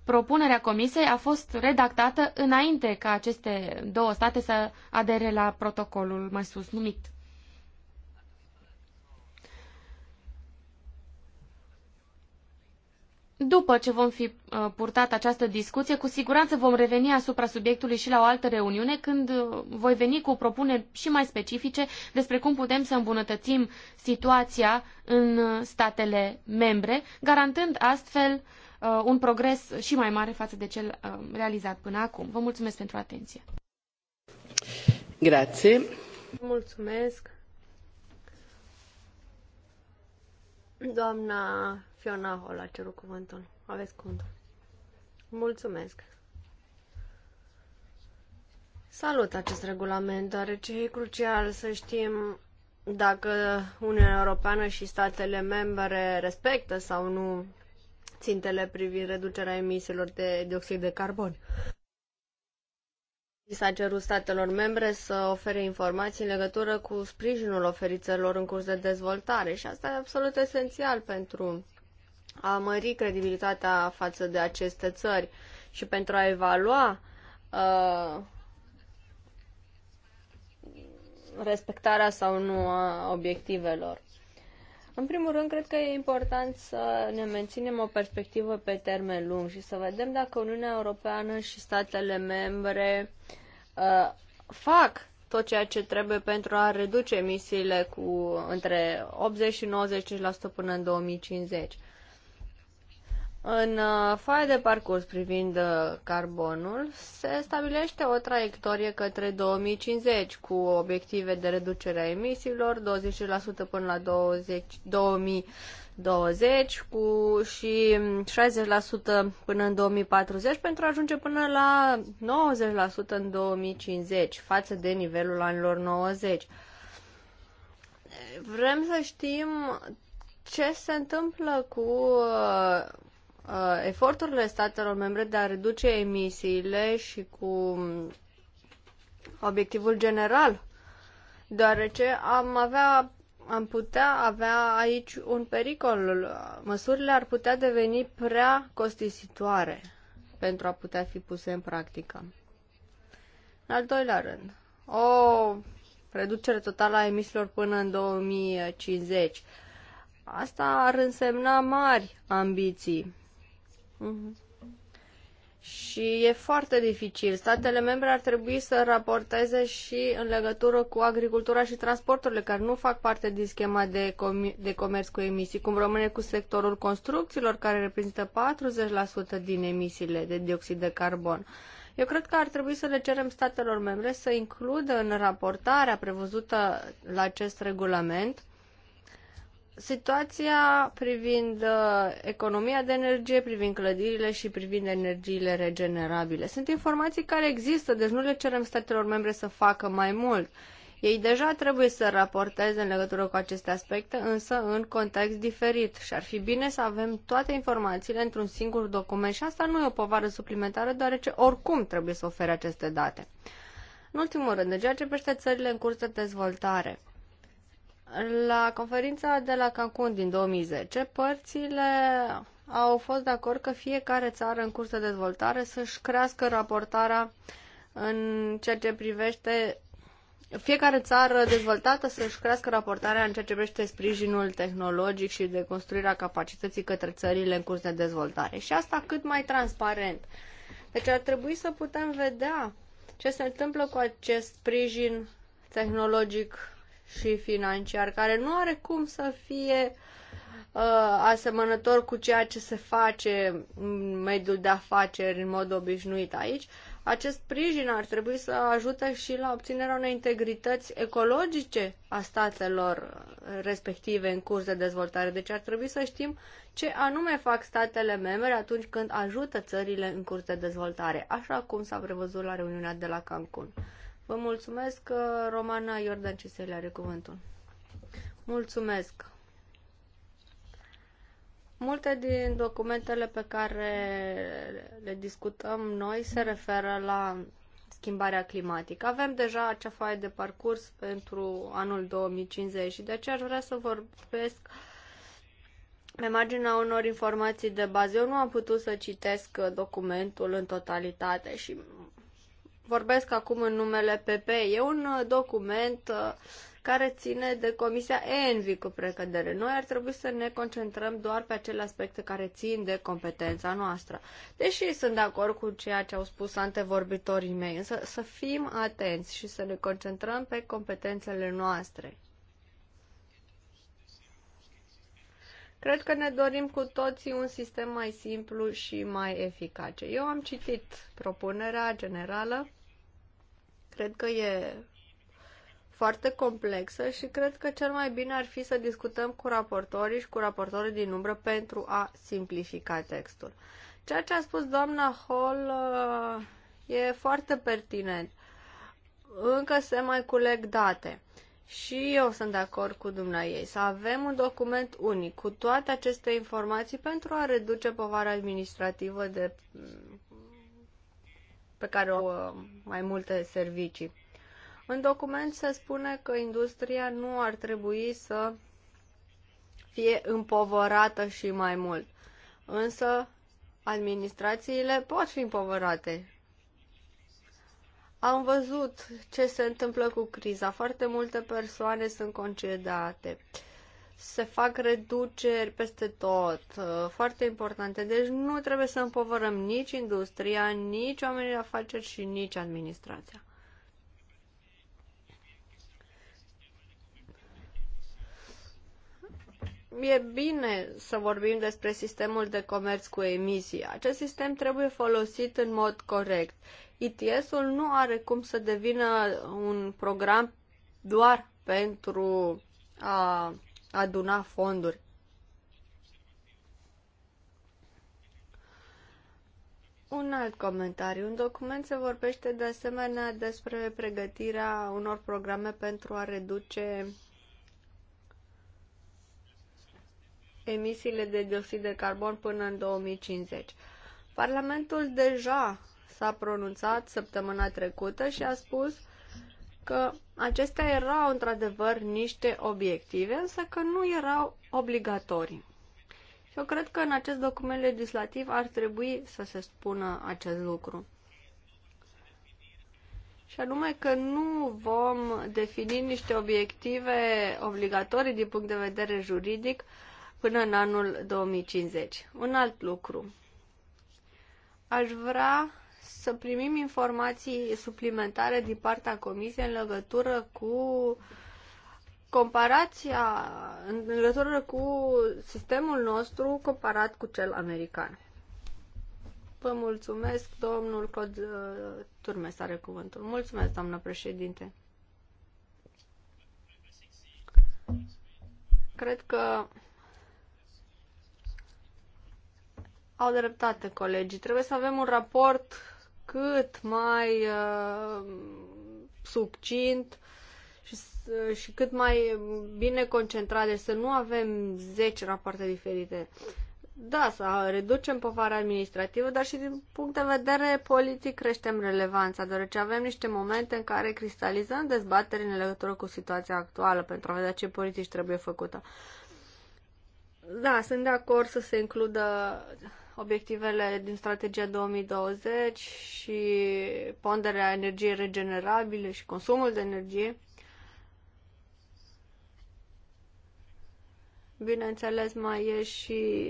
propunerea Comisiei a fost redactată înainte ca aceste două state să adere la protocolul mai sus numit. după ce vom fi uh, purtat această discuție, cu siguranță vom reveni asupra subiectului și la o altă reuniune, când uh, voi veni cu propuneri și mai specifice despre cum putem să îmbunătățim situația în uh, statele membre, garantând astfel un progres și mai mare față de cel realizat până acum. Vă mulțumesc pentru atenție. Mulțumesc. Doamna Fiona Hall a cerut cuvântul. Aveți cuvântul. Mulțumesc. Salut acest regulament, deoarece e crucial să știm dacă Uniunea Europeană și statele membre respectă sau nu țintele privind reducerea emisiilor de dioxid de carbon. S-a cerut statelor membre să ofere informații în legătură cu sprijinul oferit în curs de dezvoltare și asta e absolut esențial pentru a mări credibilitatea față de aceste țări și pentru a evalua uh, respectarea sau nu a obiectivelor. În primul rând, cred că e important să ne menținem o perspectivă pe termen lung și să vedem dacă Uniunea Europeană și statele membre uh, fac tot ceea ce trebuie pentru a reduce emisiile cu între 80 și 90% până în 2050. În uh, foaia de parcurs privind uh, carbonul se stabilește o traiectorie către 2050 cu obiective de reducere a emisiilor 20% până la 20, 2020 cu și 60% mm, până în 2040 pentru a ajunge până la 90% în 2050 față de nivelul anilor 90. Vrem să știm ce se întâmplă cu uh, Uh, eforturile statelor membre de a reduce emisiile și cu obiectivul general, deoarece am avea am putea avea aici un pericol. Măsurile ar putea deveni prea costisitoare pentru a putea fi puse în practică. În al doilea rând, o reducere totală a emisiilor până în 2050. Asta ar însemna mari ambiții Mhm. Și e foarte dificil. Statele membre ar trebui să raporteze și în legătură cu agricultura și transporturile, care nu fac parte din schema de, com- de comerț cu emisii, cum rămâne cu sectorul construcțiilor, care reprezintă 40% din emisiile de dioxid de carbon. Eu cred că ar trebui să le cerem statelor membre să includă în raportarea prevăzută la acest regulament situația privind uh, economia de energie, privind clădirile și privind energiile regenerabile. Sunt informații care există, deci nu le cerem statelor membre să facă mai mult. Ei deja trebuie să raporteze în legătură cu aceste aspecte, însă în context diferit și ar fi bine să avem toate informațiile într-un singur document și asta nu e o povară suplimentară, deoarece oricum trebuie să ofere aceste date. În ultimul rând, de ceea ce privește țările în curs de dezvoltare, la conferința de la Cancun din 2010, părțile au fost de acord că fiecare țară în curs de dezvoltare să-și crească raportarea în ceea ce privește fiecare țară dezvoltată să-și crească raportarea în ceea ce privește sprijinul tehnologic și de construirea capacității către țările în curs de dezvoltare. Și asta cât mai transparent. Deci ar trebui să putem vedea ce se întâmplă cu acest sprijin tehnologic și financiar, care nu are cum să fie uh, asemănător cu ceea ce se face în mediul de afaceri în mod obișnuit aici, acest sprijin ar trebui să ajute și la obținerea unei integrități ecologice a statelor respective în curs de dezvoltare. Deci ar trebui să știm ce anume fac statele membre atunci când ajută țările în curs de dezvoltare, așa cum s-a prevăzut la reuniunea de la Cancun. Vă mulțumesc, Romana Iordan Cisele are cuvântul. Mulțumesc. Multe din documentele pe care le discutăm noi se referă la schimbarea climatică. Avem deja acea foaie de parcurs pentru anul 2050 și de aceea aș vrea să vorbesc pe marginea unor informații de bază. Eu nu am putut să citesc documentul în totalitate și vorbesc acum în numele PP. E un uh, document uh, care ține de Comisia ENVI cu precădere. Noi ar trebui să ne concentrăm doar pe acele aspecte care țin de competența noastră. Deși sunt de acord cu ceea ce au spus antevorbitorii mei, însă să fim atenți și să ne concentrăm pe competențele noastre. Cred că ne dorim cu toții un sistem mai simplu și mai eficace. Eu am citit propunerea generală cred că e foarte complexă și cred că cel mai bine ar fi să discutăm cu raportorii și cu raportorii din umbră pentru a simplifica textul. Ceea ce a spus doamna Hall uh, e foarte pertinent. Încă se mai culeg date. Și eu sunt de acord cu ei să avem un document unic cu toate aceste informații pentru a reduce povara administrativă de pe care au uh, mai multe servicii. În document se spune că industria nu ar trebui să fie împovărată și mai mult. Însă administrațiile pot fi împovărate. Am văzut ce se întâmplă cu criza. Foarte multe persoane sunt concediate. Uh, se fac reduceri peste tot, uh, foarte importante. Deci nu trebuie să împovărăm nici industria, nici oamenii de afaceri și nici administrația. E bine să vorbim despre sistemul de comerț cu emisii. Acest sistem trebuie folosit în mod corect. ETS-ul nu are cum să devină un program doar pentru a aduna fonduri. Un alt comentariu. În document se vorbește de asemenea despre pregătirea unor programe pentru a reduce emisiile de dioxid de carbon până în 2050. Parlamentul deja s-a pronunțat săptămâna trecută și a spus că acestea erau într-adevăr niște obiective, însă că nu erau obligatorii. Și eu cred că în acest document legislativ ar trebui să se spună acest lucru. Și anume că nu vom defini niște obiective obligatorii din punct de vedere juridic până în anul 2050. Un alt lucru. Aș vrea să primim informații suplimentare din partea Comisiei în legătură cu comparația, în legătură cu sistemul nostru comparat cu cel american. Vă mulțumesc, domnul Cod uh, Turmes are cuvântul. Mulțumesc, doamnă președinte. Cred că Au dreptate colegii. Trebuie să avem un raport cât mai uh, succint și, uh, și cât mai bine concentrat, deci să nu avem 10 rapoarte diferite. Da, să reducem povara administrativă, dar și din punct de vedere politic creștem relevanța, deoarece avem niște momente în care cristalizăm dezbateri în legătură cu situația actuală pentru a vedea ce politici trebuie făcută. Da, sunt de acord să se includă obiectivele din strategia 2020 și ponderea energiei regenerabile și consumul de energie. Bineînțeles, mai e și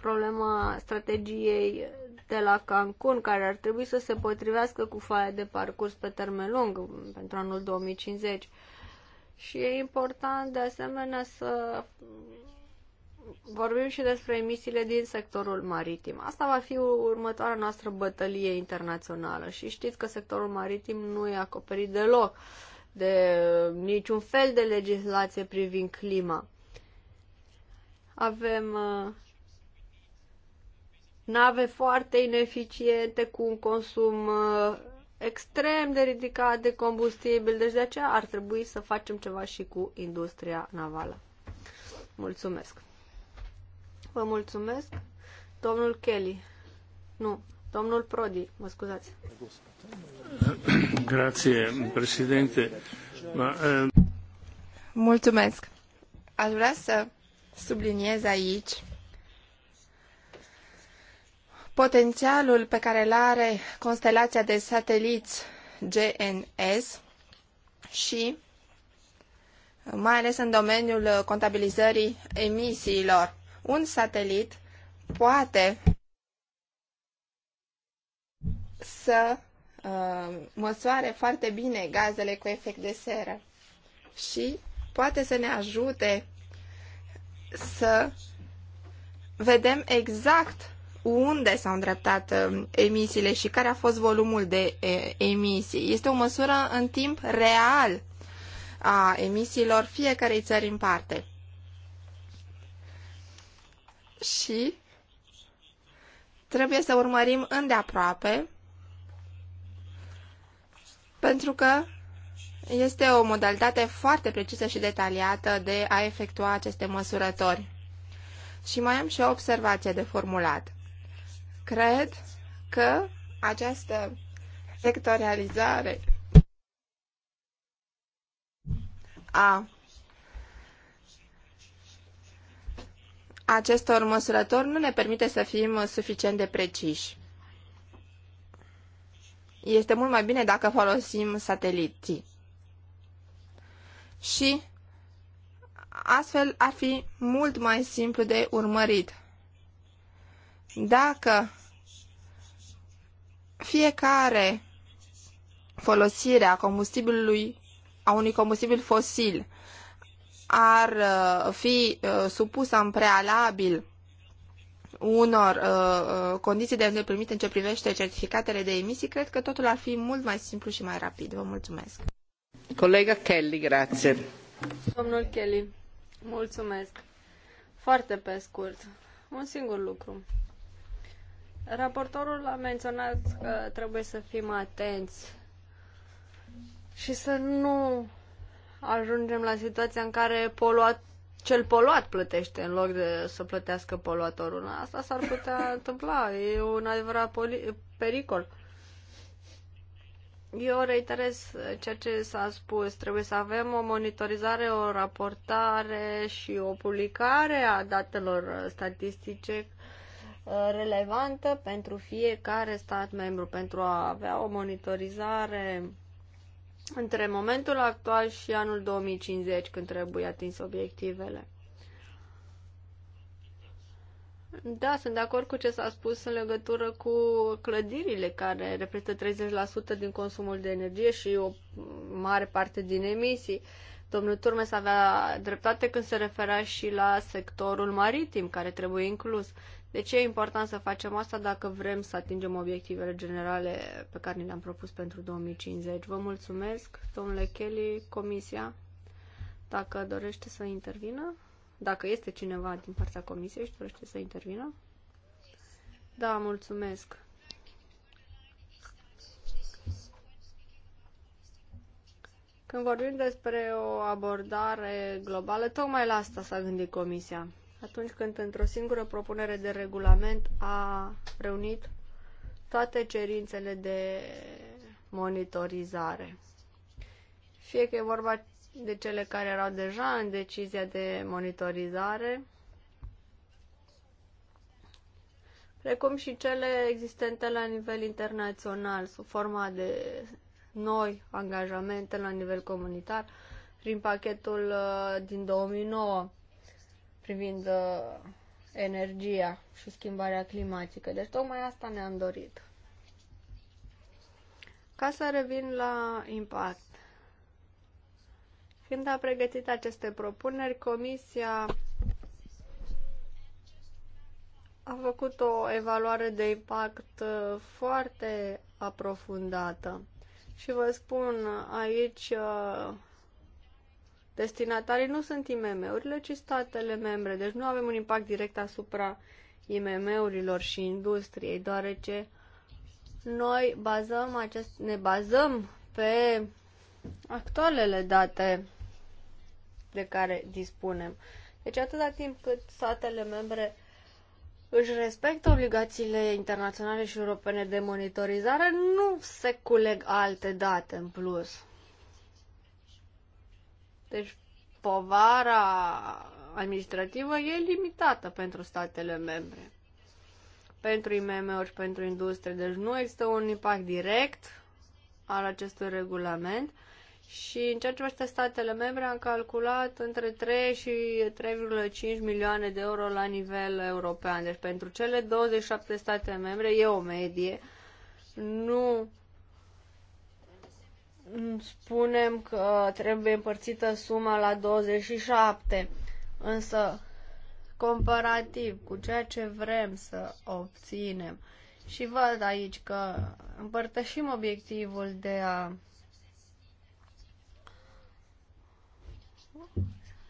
problema strategiei de la Cancun, care ar trebui să se potrivească cu faia de parcurs pe termen lung pentru anul 2050. Și e important, de asemenea, să vorbim și despre emisiile din sectorul maritim. Asta va fi următoarea noastră bătălie internațională și știți că sectorul maritim nu e acoperit deloc de uh, niciun fel de legislație privind clima. Avem uh, nave foarte ineficiente cu un consum uh, extrem de ridicat de combustibil, deci de aceea ar trebui să facem ceva și cu industria navală. Mulțumesc! Vă mulțumesc. Domnul Kelly. Nu, domnul Prodi, mă scuzați. Grație, președinte. Ehm, mulțumesc. Aș vrea să subliniez aici potențialul pe care îl are constelația de sateliți GNS și mai ales în domeniul contabilizării emisiilor un satelit poate să uh, măsoare foarte bine gazele cu efect de seră și poate să ne ajute să vedem exact unde s-au îndreptat uh, emisiile și care a fost volumul de emisii. Este o măsură în timp real a emisiilor fiecarei țări în parte și trebuie să urmărim îndeaproape pentru că este o modalitate foarte precisă și detaliată de a efectua aceste măsurători. Și mai am și o observație de formulat. Cred că această sectorializare a acestor măsurători nu ne permite să fim suficient de preciși. Este mult mai bine dacă folosim sateliții. Și astfel ar fi mult mai simplu de urmărit. Dacă fiecare folosire a combustibilului, a unui combustibil fosil, ar uh, fi uh, supusă în prealabil unor uh, uh condiții de îndeplinit în ce privește certificatele de emisii, cred că totul ar fi mult mai simplu și mai rapid. Vă mulțumesc. Colega Kelly, grație. Domnul Kelly, mulțumesc. Foarte pe scurt, un singur lucru. Raportorul a menționat că trebuie să fim atenți și să nu ajungem la situația în care poluat, cel poluat plătește în loc de să plătească poluatorul. Asta s-ar putea <laughs> întâmpla. E un adevărat pericol. Eu reiterez ceea ce s-a spus. Trebuie să avem o monitorizare, o raportare și o publicare a datelor statistice uh, relevantă pentru fiecare stat membru, pentru a avea o monitorizare între momentul actual și anul 2050, când trebuie atins obiectivele. Da, sunt de acord cu ce s-a spus în legătură cu clădirile, care reprezintă 30% din consumul de energie și o mare parte din emisii. Domnul Turmes avea dreptate când se referea și la sectorul maritim, care trebuie inclus. De ce e important să facem asta dacă vrem să atingem obiectivele generale pe care ni le-am propus pentru 2050? Vă mulțumesc, domnule Kelly, comisia, dacă dorește să intervină, dacă este cineva din partea comisiei și dorește să intervină. Da, mulțumesc. Când vorbim despre o abordare globală, tocmai la asta s-a gândit Comisia atunci când într-o singură propunere de regulament a reunit toate cerințele de monitorizare. Fie că e vorba de cele care erau deja în decizia de monitorizare, precum și cele existente la nivel internațional, sub forma de noi angajamente la nivel comunitar, prin pachetul uh, din 2009 privind uh, energia și schimbarea climatică. Deci tocmai asta ne-am dorit. Ca să revin la impact. Când a pregătit aceste propuneri, Comisia a făcut o evaluare de impact uh, foarte aprofundată. Și vă spun, aici uh, Destinatarii nu sunt IMM-urile, ci statele membre, deci nu avem un impact direct asupra IMM-urilor și industriei, deoarece noi bazăm acest, ne bazăm pe actualele date de care dispunem. Deci atâta timp cât statele membre își respectă obligațiile internaționale și europene de monitorizare, nu se culeg alte date în plus. Deci povara administrativă e limitată pentru statele membre. Pentru IMM-uri și pentru industrie. Deci nu există un impact direct al acestui regulament. Și în ceea ce privește statele membre, am calculat între 3 și 3,5 milioane de euro la nivel european. Deci pentru cele 27 state membre e o medie. Nu spunem că trebuie împărțită suma la 27, însă comparativ cu ceea ce vrem să obținem. Și văd aici că împărtășim obiectivul de a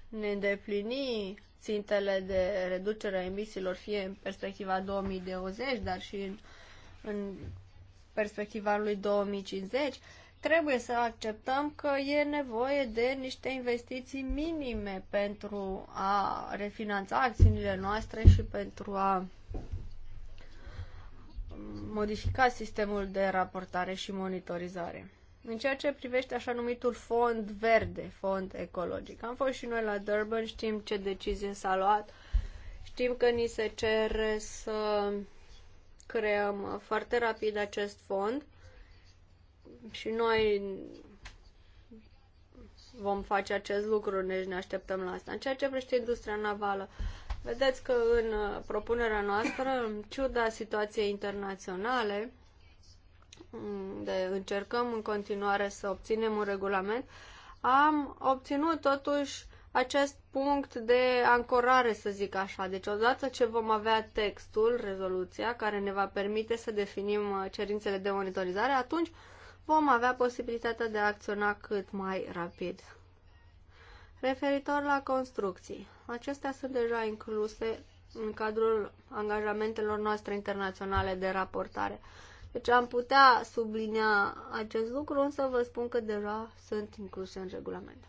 ne îndeplini țintele de reducere a emisiilor, fie în perspectiva 2020, dar și în, în perspectiva lui 2050, trebuie să acceptăm că e nevoie de niște investiții minime pentru a refinanța acțiunile noastre și pentru a modifica sistemul de raportare și monitorizare. În ceea ce privește așa numitul fond verde, fond ecologic, am fost și noi la Durban, știm ce decizie s-a luat, știm că ni se cere să creăm foarte rapid acest fond și noi vom face acest lucru, deci ne așteptăm la asta. În ceea ce privește industria navală, vedeți că în uh, propunerea noastră, în ciuda situației internaționale, mm, de încercăm în continuare să obținem un regulament, am obținut totuși acest punct de ancorare, să zic așa. Deci odată ce vom avea textul, rezoluția, care ne va permite să definim uh, cerințele de monitorizare, atunci vom avea posibilitatea de a acționa cât mai rapid. Referitor la construcții, acestea sunt deja incluse în cadrul angajamentelor noastre internaționale de raportare. Deci am putea sublinia acest lucru, însă vă spun că deja sunt incluse în regulament.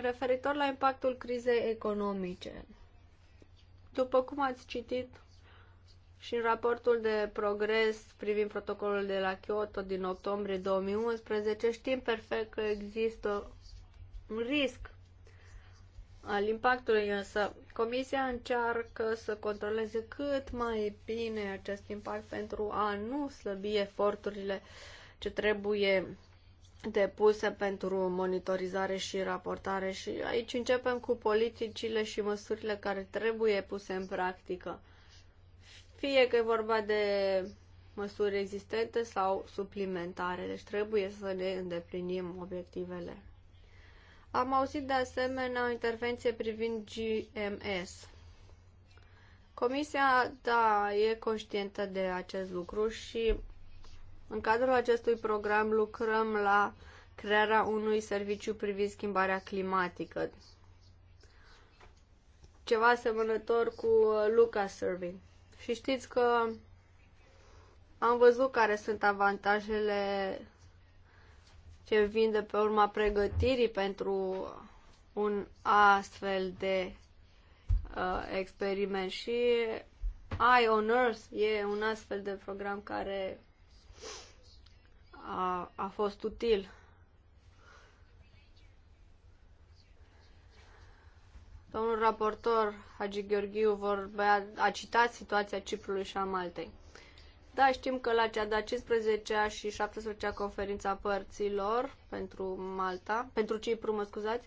Referitor la impactul crizei economice, după cum ați citit și în raportul de progres privind protocolul de la Kyoto din octombrie 2011 știm perfect că există un risc al impactului, însă Comisia încearcă să controleze cât mai bine acest impact pentru a nu slăbi eforturile ce trebuie depuse pentru monitorizare și raportare și aici începem cu politicile și măsurile care trebuie puse în practică fie că e vorba de măsuri existente sau suplimentare, deci trebuie să ne îndeplinim obiectivele. Am auzit de asemenea o intervenție privind GMS. Comisia, da, e conștientă de acest lucru și în cadrul acestui program lucrăm la crearea unui serviciu privind schimbarea climatică. Ceva asemănător cu uh, Luca Serving. Și știți că am văzut care sunt avantajele ce vin de pe urma pregătirii pentru un astfel de uh, experiment și I on Earth e un astfel de program care a, a fost util Domnul raportor Hagi Gheorghiu vorbea, a citat situația Ciprului și a Maltei. Da, știm că la cea de-a 15-a și 17-a conferința părților pentru Malta, pentru Cipru, mă scuzați,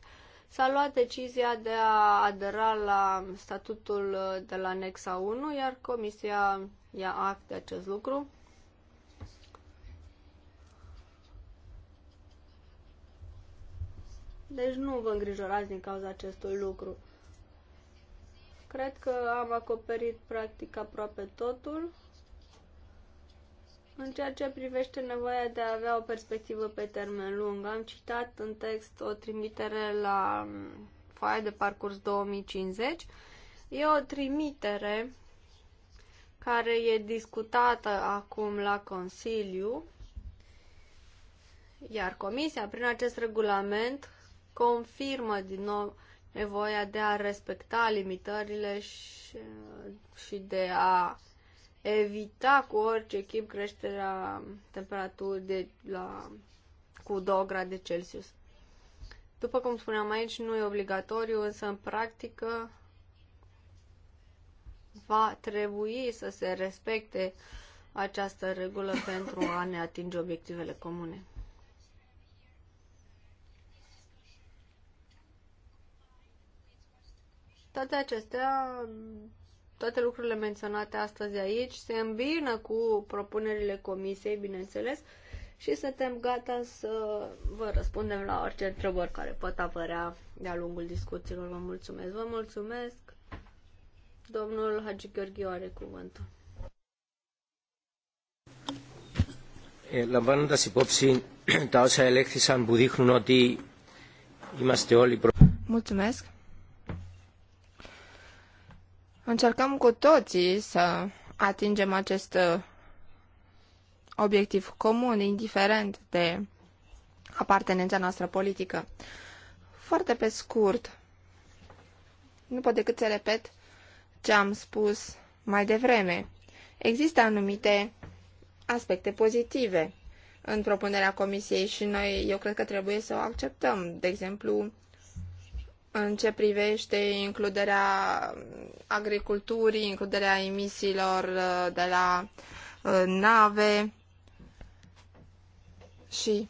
s-a luat decizia de a adera la statutul de la Nexa 1, iar Comisia ia act de acest lucru. Deci nu vă îngrijorați din cauza acestui lucru. Cred că am acoperit practic aproape totul. În ceea ce privește nevoia de a avea o perspectivă pe termen lung, am citat în text o trimitere la mm, foaia de parcurs 2050. E o trimitere care e discutată acum la Consiliu, iar Comisia, prin acest regulament, confirmă din nou nevoia de a respecta limitările și, și de a evita cu orice chip creșterea temperaturii de la, cu 2 grade Celsius. După cum spuneam aici, nu e obligatoriu, însă în practică va trebui să se respecte această regulă pentru a ne atinge obiectivele comune. Toate acestea, toate lucrurile menționate astăzi aici, se îmbină cu propunerile comisiei, bineînțeles, și suntem gata să vă răspundem la orice întrebări care pot apărea de-a lungul discuțiilor. Vă mulțumesc! Vă mulțumesc! Domnul Hagi Gheorghiu are cuvântul. Λαμβάνοντα υπόψη τα όσα ελέγχθησαν που δείχνουν ότι είμαστε όλοι προ... Mulțumesc. Încercăm cu toții să atingem acest uh, obiectiv comun, indiferent de apartenența noastră politică. Foarte pe scurt, nu pot decât să repet ce am spus mai devreme. Există anumite aspecte pozitive în propunerea comisiei și noi, eu cred că trebuie să o acceptăm. De exemplu, în ce privește includerea agriculturii, includerea emisiilor uh, de la uh, nave și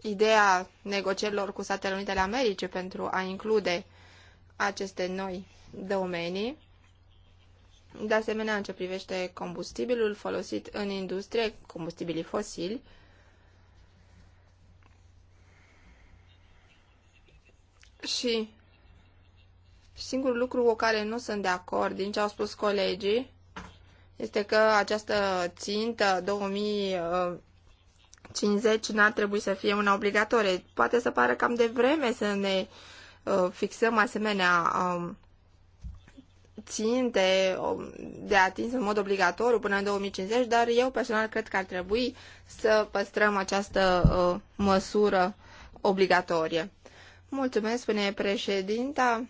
ideea negocierilor cu Statele Unite ale Americii pentru a include aceste noi domenii. De asemenea, în ce privește combustibilul folosit în industrie, combustibilii fosili, Și singurul lucru cu care nu sunt de acord din ce au spus colegii este că această țintă 2050 n-ar trebui să fie una obligatorie. Poate să pară cam de vreme să ne uh, fixăm asemenea um, ținte um, de atins în mod obligatoriu până în 2050, dar eu personal cred că ar trebui să păstrăm această uh, măsură obligatorie. Mulțumesc, spune președinta.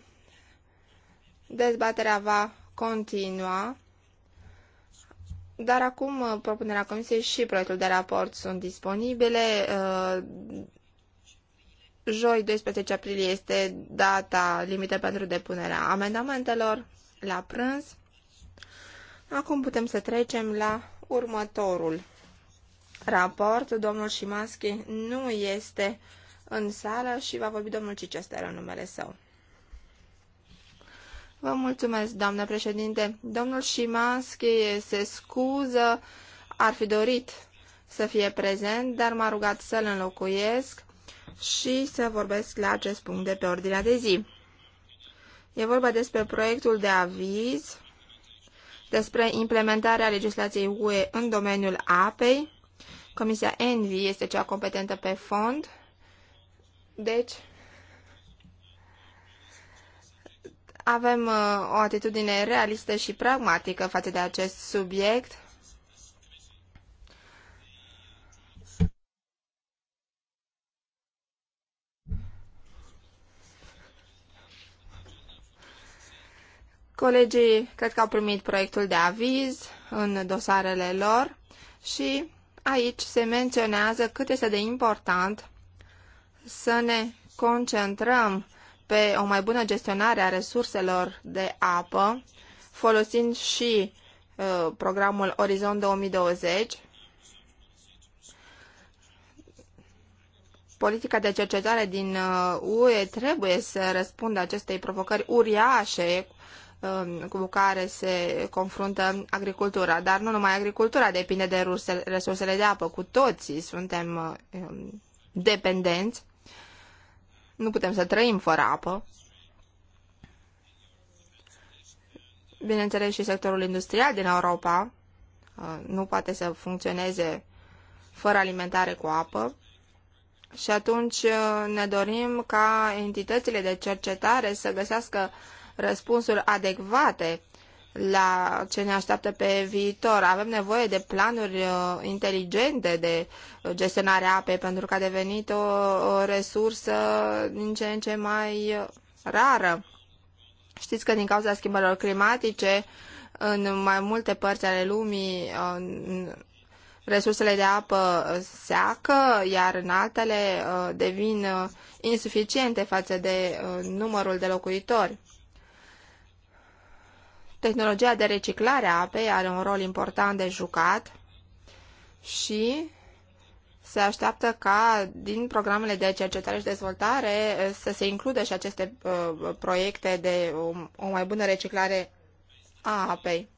Dezbaterea va continua. Dar acum uh, propunerea comisiei și proiectul de raport sunt disponibile. Uh, joi, 12 aprilie, este data limită pentru depunerea amendamentelor la prânz. Acum putem să trecem la următorul raport. Domnul Șimaschi nu este în sală și va vorbi domnul Cicester în numele său. Vă mulțumesc, doamnă președinte. Domnul Șimanski se scuză, ar fi dorit să fie prezent, dar m-a rugat să-l înlocuiesc și să vorbesc la acest punct de pe ordinea de zi. E vorba despre proiectul de aviz despre implementarea legislației UE în domeniul apei. Comisia ENVI este cea competentă pe fond deci, avem uh, o atitudine realistă și pragmatică față de acest subiect. Colegii cred că au primit proiectul de aviz în dosarele lor și aici se menționează cât este de important să ne concentrăm pe o mai bună gestionare a resurselor de apă, folosind și uh, programul Orizont 2020, politica de cercetare din UE uh, trebuie să răspundă acestei provocări uriașe um, cu care se confruntă agricultura. Dar nu numai agricultura depinde de resursele de apă, cu toții suntem uh, um, dependenți. Nu putem să trăim fără apă. Bineînțeles, și sectorul industrial din Europa uh, nu poate să funcționeze fără alimentare cu apă. Și atunci uh, ne dorim ca entitățile de cercetare să găsească răspunsuri adecvate la ce ne așteaptă pe viitor. Avem nevoie de planuri uh, inteligente de uh, gestionare a apei pentru că a devenit o, o resursă din ce în ce mai uh, rară. Știți că din cauza schimbărilor climatice în mai multe părți ale lumii resursele de apă seacă, iar în altele uh, devin insuficiente față de numărul de locuitori. Tehnologia de reciclare a apei are un rol important de jucat și se așteaptă ca din programele de cercetare și dezvoltare eh, să se includă și aceste uh, proiecte de o, o mai bună reciclare a apei.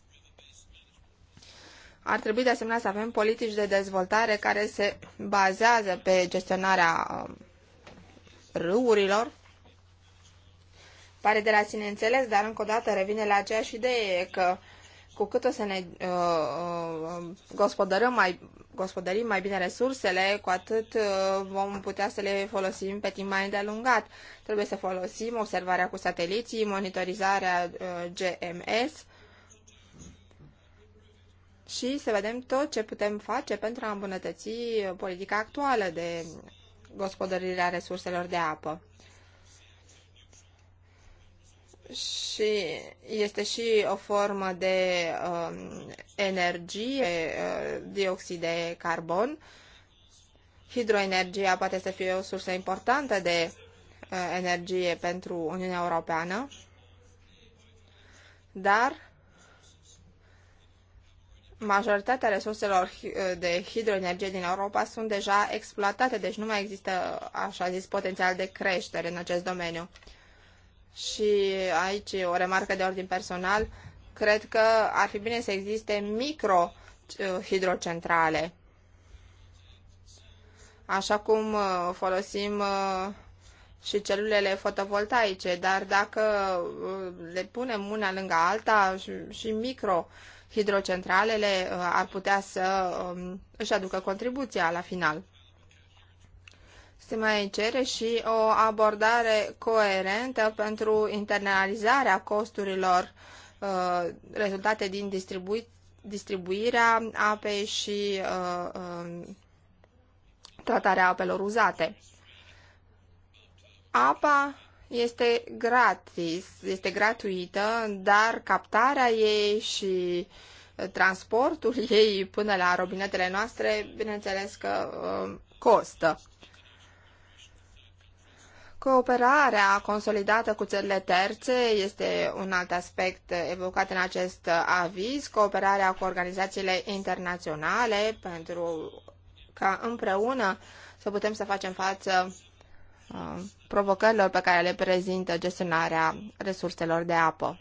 Ar trebui de asemenea să avem politici de dezvoltare care se bazează pe gestionarea eh, râurilor Pare de la sine înțeles, dar încă o dată revine la aceeași idee că cu cât o să ne uh, uh, gospodărăm mai, gospodărim mai bine resursele, cu atât uh, vom putea să le folosim pe timp mai îndelungat. Trebuie să folosim observarea cu sateliții, monitorizarea uh, GMS și să vedem tot ce putem face pentru a îmbunătăți politica actuală de gospodărire a resurselor de apă și este și o formă de um, energie, uh, dioxid de carbon. Hidroenergia poate să fie o sursă importantă de uh, energie pentru Uniunea Europeană, dar majoritatea resurselor uh, de hidroenergie din Europa sunt deja exploatate, deci nu mai există, așa zis, potențial de creștere în acest domeniu și aici o remarcă de ordin personal, cred că ar fi bine să existe micro uh, hidrocentrale. Așa cum uh, folosim uh, și celulele fotovoltaice, dar dacă le punem una lângă alta și micro hidrocentralele ar putea să um, își aducă contribuția la final se mai cere și o abordare coerentă pentru internalizarea costurilor uh, rezultate din distribu- distribuirea apei și uh, uh, tratarea apelor uzate. Apa este gratis, este gratuită, dar captarea ei și transportul ei până la robinetele noastre, bineînțeles că uh, costă. Cooperarea consolidată cu țările terțe este un alt aspect evocat în acest aviz, cooperarea cu organizațiile internaționale pentru ca împreună să putem să facem față uh, provocărilor pe care le prezintă gestionarea resurselor de apă.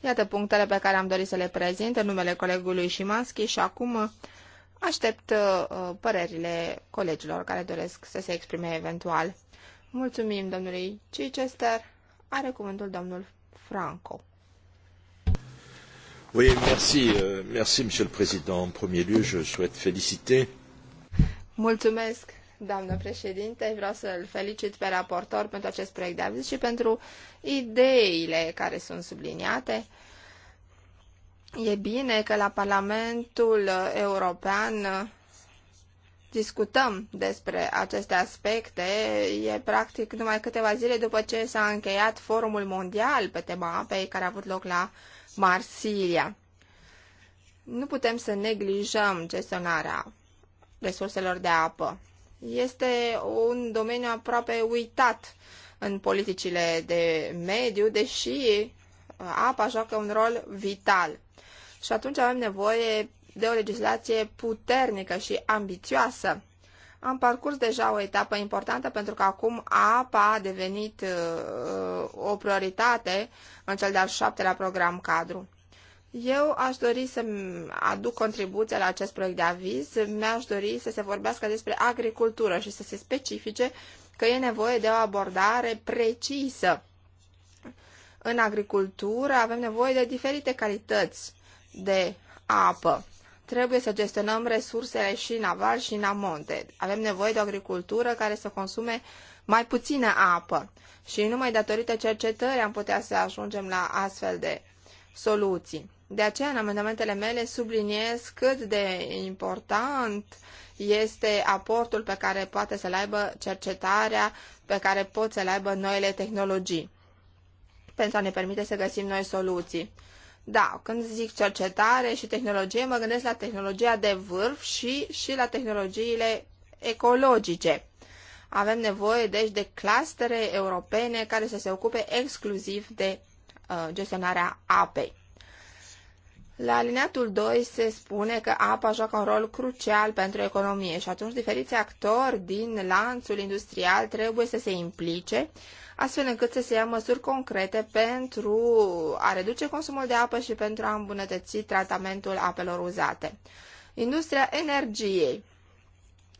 Iată punctele pe care am dorit să le prezint în numele colegului Șimanski și acum Aștept uh, uh, părerile colegilor care doresc să se exprime eventual. Mulțumim domnului Chichester. Are cuvântul domnul Franco. Oui, merci, euh, merci, Monsieur le Président. En premier lieu, je souhaite féliciter. Mulțumesc, doamnă președinte. Vreau să-l felicit pe raportor pentru acest proiect de aviz și pentru ideile care sunt subliniate. E bine că la Parlamentul European discutăm despre aceste aspecte. E practic numai câteva zile după ce s-a încheiat forumul mondial pe tema apei care a avut loc la Marsilia. Nu putem să neglijăm gestionarea resurselor de apă. Este un domeniu aproape uitat în politicile de mediu, deși apa joacă un rol vital. Și atunci avem nevoie de o legislație puternică și ambițioasă. Am parcurs deja o etapă importantă pentru că acum apa a devenit uh, o prioritate în cel de-al șaptelea program cadru. Eu aș dori să aduc contribuția la acest proiect de aviz. Mi-aș dori să se vorbească despre agricultură și să se specifice că e nevoie de o abordare precisă. În agricultură avem nevoie de diferite calități de apă. Trebuie să gestionăm resursele și în aval și în amonte. Avem nevoie de o agricultură care să consume mai puțină apă și numai datorită cercetării am putea să ajungem la astfel de soluții. De aceea, în amendamentele mele, subliniez cât de important este aportul pe care poate să-l aibă cercetarea, pe care pot să-l aibă noile tehnologii, pentru a ne permite să găsim noi soluții. Da, când zic cercetare și tehnologie, mă gândesc la tehnologia de vârf și, și la tehnologiile ecologice. Avem nevoie, deci, de clustere europene care să se ocupe exclusiv de uh, gestionarea apei. La alineatul 2 se spune că apa joacă un rol crucial pentru economie și atunci diferiți actori din lanțul industrial trebuie să se implice astfel încât să se ia măsuri concrete pentru a reduce consumul de apă și pentru a îmbunătăți tratamentul apelor uzate. Industria energiei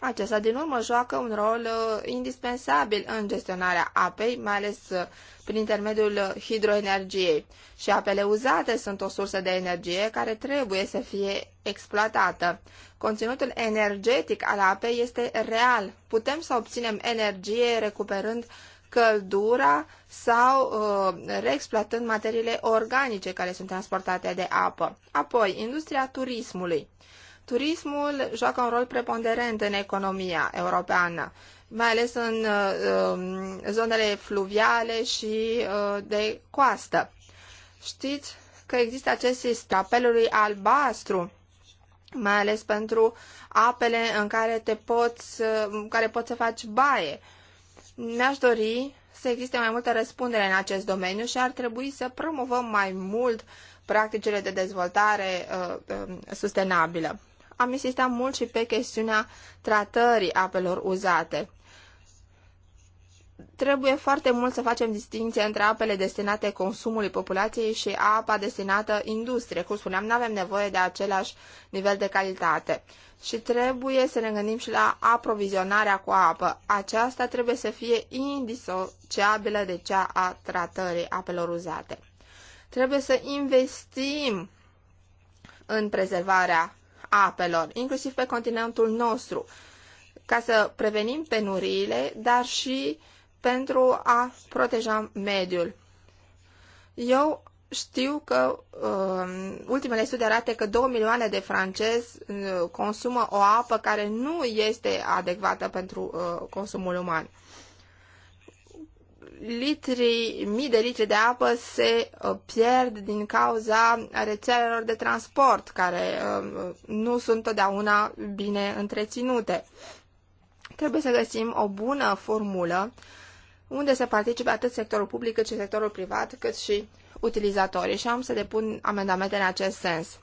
acesta, din urmă, joacă un rol uh, indispensabil în gestionarea apei, mai ales uh, prin intermediul uh, hidroenergiei. Și apele uzate sunt o sursă de energie care trebuie să fie exploatată. Conținutul energetic al apei este real. Putem să obținem energie recuperând căldura sau uh, reexploatând materiile organice care sunt transportate de apă. Apoi, industria turismului. Turismul joacă un rol preponderent în economia europeană, mai ales în uh, um, zonele fluviale și uh, de coastă. Știți că există acest sistem apelului albastru, mai ales pentru apele în care te poți, uh, în care poți să faci baie. Mi-aș dori să existe mai multă răspundere în acest domeniu și ar trebui să promovăm mai mult practicile de dezvoltare uh, uh, sustenabilă am insistat mult și pe chestiunea tratării apelor uzate. Trebuie foarte mult să facem distinție între apele destinate consumului populației și apa destinată industrie. Cum spuneam, nu avem nevoie de același nivel de calitate. Și trebuie să ne gândim și la aprovizionarea cu apă. Aceasta trebuie să fie indisociabilă de cea a tratării apelor uzate. Trebuie să investim în prezervarea apelor, inclusiv pe continentul nostru, ca să prevenim penuriile, dar și pentru a proteja mediul. Eu știu că uh, ultimele studii arată că 2 milioane de francezi uh, consumă o apă care nu este adecvată pentru uh, consumul uman litri, mii de litri de apă se uh, pierd din cauza rețelelor de transport, care um, nu sunt totdeauna bine întreținute. Trebuie să găsim o bună formulă unde să participe atât sectorul public cât și sectorul privat, cât și utilizatorii și am să depun amendamente în acest sens.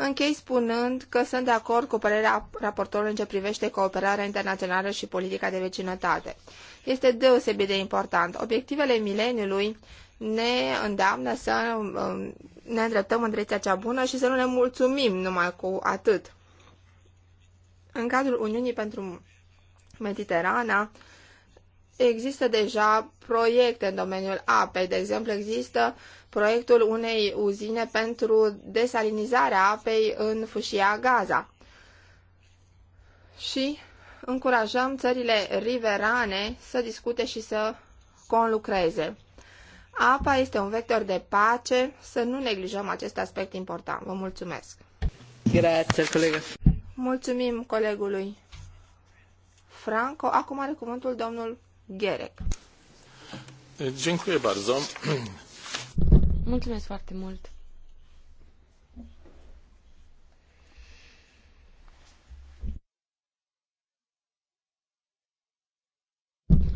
Închei spunând că sunt de acord cu părerea raportorului în ce privește cooperarea internațională și politica de vecinătate. Este deosebit de important. Obiectivele mileniului ne îndeamnă să um, ne îndreptăm în direcția cea bună și să nu ne mulțumim numai cu atât. În cadrul Uniunii pentru Mediterana există deja proiecte în domeniul apei. De exemplu, există proiectul unei uzine pentru desalinizarea apei în fâșia Gaza. Și încurajăm țările riverane să discute și să conlucreze. Apa este un vector de pace, să nu neglijăm acest aspect important. Vă mulțumesc! Grazie, colegă! Mulțumim colegului Franco. Acum are cuvântul domnul Gherec. Dziękuję bardzo. Mulțumesc foarte mult!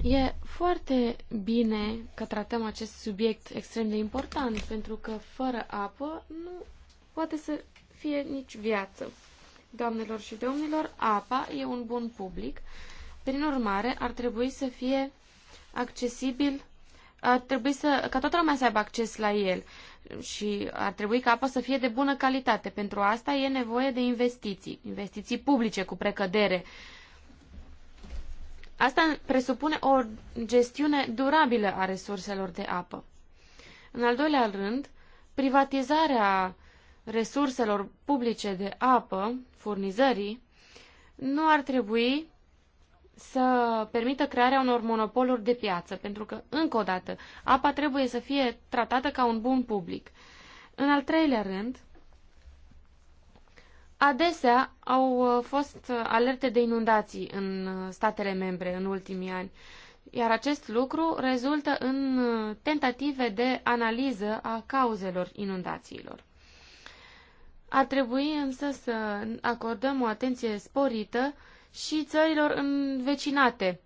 E foarte bine că tratăm acest subiect extrem de important, pentru că fără apă nu poate să fie nici viață. Doamnelor și domnilor, apa e un bun public, prin urmare ar trebui să fie accesibil ar trebui să, ca toată lumea să aibă acces la el și ar trebui ca apa să fie de bună calitate. Pentru asta e nevoie de investiții, investiții publice cu precădere. Asta presupune o gestiune durabilă a resurselor de apă. În al doilea rând, privatizarea resurselor publice de apă, furnizării, nu ar trebui să permită crearea unor monopoluri de piață, pentru că, încă o dată, apa trebuie să fie tratată ca un bun public. În al treilea rând, adesea au uh, fost uh, alerte de inundații în uh, statele membre în ultimii ani, iar acest lucru rezultă în tentative de analiză a cauzelor inundațiilor. Ar trebui însă să acordăm o atenție sporită și țărilor învecinate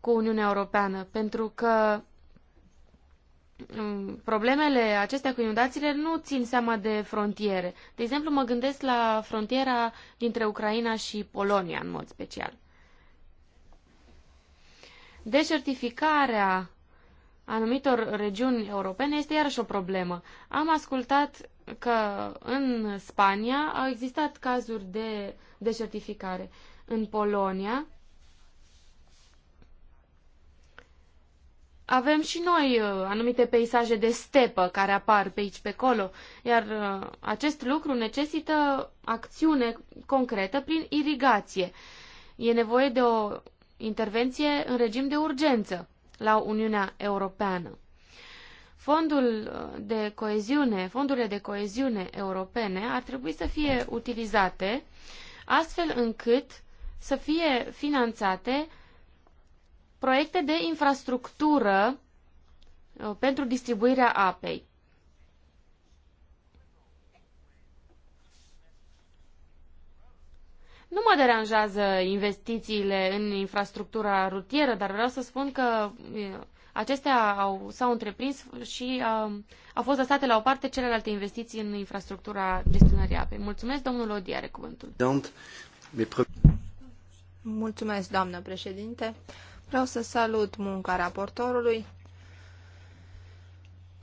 cu Uniunea Europeană, pentru că mm, problemele acestea cu inundațiile nu țin seama de frontiere. De exemplu, mă gândesc la frontiera dintre Ucraina și Polonia, în mod special. Deșertificarea anumitor regiuni europene este iarăși o problemă. Am ascultat că în Spania au existat cazuri de desertificare, În Polonia avem și noi uh, anumite peisaje de stepă care apar pe aici, pe acolo, iar uh, acest lucru necesită acțiune concretă prin irigație. E nevoie de o intervenție în regim de urgență la Uniunea Europeană. Fondul uh, de coeziune, fondurile de coeziune europene ar trebui să fie utilizate astfel încât să fie finanțate proiecte de infrastructură uh, pentru distribuirea apei. Nu mă deranjează investițiile în infrastructura rutieră, dar vreau să spun că Acestea au, s-au întreprins și uh, au fost lăsate la o parte celelalte investiții în infrastructura gestionării apei. Mulțumesc, domnul Odi, are cuvântul. Mulțumesc, doamnă președinte. Vreau să salut munca raportorului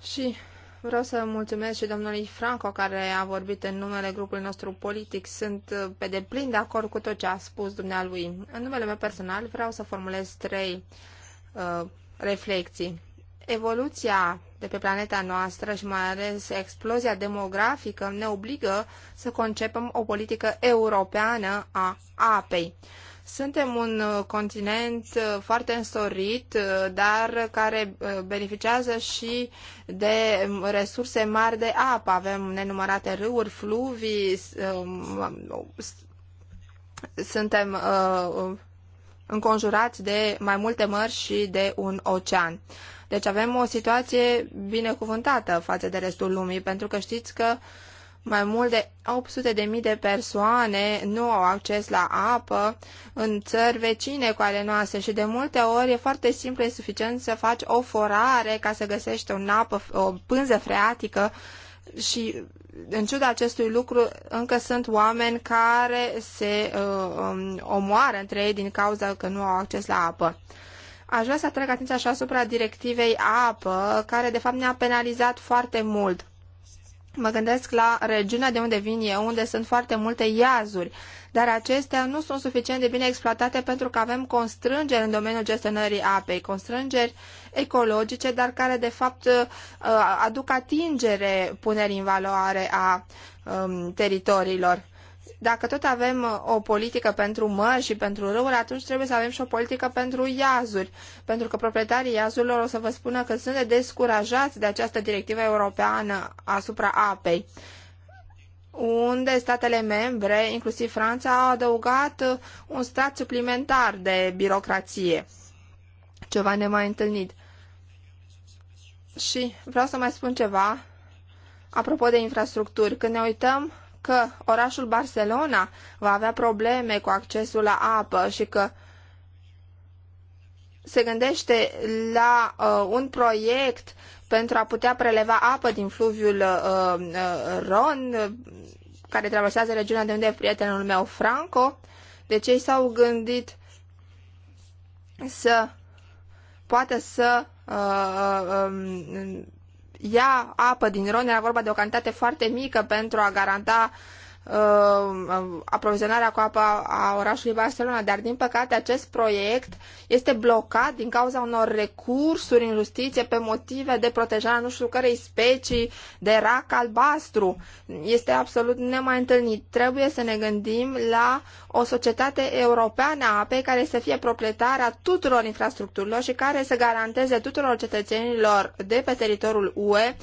și vreau să mulțumesc și domnului Franco care a vorbit în numele grupului nostru politic. Sunt uh, pe deplin de acord cu tot ce a spus dumnealui. În numele meu personal vreau să formulez trei uh, reflecții. Evoluția de pe planeta noastră și mai ales explozia demografică ne obligă să concepem o politică europeană a apei. Suntem un uh, continent uh, foarte însorit, uh, dar care beneficiază și de um, resurse mari de apă. Avem nenumărate râuri, fluvii, um, suntem înconjurat de mai multe mări și de un ocean. Deci avem o situație binecuvântată față de restul lumii, pentru că știți că mai mult de 800.000 de, de persoane nu au acces la apă în țări vecine cu ale noastre și de multe ori e foarte simplu, e suficient să faci o forare ca să găsești un apă, o pânză freatică și în ciuda acestui lucru încă sunt oameni care se uh, um, omoară între ei din cauza că nu au acces la apă. Aș vrea să atrag atenția și asupra directivei apă, care de fapt ne-a penalizat foarte mult. Mă gândesc la regiunea de unde vin eu, unde sunt foarte multe iazuri, dar acestea nu sunt suficient de bine exploatate pentru că avem constrângeri în domeniul gestionării apei, constrângeri uh, ecologice, dar care de fapt uh, uh, aduc atingere punerii în valoare a um, teritoriilor. Dacă tot avem uh, o politică pentru mări și pentru râuri, atunci trebuie să avem și o politică pentru iazuri, pentru că proprietarii iazurilor o să vă spună că sunt descurajați de această directivă europeană asupra apei unde statele membre, inclusiv Franța, au adăugat un stat suplimentar de birocrație, ceva mai întâlnit. Și vreau să mai spun ceva apropo de infrastructuri. Când ne uităm că orașul Barcelona va avea probleme cu accesul la apă și că se gândește la uh, un proiect pentru a putea preleva apă din fluviul uh, uh, Ron, uh, care traversează regiunea de unde e prietenul meu Franco. Deci ei s-au gândit să poată să uh, um, ia apă din Ron, era vorba de o cantitate foarte mică pentru a garanta uh, aprovizionarea cu apă a orașului Barcelona, dar din păcate acest proiect este blocat din cauza unor recursuri în justiție pe motive de protejarea nu știu cărei specii de rac albastru. Este absolut nemai întâlnit. Trebuie să ne gândim la o societate europeană a apei care să fie proprietarea tuturor infrastructurilor și care să garanteze tuturor cetățenilor de pe teritoriul UE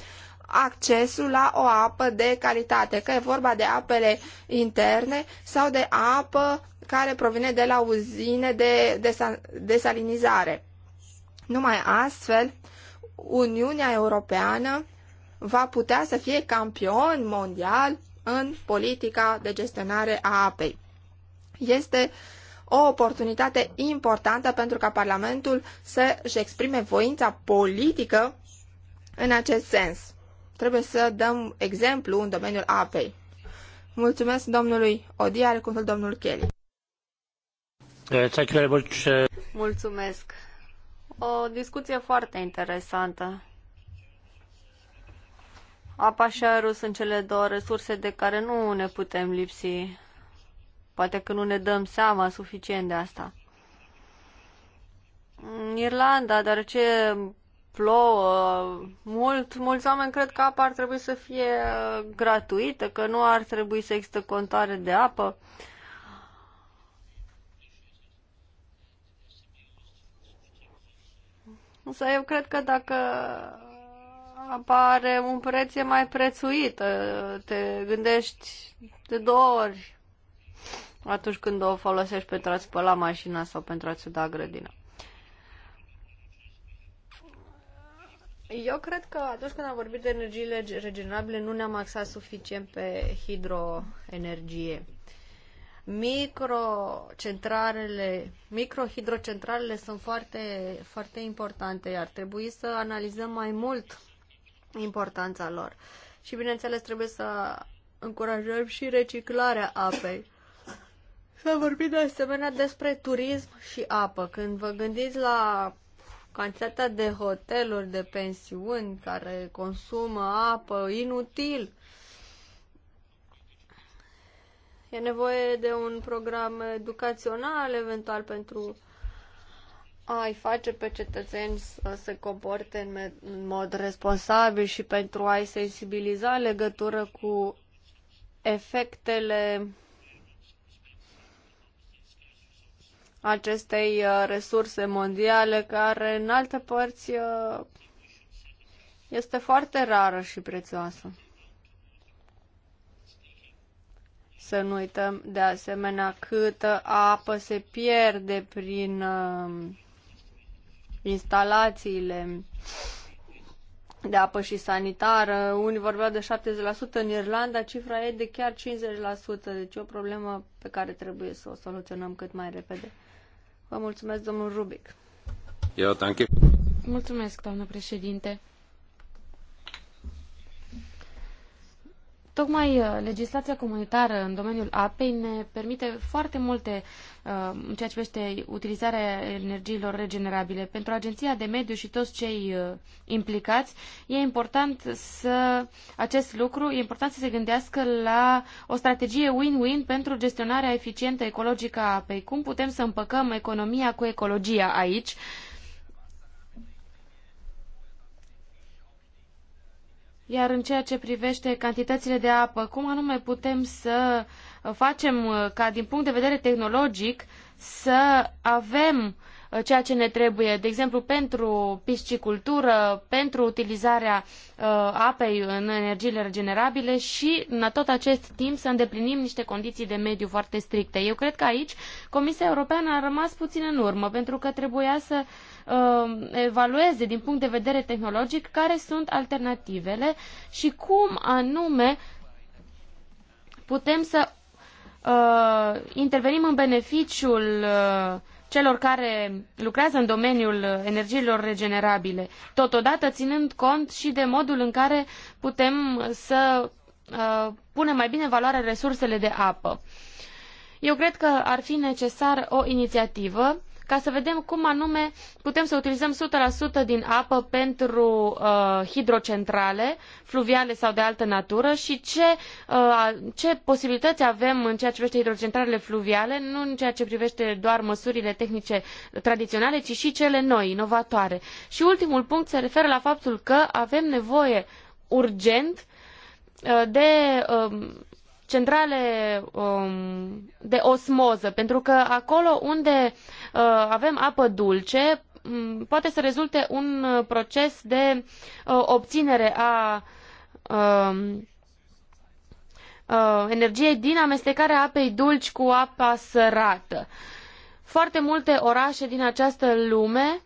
accesul la o apă de calitate, că e vorba de apele interne sau de apă care provine de la uzine de desalinizare. Numai astfel, Uniunea Europeană va putea să fie campion mondial în politica de gestionare a apei. Este o oportunitate importantă pentru ca Parlamentul să-și exprime voința politică în acest sens. Trebuie să dăm exemplu în domeniul apei. Mulțumesc domnului Odi, are cuvântul domnul Kelly. Eh, eh. Mulțumesc. O discuție foarte interesantă. Apa și aerul sunt cele două resurse de care nu ne putem lipsi. Poate că nu ne dăm seama suficient de asta. În Irlanda, deoarece plouă mult, mulți oameni cred că apa ar trebui să fie uh, gratuită, că nu ar trebui să există contare de apă. Însă eu cred că dacă apa are un preț e mai prețuită te gândești de două ori atunci când o folosești pentru a spăla mașina sau pentru a-ți da grădina. Eu cred că atunci când am vorbit de energiile regenerabile, nu ne-am axat suficient pe hidroenergie. Microcentralele, microhidrocentralele sunt foarte, foarte importante, iar trebuie să analizăm mai mult importanța lor. Și bineînțeles trebuie să încurajăm și reciclarea apei. Să vorbim de asemenea despre turism și apă. Când vă gândiți la Cantitatea de hoteluri, de pensiuni care consumă apă inutil. E nevoie de un program educațional, eventual, pentru a-i face pe cetățeni să se comporte în, în mod responsabil și pentru a-i sensibiliza legătură cu efectele acestei uh, resurse mondiale care în alte părți uh, este foarte rară și prețioasă. Să nu uităm de asemenea câtă apă se pierde prin uh, instalațiile de apă și sanitară. Unii vorbeau de 70% în Irlanda, cifra e de chiar 50%, deci e o problemă pe care trebuie să o soluționăm cât mai repede. Vă mulțumesc, domnul Rubic. Eu, Mulțumesc, doamnă președinte. Tocmai uh, legislația comunitară în domeniul apei ne permite foarte multe uh, în ceea ce privește utilizarea energiilor regenerabile. Pentru Agenția de Mediu și toți cei uh, implicați, e important să acest lucru, e important să se gândească la o strategie win-win pentru gestionarea eficientă ecologică a apei. Cum putem să împăcăm economia cu ecologia aici? Iar în ceea ce privește cantitățile de apă, cum anume putem să facem uh, ca din punct de vedere tehnologic să avem Uh, ceea ce ne trebuie, de exemplu, pentru piscicultură, pentru utilizarea uh, apei în energiile regenerabile și, în tot acest timp, să îndeplinim niște condiții de mediu foarte stricte. Eu cred că aici Comisia Europeană a rămas puțin în urmă, pentru că trebuia să uh, evalueze din punct de vedere tehnologic care sunt alternativele și cum anume putem să uh, intervenim în beneficiul uh, celor care lucrează în domeniul energiilor regenerabile, totodată ținând cont și de modul în care putem să uh, punem mai bine valoare resursele de apă. Eu cred că ar fi necesar o inițiativă ca să vedem cum anume putem să utilizăm 100% din apă pentru uh, hidrocentrale, fluviale sau de altă natură și ce, uh, ce posibilități avem în ceea ce privește hidrocentralele fluviale, nu în ceea ce privește doar măsurile tehnice tradiționale, ci și cele noi, inovatoare. Și ultimul punct se referă la faptul că avem nevoie urgent uh, de um, centrale um, de osmoză, pentru că acolo unde uh, Uh, avem apă dulce, mm, poate să rezulte un uh, proces de uh, obținere a um, energiei din amestecarea apei dulci cu apa sărată. Foarte multe orașe din această lume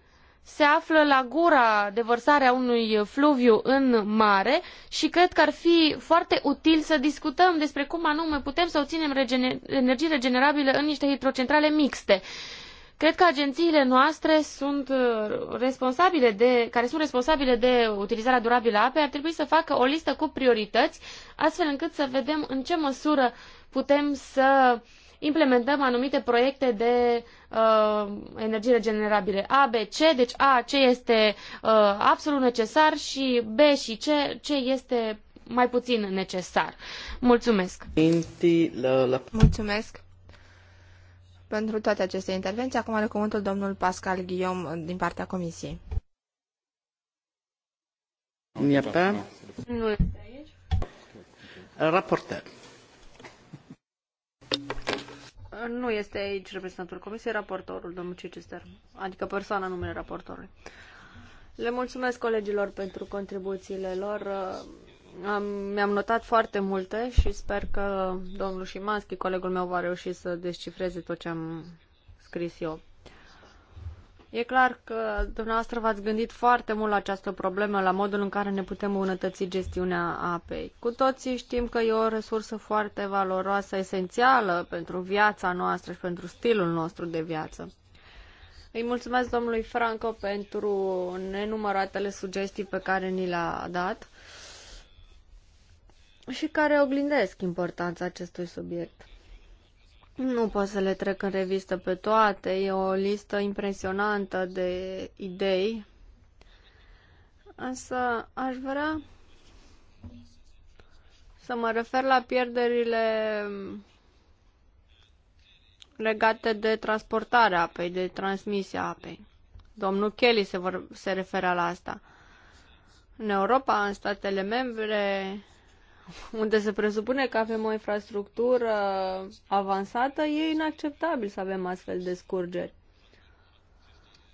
se află la gura de vărsare a unui fluviu în mare și cred că ar fi foarte util să discutăm despre cum anume putem să obținem regener- energie regenerabilă în niște hidrocentrale mixte. Uh, Cred că agențiile noastre sunt uh, responsabile de, care sunt responsabile de utilizarea durabilă a apei ar trebui să facă o listă cu priorități, astfel încât să vedem în ce măsură putem să implementăm anumite proiecte de uh, energie regenerabile. A, B, C, deci A, ce este uh, absolut necesar și B și C, ce este mai puțin necesar. Mulțumesc! Mulțumesc! pentru toate aceste intervenții. Acum are cuvântul domnul Pascal Ghiom uh, din partea Comisiei. Nu este aici. Raporter. Nu este aici reprezentantul Comisiei, raportorul, domnul Cicister, adică persoana numele raportorului. Le mulțumesc colegilor pentru contribuțiile lor. Uh, am, mi-am notat foarte multe și sper că domnul Șimanski, colegul meu, va reuși să descifreze tot ce am scris eu. E clar că dumneavoastră v-ați gândit foarte mult la această problemă, la modul în care ne putem îmbunătăți gestiunea apei. Cu toții știm că e o resursă foarte valoroasă, esențială pentru viața noastră și pentru stilul nostru de viață. Îi mulțumesc domnului Franco pentru nenumăratele sugestii pe care ni le-a dat și care oglindesc importanța acestui subiect. Nu pot să le trec în revistă pe toate, e o listă impresionantă de idei, însă aș vrea să mă refer la pierderile legate de transportarea apei, de transmisia apei. Domnul Kelly se, vor, se referea la asta. În Europa, în statele membre, unde se presupune că avem o infrastructură avansată, e inacceptabil să avem astfel de scurgeri.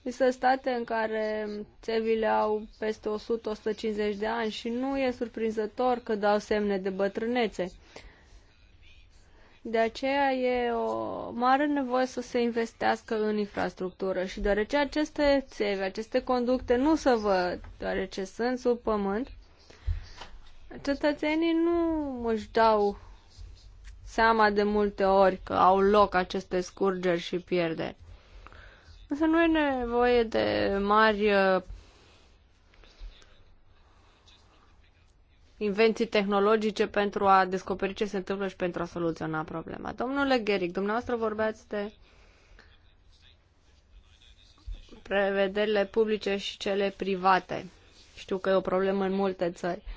Există state în care țevile au peste 100-150 de ani și nu e surprinzător că dau semne de bătrânețe. De aceea e o mare nevoie să se investească în infrastructură și deoarece aceste țevi, aceste conducte nu se văd, deoarece sunt sub pământ, cetățenii nu își dau seama de multe ori că au loc aceste scurgeri și pierderi. Însă nu e nevoie de mari uh, invenții tehnologice pentru a descoperi ce se întâmplă și pentru a soluționa problema. Domnule Gheric, dumneavoastră vorbeați de prevederile publice și cele private. Știu că e o problemă în multe țări. Uh,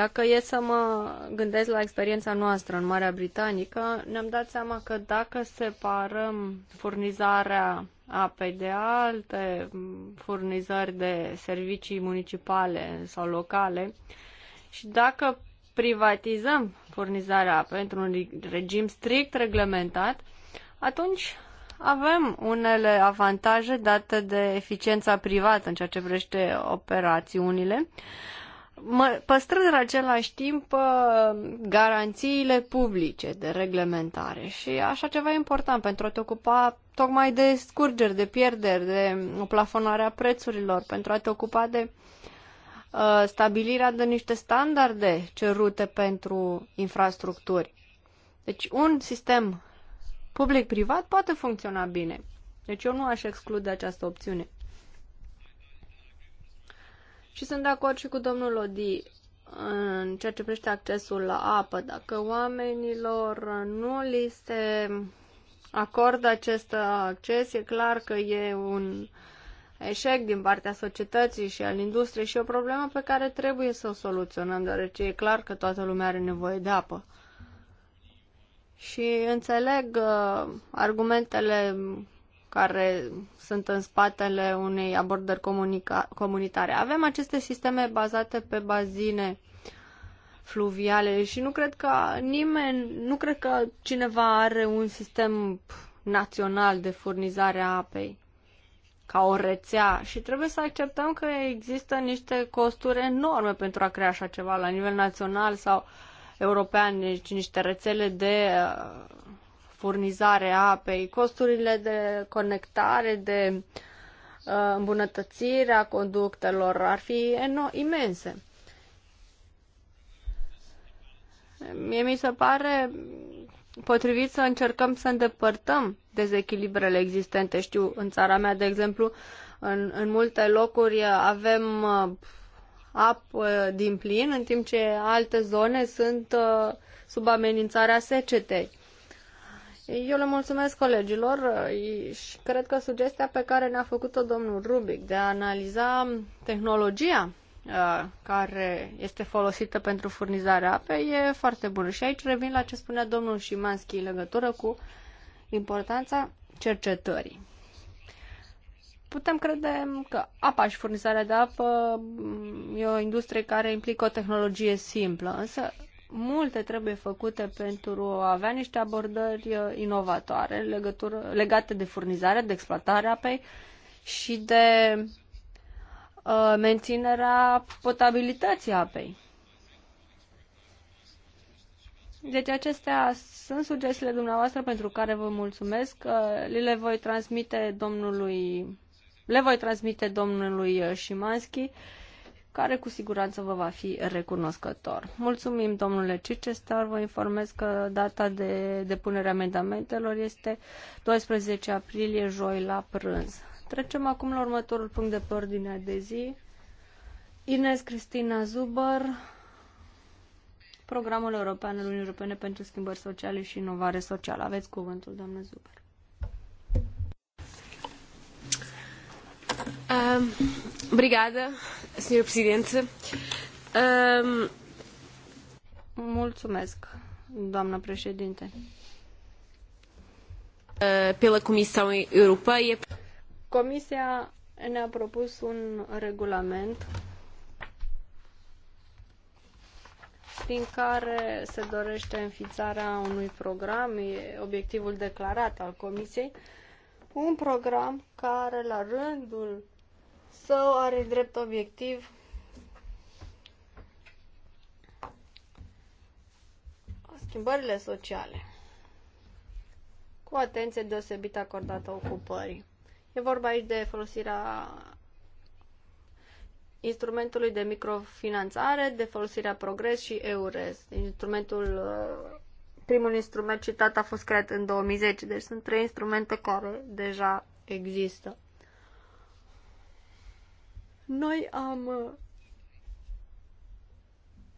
dacă e să mă gândesc la experiența noastră în Marea Britanică, ne-am dat seama că dacă separăm furnizarea apei de alte furnizări de servicii municipale sau locale și dacă privatizăm furnizarea apei într-un regim strict reglementat, atunci avem unele avantaje date de eficiența privată în ceea ce privește operațiunile, păstrând în același timp uh, garanțiile publice de reglementare și așa ceva e important pentru a te ocupa tocmai de scurgeri, de pierderi, de plafonarea prețurilor, pentru a te ocupa de uh, stabilirea de niște standarde cerute pentru infrastructuri. Deci un sistem public-privat poate funcționa bine. Deci eu nu aș exclude această opțiune. Și sunt de acord și cu domnul Odi în ceea ce privește accesul la apă. Dacă oamenilor nu li se acordă acest acces, e clar că e un eșec din partea societății și al industriei și o problemă pe care trebuie să o soluționăm, deoarece e clar că toată lumea are nevoie de apă. Și înțeleg uh, argumentele care sunt în spatele unei abordări comunitare. Avem aceste sisteme bazate pe bazine fluviale și nu cred că nimeni, nu cred că cineva are un sistem național de furnizare a apei ca o rețea și trebuie să acceptăm că există niște costuri enorme pentru a crea așa ceva la nivel național sau european, deci niște rețele de furnizare a apei, costurile de conectare, de uh, îmbunătățire a conductelor ar fi imense. Mie mi se pare potrivit să încercăm să îndepărtăm dezechilibrele existente. Știu, în țara mea, de exemplu, în, în multe locuri avem uh, apă din plin, în timp ce alte zone sunt uh, sub amenințarea secetei. Eu le mulțumesc colegilor uh, și cred că sugestia pe care ne-a făcut-o domnul Rubic de a analiza tehnologia uh, care este folosită pentru furnizarea apei e foarte bună. Și aici revin la ce spunea domnul Șimanski în legătură cu importanța cercetării. Putem crede că apa și furnizarea de apă mm, e o industrie care implică o tehnologie simplă, însă multe trebuie făcute pentru a avea niște abordări uh, inovatoare legătură, legate de furnizare, de exploatarea apei și de uh, menținerea potabilității apei. Deci acestea sunt sugestiile dumneavoastră pentru care vă mulțumesc. Uh, le voi transmite domnului, le voi transmite domnului Șimanski uh, care cu siguranță vă va fi recunoscător. Mulțumim, domnule Cicestar. Vă informez că data de depunere amendamentelor este 12 aprilie, joi, la prânz. Trecem acum la următorul punct de pe ordinea de zi. Ines Cristina Zuber, Programul European al Uniunii Europene pentru Schimbări Sociale și Inovare Socială. Aveți cuvântul, doamnă Zuber. Um, brigada, Sr. Presidente. Um... Mulțumesc, doamnă președinte. Uh, pela Comisia Europeia. Comisia ne-a propus un regulament prin care se dorește înființarea unui program, e obiectivul declarat al Comisiei, un program care la rândul sau are drept obiectiv schimbările sociale cu atenție deosebit acordată ocupării. E vorba aici de folosirea instrumentului de microfinanțare, de folosirea Progres și EURES. Instrumentul, primul instrument citat a fost creat în 2010, deci sunt trei instrumente care deja există. Noi am uh,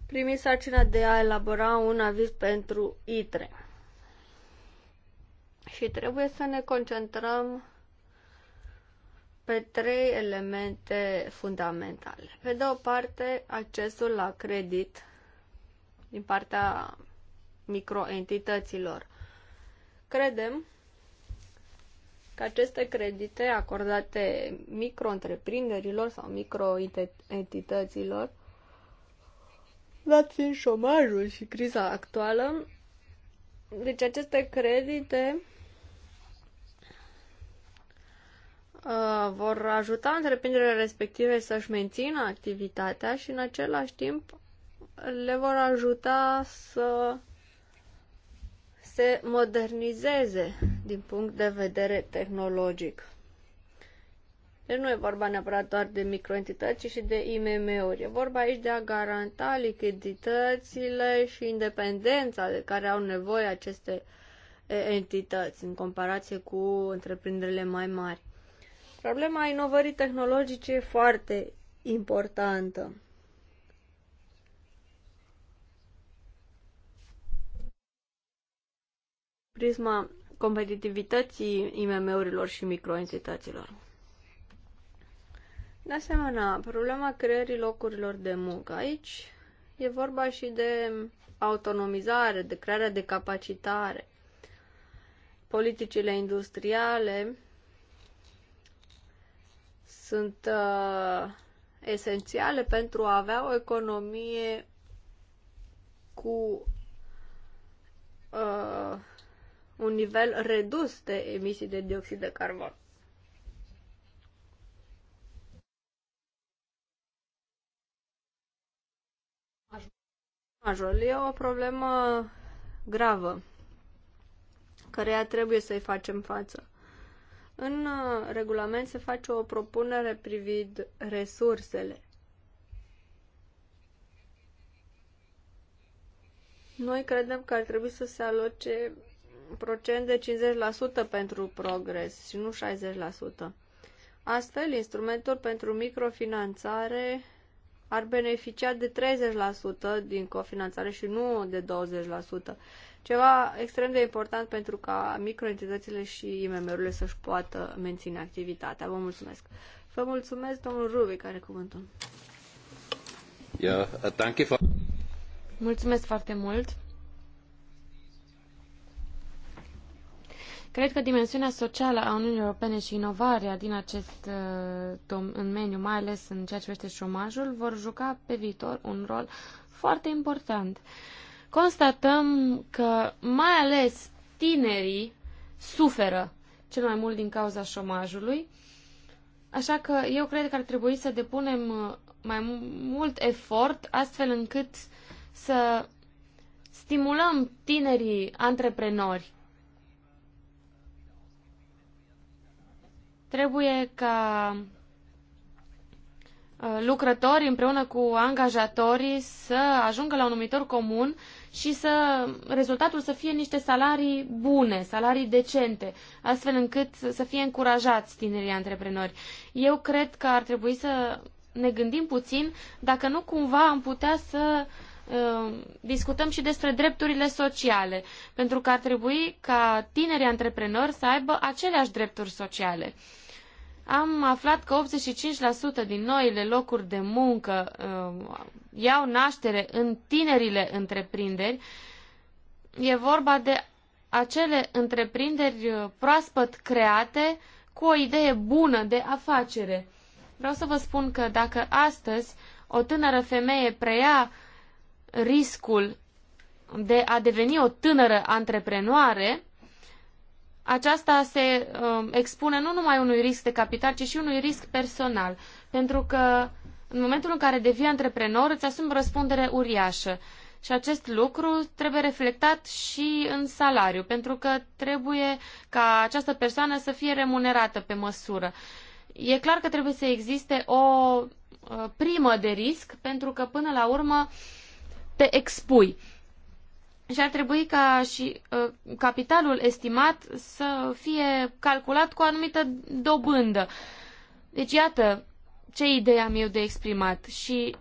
primit sarcina de a elabora un aviz pentru ITRE. Și trebuie să ne concentrăm pe trei elemente fundamentale. Pe de o parte, accesul la credit din partea microentităților. Credem că aceste credite acordate micro-întreprinderilor sau micro-entităților, dat fiind șomajul și criza actuală, deci aceste credite uh, vor ajuta întreprinderile respective să-și mențină activitatea și în același timp le vor ajuta să se modernizeze din punct de vedere tehnologic. Deci nu e vorba neapărat doar de microentități, ci și de IMM-uri. E vorba aici de a garanta lichiditățile și independența de care au nevoie aceste entități în comparație cu întreprinderile mai mari. Problema inovării tehnologice e foarte importantă. prisma competitivității IMM-urilor și microentităților. De asemenea, problema creării locurilor de muncă. Aici e vorba și de autonomizare, de crearea de capacitare. Politicile industriale sunt uh, esențiale pentru a avea o economie cu uh, un nivel redus de emisii de dioxid de carbon. șomajul. E o problemă gravă, căreia trebuie să-i facem față. În uh, regulament se face o propunere privind resursele. Noi credem că ar trebui să se aloce procent de 50% pentru progres și nu 60%. Astfel, instrumentul pentru microfinanțare ar beneficia de 30% din cofinanțare și nu de 20%. Ceva extrem de important pentru ca microentitățile și IMM-urile să-și poată menține activitatea. Vă mulțumesc. Vă mulțumesc, domnul Rubi, care cuvântul. Yeah, Mulțumesc foarte mult Cred că dimensiunea socială a Uniunii Europene și inovarea din acest uh, domeniu, mai ales în ceea ce privește șomajul, vor juca pe viitor un rol foarte important. Constatăm că mai ales tinerii suferă cel mai mult din cauza șomajului, așa că eu cred că ar trebui să depunem uh, mai mult efort astfel încât să stimulăm tinerii antreprenori Trebuie ca uh, lucrători împreună cu angajatorii să ajungă la un numitor comun și să rezultatul să fie niște salarii bune, salarii decente, astfel încât să fie încurajați tinerii antreprenori. Eu cred că ar trebui să ne gândim puțin dacă nu cumva am putea să uh, Um, discutăm și despre drepturile sociale, pentru că ar trebui ca tinerii antreprenori să aibă aceleași drepturi sociale. Am aflat că 85% din noile locuri de muncă uh, iau naștere în tinerile întreprinderi. E vorba de acele întreprinderi uh, proaspăt create cu o idee bună de afacere. Vreau să vă spun că dacă astăzi o tânără femeie preia uh, riscul de a deveni o tânără antreprenoare, aceasta se uh, expune nu numai unui risc de capital, ci și unui risc personal. Pentru că în momentul în care devii antreprenor, îți asumi răspundere uriașă. Și acest lucru trebuie reflectat și în salariu, pentru că trebuie ca această persoană să fie remunerată pe măsură. E clar că trebuie să existe o uh, primă de risc, pentru că până la urmă uh, te expui. Și ar trebui ca și uh, capitalul estimat să fie calculat cu o anumită dobândă. Deci, iată ce idee am eu de exprimat. Și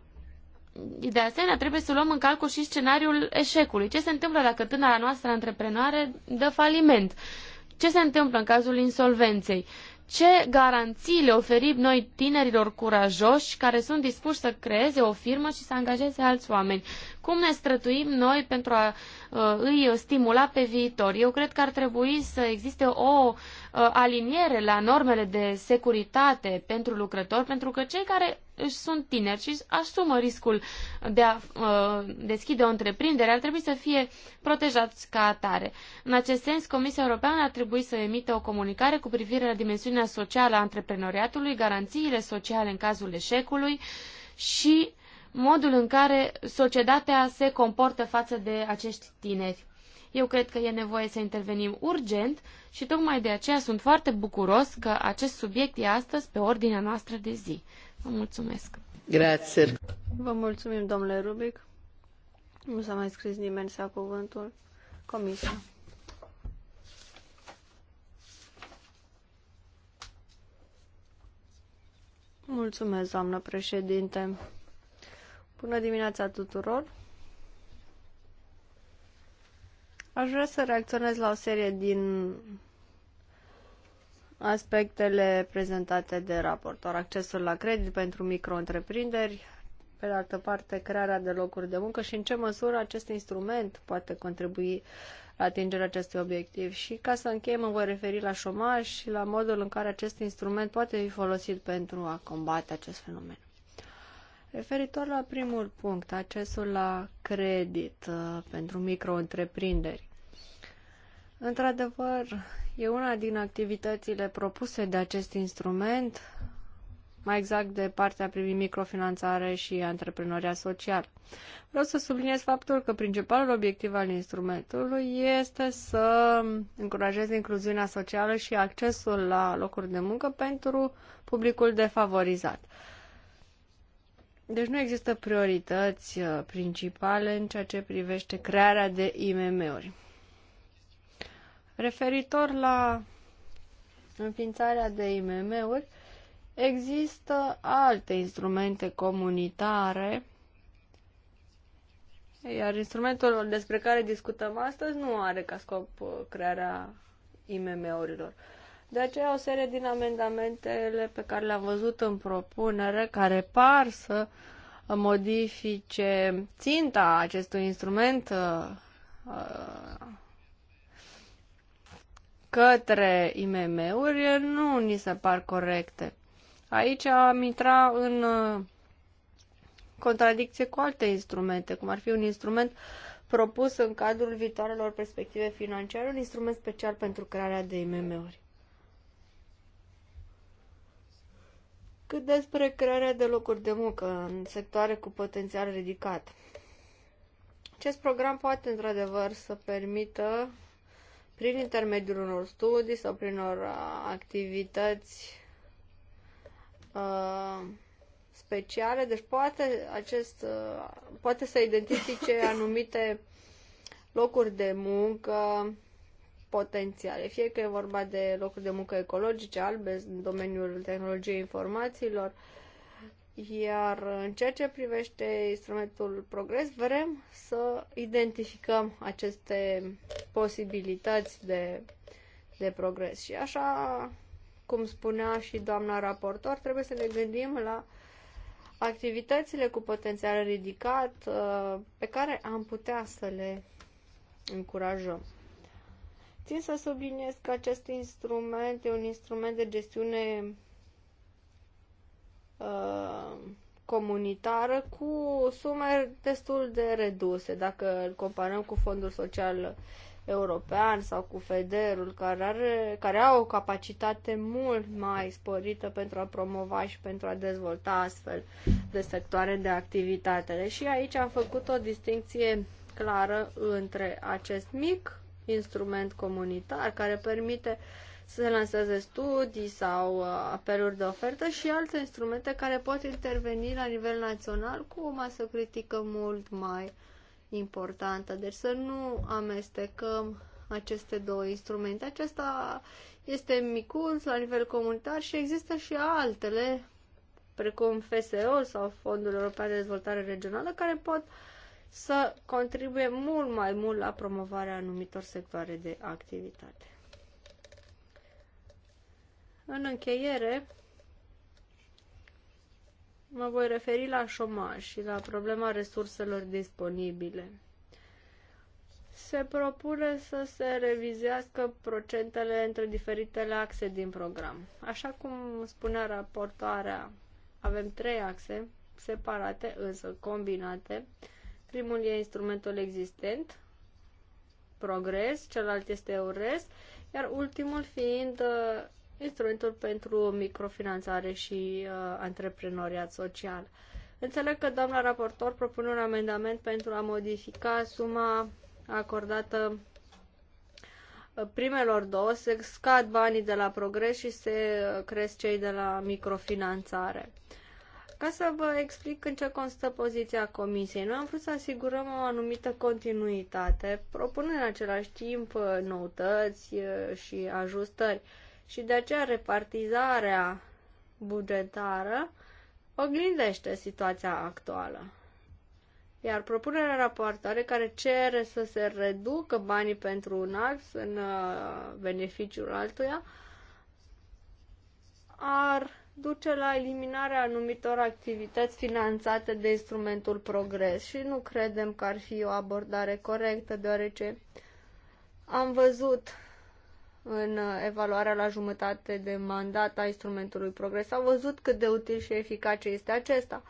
de asemenea, trebuie să luăm în calcul și scenariul eșecului. Ce se întâmplă dacă tânăra noastră antreprenoare dă faliment? Ce se întâmplă în cazul insolvenței? Ce garanții le oferim noi tinerilor curajoși care sunt dispuși să creeze o firmă și să angajeze alți oameni? Cum ne strătuim noi pentru a uh, îi stimula pe viitor? Eu cred că ar trebui să existe o uh, aliniere la normele de securitate pentru lucrători, pentru că cei care își sunt tineri și asumă riscul de a uh, deschide o întreprindere, ar trebui să fie protejați ca atare. În acest sens, Comisia Europeană ar trebui să emită o comunicare cu privire la dimensiunea socială a antreprenoriatului, garanțiile sociale în cazul eșecului și modul în care societatea se comportă față de acești tineri. Eu cred că e nevoie să intervenim urgent și tocmai de aceea sunt foarte bucuros că acest subiect e astăzi pe ordinea noastră de zi. Vă mulțumesc! Grație! Vă mulțumim, domnule Rubic. Nu s-a mai scris nimeni să cuvântul. Comisia. Mulțumesc, doamnă președinte. Bună dimineața tuturor! Aș vrea să reacționez la o serie din aspectele prezentate de raportor. Accesul la credit pentru micro-întreprinderi, pe de altă parte crearea de locuri de muncă și în ce măsură acest instrument poate contribui la atingerea acestui obiectiv. Și ca să închei, mă voi referi la șomaj și la modul în care acest instrument poate fi folosit pentru a combate acest fenomen. Referitor la primul punct, accesul la credit uh, pentru micro-întreprinderi. Într-adevăr, e una din activitățile propuse de acest instrument, mai exact de partea privind microfinanțare și antreprenoria social. Vreau să subliniez faptul că principalul obiectiv al instrumentului este să încurajeze incluziunea socială și accesul la locuri de muncă pentru publicul defavorizat. Uh, deci nu există priorități uh, principale în ceea ce privește crearea de IMM-uri. Referitor la înființarea de IMM-uri, există alte instrumente comunitare, iar instrumentul despre care discutăm astăzi nu are ca scop uh, crearea IMM-urilor. Uh, de aceea o serie din amendamentele pe care le-am văzut în propunere, care par să modifice ținta acestui instrument uh, uh, către IMM-uri, nu ni se par corecte. Aici am intra în uh, contradicție cu alte instrumente, cum ar fi un instrument propus în cadrul viitoarelor perspective financiare, un instrument special pentru crearea de IMM-uri. cât despre crearea de locuri de muncă în sectoare cu potențial ridicat. Acest program poate, într-adevăr, să permită, prin intermediul unor studii sau prin unor activități uh, speciale, deci poate, acest, uh, poate să identifice anumite locuri de muncă potențiale, fie că e vorba de locuri de muncă ecologice, albe, în domeniul tehnologiei informațiilor, iar în ceea ce privește instrumentul progres, vrem să identificăm aceste posibilități de, de progres. Și așa cum spunea și doamna raportor, trebuie să ne gândim la activitățile cu potențial ridicat uh, pe care am putea să le încurajăm. Țin să subliniez că acest instrument e un instrument de gestiune uh, comunitară cu sume destul de reduse, dacă îl comparăm cu Fondul Social European sau cu Federul, care, are, care au o capacitate mult mai sporită pentru a promova și pentru a dezvolta astfel de sectoare de activitate. Și aici am făcut o distinție clară între acest mic instrument comunitar care permite să se lanseze studii sau uh, apeluri de ofertă și alte instrumente care pot interveni la nivel național cu o masă critică mult mai importantă. Deci să nu amestecăm aceste două instrumente. Acesta este micul la nivel comunitar și există și altele, precum FSO sau Fondul European de Dezvoltare Regională, care pot uh, să contribuie mult mai mult la promovarea anumitor sectoare de activitate. În încheiere, mă voi referi la șomaj și la problema resurselor disponibile. Se propune să se revizească procentele între diferitele axe din program. Așa cum spunea raportoarea, avem trei axe separate, însă combinate, Primul e instrumentul existent, progres, celălalt este EURES, iar ultimul fiind uh, instrumentul pentru microfinanțare și uh, antreprenoriat social. Înțeleg că doamna raportor propune un amendament pentru a modifica suma acordată uh, primelor două, se scad banii de la progres și se uh, cresc cei de la microfinanțare. Uh, ca să vă explic în ce constă poziția Comisiei, noi am vrut să asigurăm o anumită continuitate, propunând în același timp uh, noutăți uh, și ajustări și de aceea repartizarea bugetară oglindește situația actuală. Iar propunerea raportoare care cere să se reducă banii pentru un alt în uh, beneficiul altuia ar duce la eliminarea anumitor activități finanțate de instrumentul progres și nu credem că ar fi o abordare corectă, deoarece am văzut în evaluarea la jumătate de mandat a instrumentului progres, am văzut cât de util și eficace este acesta.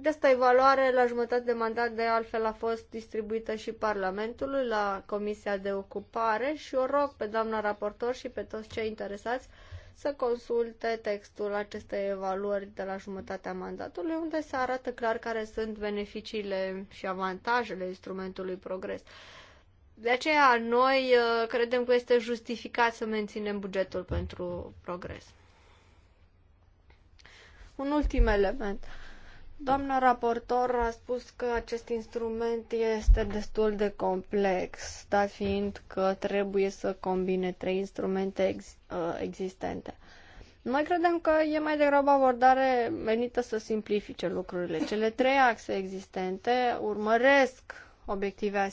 Această evaluare la jumătate de mandat de altfel a fost distribuită și Parlamentului la Comisia de Ocupare și o rog pe doamna raportor și pe toți cei interesați să consulte textul acestei evaluări de la jumătatea mandatului, unde se arată clar care sunt beneficiile și avantajele instrumentului progres. De aceea, noi uh, credem că este justificat să menținem bugetul pentru progres. Un ultim element. Uh, Doamna raportor a spus că acest instrument este destul de complex, dar fiind că trebuie să combine trei instrumente ex- uh, existente. Noi credem că e mai degrabă abordare menită să simplifice lucrurile. Cele trei axe existente urmăresc obiective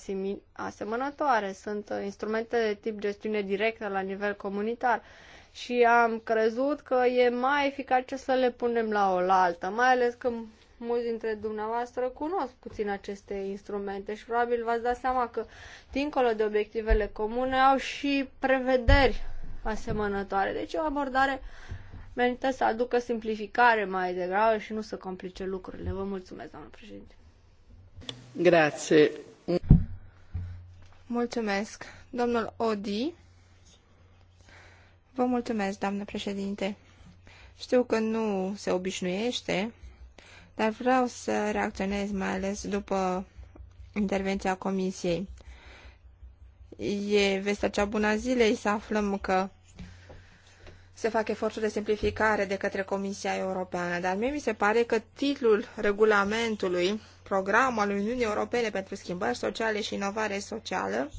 asemănătoare. Sunt uh, instrumente de tip gestiune directă la nivel comunitar și am crezut că e mai eficace să le punem la oaltă, mai ales că mulți dintre dumneavoastră cunosc puțin aceste instrumente și probabil v-ați dat seama că, dincolo de obiectivele comune, au și prevederi asemănătoare. Deci o abordare merită să aducă simplificare mai degrabă și nu să complice lucrurile. Vă mulțumesc, doamnă președinte. Grație. Mulțumesc. Domnul Odi. Vă mulțumesc, doamnă președinte. Știu că nu se obișnuiește dar vreau să reacționez mai ales după intervenția comisiei. E vestea cea bună zilei să aflăm că se fac eforturi de simplificare de către Comisia Europeană, dar mie mi se pare că titlul regulamentului, programul al Uniunii Europene pentru schimbări sociale și inovare socială,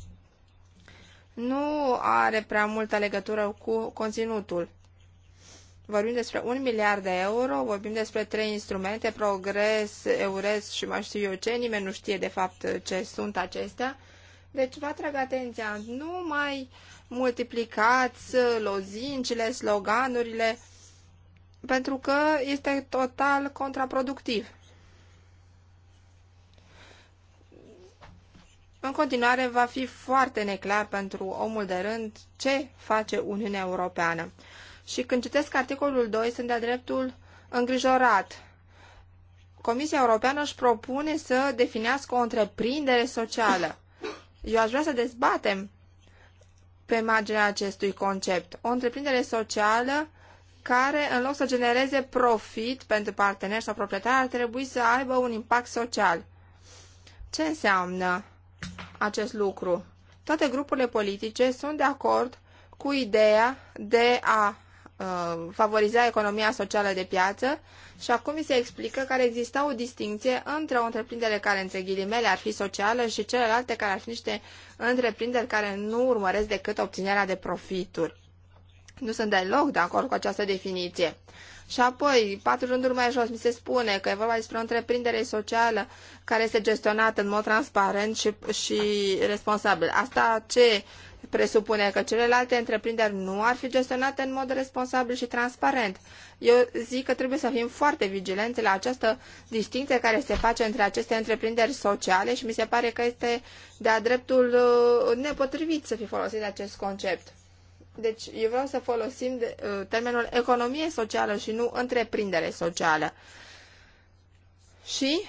nu are prea multă legătură cu conținutul. Vorbim despre un miliard de euro, vorbim despre trei instrumente, progres, EURES și mai știu eu ce, nimeni nu știe de fapt ce sunt acestea. Deci vă atrag atenția, nu mai multiplicați lozincile, sloganurile, pentru că este total contraproductiv. În continuare va fi foarte neclar pentru omul de rând ce face Uniunea Europeană. Și când citesc articolul 2, sunt de-a dreptul îngrijorat. Comisia Europeană își propune să definească o întreprindere socială. Eu aș vrea să dezbatem pe marginea acestui concept. O întreprindere socială care, în loc să genereze profit pentru parteneri sau proprietari, ar trebui să aibă un impact social. Ce înseamnă acest lucru? Toate grupurile politice sunt de acord cu ideea de a Uh, favoriza economia socială de piață și acum mi se explică că exista o distinție între o întreprindere care, între ghilimele, ar fi socială și celelalte care ar fi niște întreprinderi care nu urmăresc decât obținerea de profituri. Nu sunt deloc de acord cu această definiție. Și apoi, patru rânduri mai jos, mi se spune că e vorba despre o întreprindere socială care este gestionată în mod transparent și, și responsabil. Asta ce presupune că celelalte întreprinderi nu ar fi gestionate în mod responsabil și transparent. Eu zic că trebuie să fim foarte vigilenți la această distinție care se face între aceste întreprinderi sociale și mi se pare că este de-a dreptul uh, nepotrivit să fi folosit acest concept. Deci eu vreau să folosim de, uh, termenul economie socială și nu întreprindere socială. Și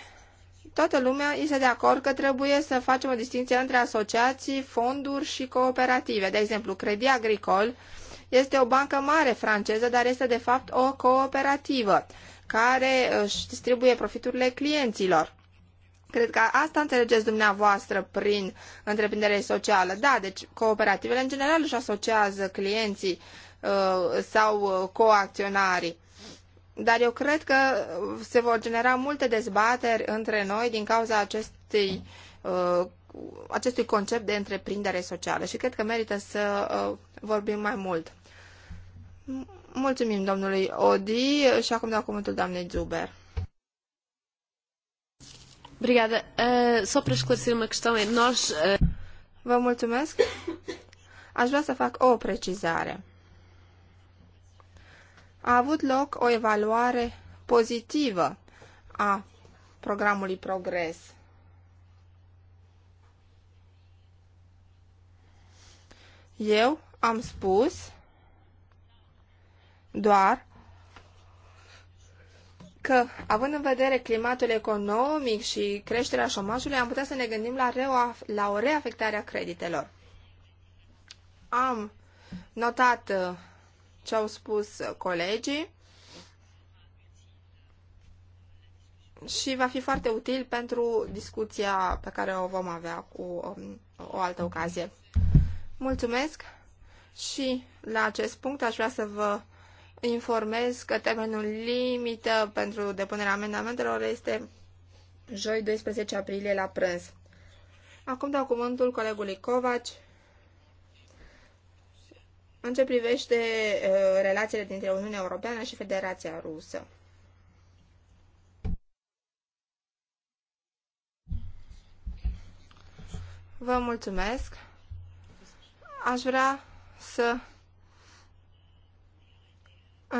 toată lumea este de acord că trebuie să facem o distinție între asociații, fonduri și cooperative. De exemplu, Credit Agricol este o bancă mare franceză, dar este de fapt o cooperativă care uh, își distribuie profiturile clienților. Cred că asta înțelegeți dumneavoastră prin întreprindere socială. Da, deci cooperativele în general își asociază clienții uh, sau uh, coacționarii. Dar eu cred că se vor genera multe dezbateri între noi din cauza acestei, uh, acestui concept de întreprindere socială și cred că merită să uh, vorbim mai mult. Mulțumim domnului Odi și acum dau cuvântul doamnei Zuber. Obrigada. Uh, só para esclarecer uma questão, é nós... Uh... Vă mulțumesc. Aș vrea să fac o precizare. A avut loc o evaluare pozitivă a programului Progres. Eu am spus doar că, având în vedere climatul economic și creșterea șomajului, am putea să ne gândim la, reo, la o reafectare a creditelor. Am notat uh, ce au spus colegii și va fi foarte util pentru discuția pe care o vom avea cu um, o altă ocazie. Mulțumesc și la acest punct aș vrea să vă informez că termenul limită pentru depunerea amendamentelor este joi 12 aprilie la prânz. Acum dau cuvântul colegului Covaci în ce privește uh, relațiile dintre Uniunea Europeană și Federația Rusă. Vă mulțumesc. Aș vrea să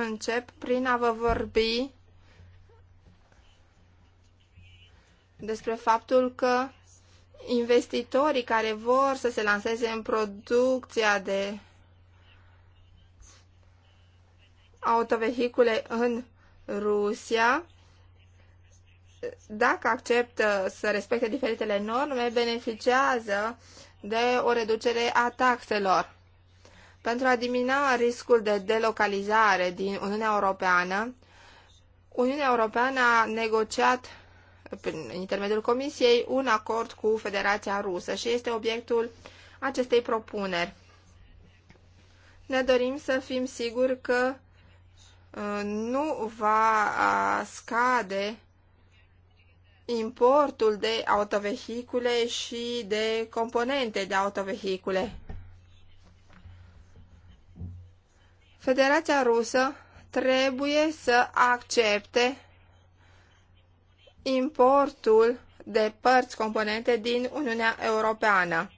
încep prin a vă vorbi despre faptul că investitorii care vor să se lanseze în producția de autovehicule în Rusia, dacă acceptă să respecte diferitele norme, beneficiază de o reducere a taxelor. Pentru a diminua riscul de delocalizare din Uniunea Europeană, Uniunea Europeană a negociat prin intermediul Comisiei un acord cu Federația Rusă și este obiectul acestei propuneri. Ne dorim să fim siguri că uh, nu va uh, scade importul de autovehicule și de componente de autovehicule. Federația Rusă trebuie să accepte importul de părți componente din Uniunea Europeană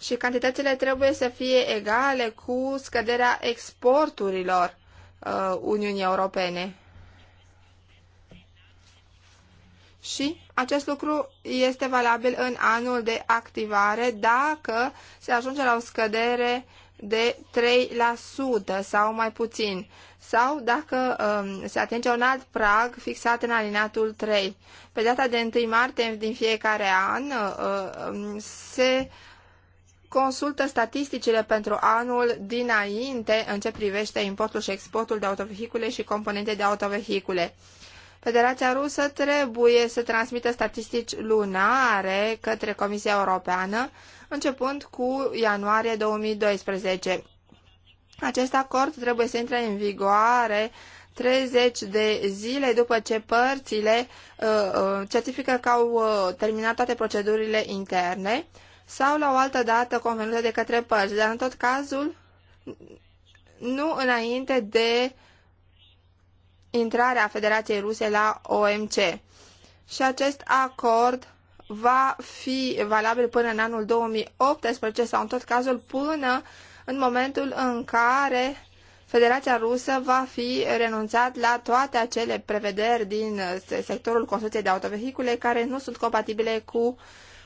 și cantitățile trebuie să fie egale cu scăderea exporturilor uh, Uniunii Europene. Și acest lucru este valabil în anul de activare dacă se ajunge la o scădere uh, de 3% sau mai puțin, sau dacă um, se atinge un alt prag fixat în alineatul 3. Pe data de 1 martie din fiecare an uh, um, se consultă statisticile pentru anul dinainte în ce privește importul și exportul de autovehicule și componente de autovehicule. Federația Rusă trebuie să transmită statistici lunare către Comisia Europeană, începând cu ianuarie 2012. Acest acord trebuie să intre în vigoare 30 de zile după ce părțile uh, uh, certifică că au uh, terminat toate procedurile interne sau la o altă dată convenută de către părți, dar în tot cazul nu înainte de uh, intrarea Federației Ruse la OMC. Și acest acord va fi valabil până în anul 2018 sau în tot cazul până în momentul în care Federația Rusă va fi renunțat la toate acele prevederi din sectorul construcției de autovehicule care nu sunt compatibile cu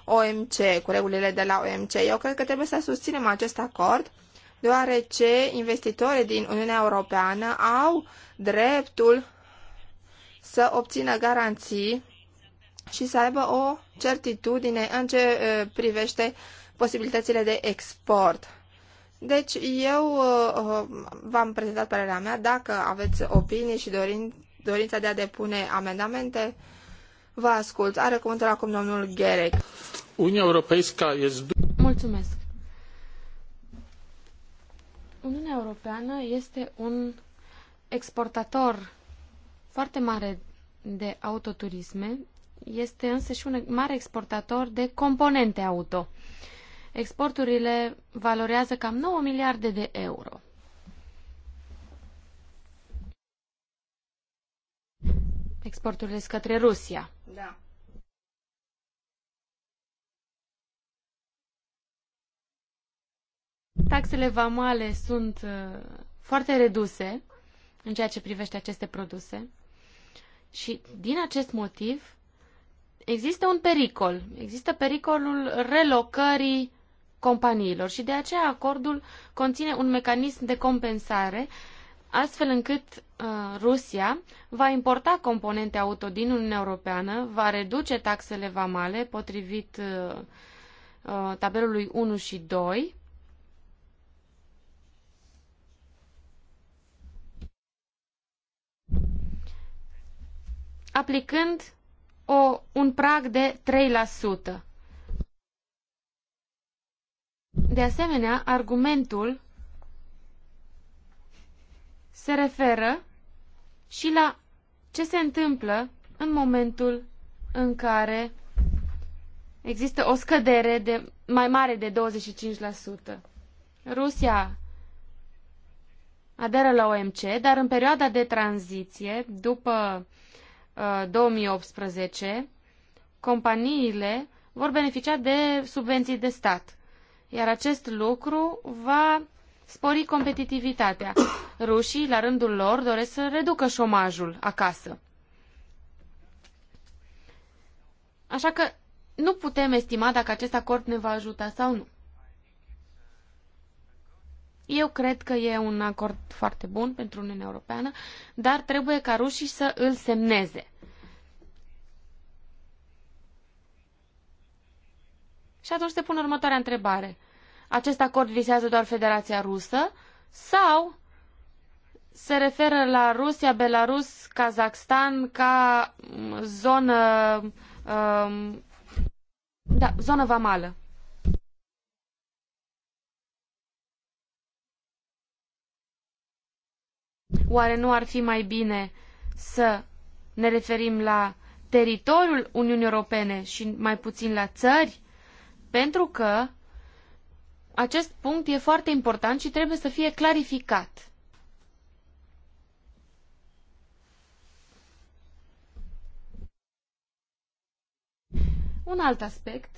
OMC, cu regulile de la OMC. Eu cred că trebuie să susținem acest acord deoarece investitorii din Uniunea Europeană au dreptul să obțină garanții și să aibă o certitudine în ce privește posibilitățile de export. Deci eu v-am prezentat părerea mea. Dacă aveți opinii și dorința de a depune amendamente, vă ascult. Are cuvântul acum domnul Gerec. Uniunea Europeană este... Mulțumesc. Uniunea Europeană este un exportator foarte mare de autoturisme, este însă și un mare exportator de componente auto. Exporturile valorează cam 9 miliarde de euro. Exporturile către Rusia. Da. Taxele vamale sunt uh, foarte reduse în ceea ce privește aceste produse și din acest motiv există un pericol. Există pericolul relocării companiilor și de aceea acordul conține un mecanism de compensare astfel încât uh, Rusia va importa componente auto din Uniunea Europeană, va reduce taxele vamale potrivit uh, uh tabelului 1 și 2 aplicând o, un prag de 3%. De asemenea, argumentul se referă și la ce se întâmplă în momentul în care există o scădere de mai mare de 25%. Rusia aderă la OMC, dar în perioada de tranziție, după 2018, uh, companiile vor beneficia de subvenții de stat. Iar acest lucru va spori competitivitatea. Rușii, la rândul lor, doresc să reducă șomajul acasă. Așa că nu putem estima dacă acest acord ne va ajuta sau nu. Eu cred că e un acord foarte bun pentru Uniunea Europeană, dar trebuie ca rușii să îl semneze. Și atunci se pun următoarea întrebare. Acest acord visează doar Federația Rusă sau se referă la Rusia, Belarus, Kazakhstan ca zonă, um, da, zonă vamală? Oare nu ar fi mai bine să ne referim la teritoriul Uniunii Europene și mai puțin la țări? Pentru că acest punct e foarte important și trebuie să fie clarificat. Un alt aspect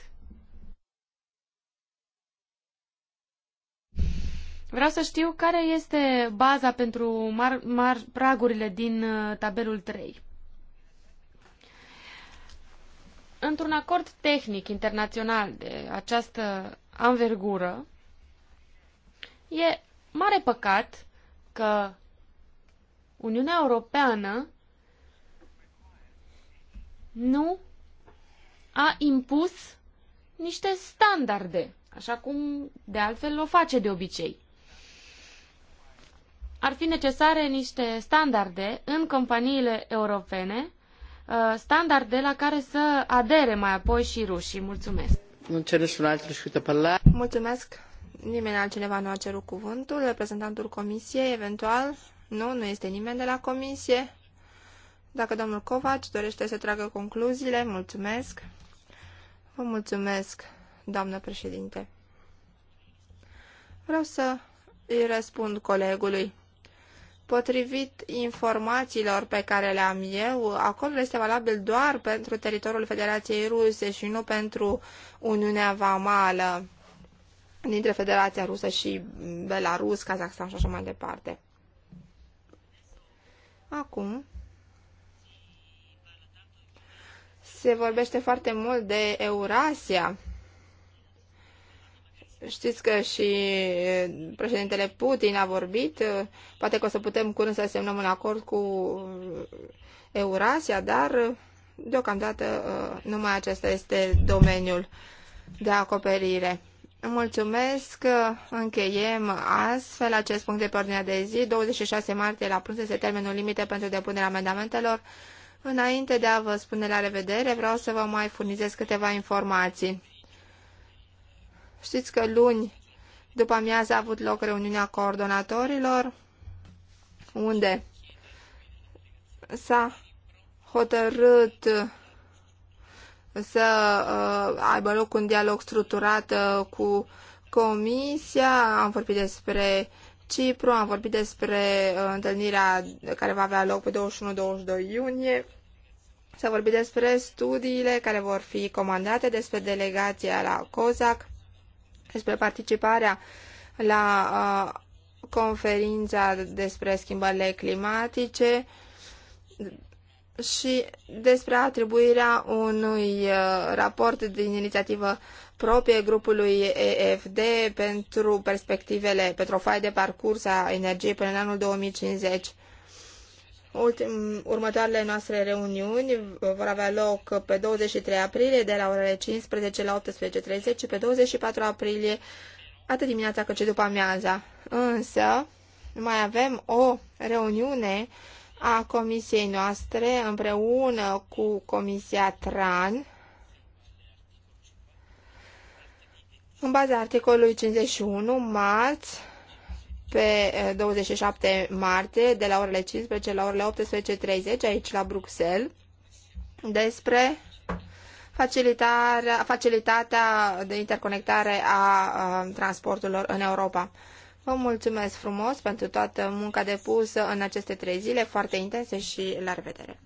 Vreau să știu care este baza pentru mar, mar, pragurile din uh, tabelul 3. Într-un acord tehnic internațional de această anvergură, e mare păcat că Uniunea Europeană nu a impus niște standarde, așa cum de altfel o face de obicei ar fi necesare niște standarde în companiile europene, uh, standarde la care să adere mai apoi și rușii. Mulțumesc! Mulțumesc! Nimeni altcineva nu a cerut cuvântul. Reprezentantul comisiei, eventual? Nu, nu este nimeni de la comisie. Dacă domnul Covaci dorește să tragă concluziile, mulțumesc. Vă mulțumesc, doamnă președinte. Vreau să îi răspund colegului. Potrivit informațiilor pe care le-am eu, acordul este valabil doar pentru teritoriul Federației Ruse și nu pentru Uniunea Vamală dintre Federația Rusă și Belarus, Kazakhstan și așa mai departe. Acum se vorbește foarte mult de Eurasia Știți că și președintele Putin a vorbit, poate că o să putem curând să semnăm un acord cu Eurasia, dar deocamdată numai acesta este domeniul de acoperire. Mulțumesc, încheiem astfel acest punct de pe ordinea de zi. 26 martie la prânz este termenul limite pentru depunerea amendamentelor. Înainte de a vă spune la revedere, vreau să vă mai furnizez câteva informații. Știți că luni după amiază a avut loc reuniunea coordonatorilor, unde s-a hotărât să uh, aibă loc un dialog structurat uh, cu Comisia, am vorbit despre Cipru, am vorbit despre uh, întâlnirea care va avea loc pe 21-22 iunie, s-a vorbit despre studiile care vor fi comandate, despre delegația la COSAC, despre participarea la uh, conferința despre schimbările climatice și despre atribuirea unui uh, raport din inițiativă proprie grupului EFD pentru perspectivele, pentru o faie de parcurs a energiei până în anul 2050. Ultim, următoarele noastre reuniuni vor avea loc pe 23 aprilie de la orele 15 la 18.30 și pe 24 aprilie atât dimineața cât și după amiaza. Însă mai avem o reuniune a comisiei noastre împreună cu Comisia TRAN în baza articolului 51 marți pe 27 eh, martie, de la orele 15 la orele 18.30, aici la Bruxelles, despre facilitarea, facilitatea de interconectare a, a transporturilor în Europa. Vă mulțumesc frumos pentru toată munca depusă în aceste trei zile, foarte intense și la revedere!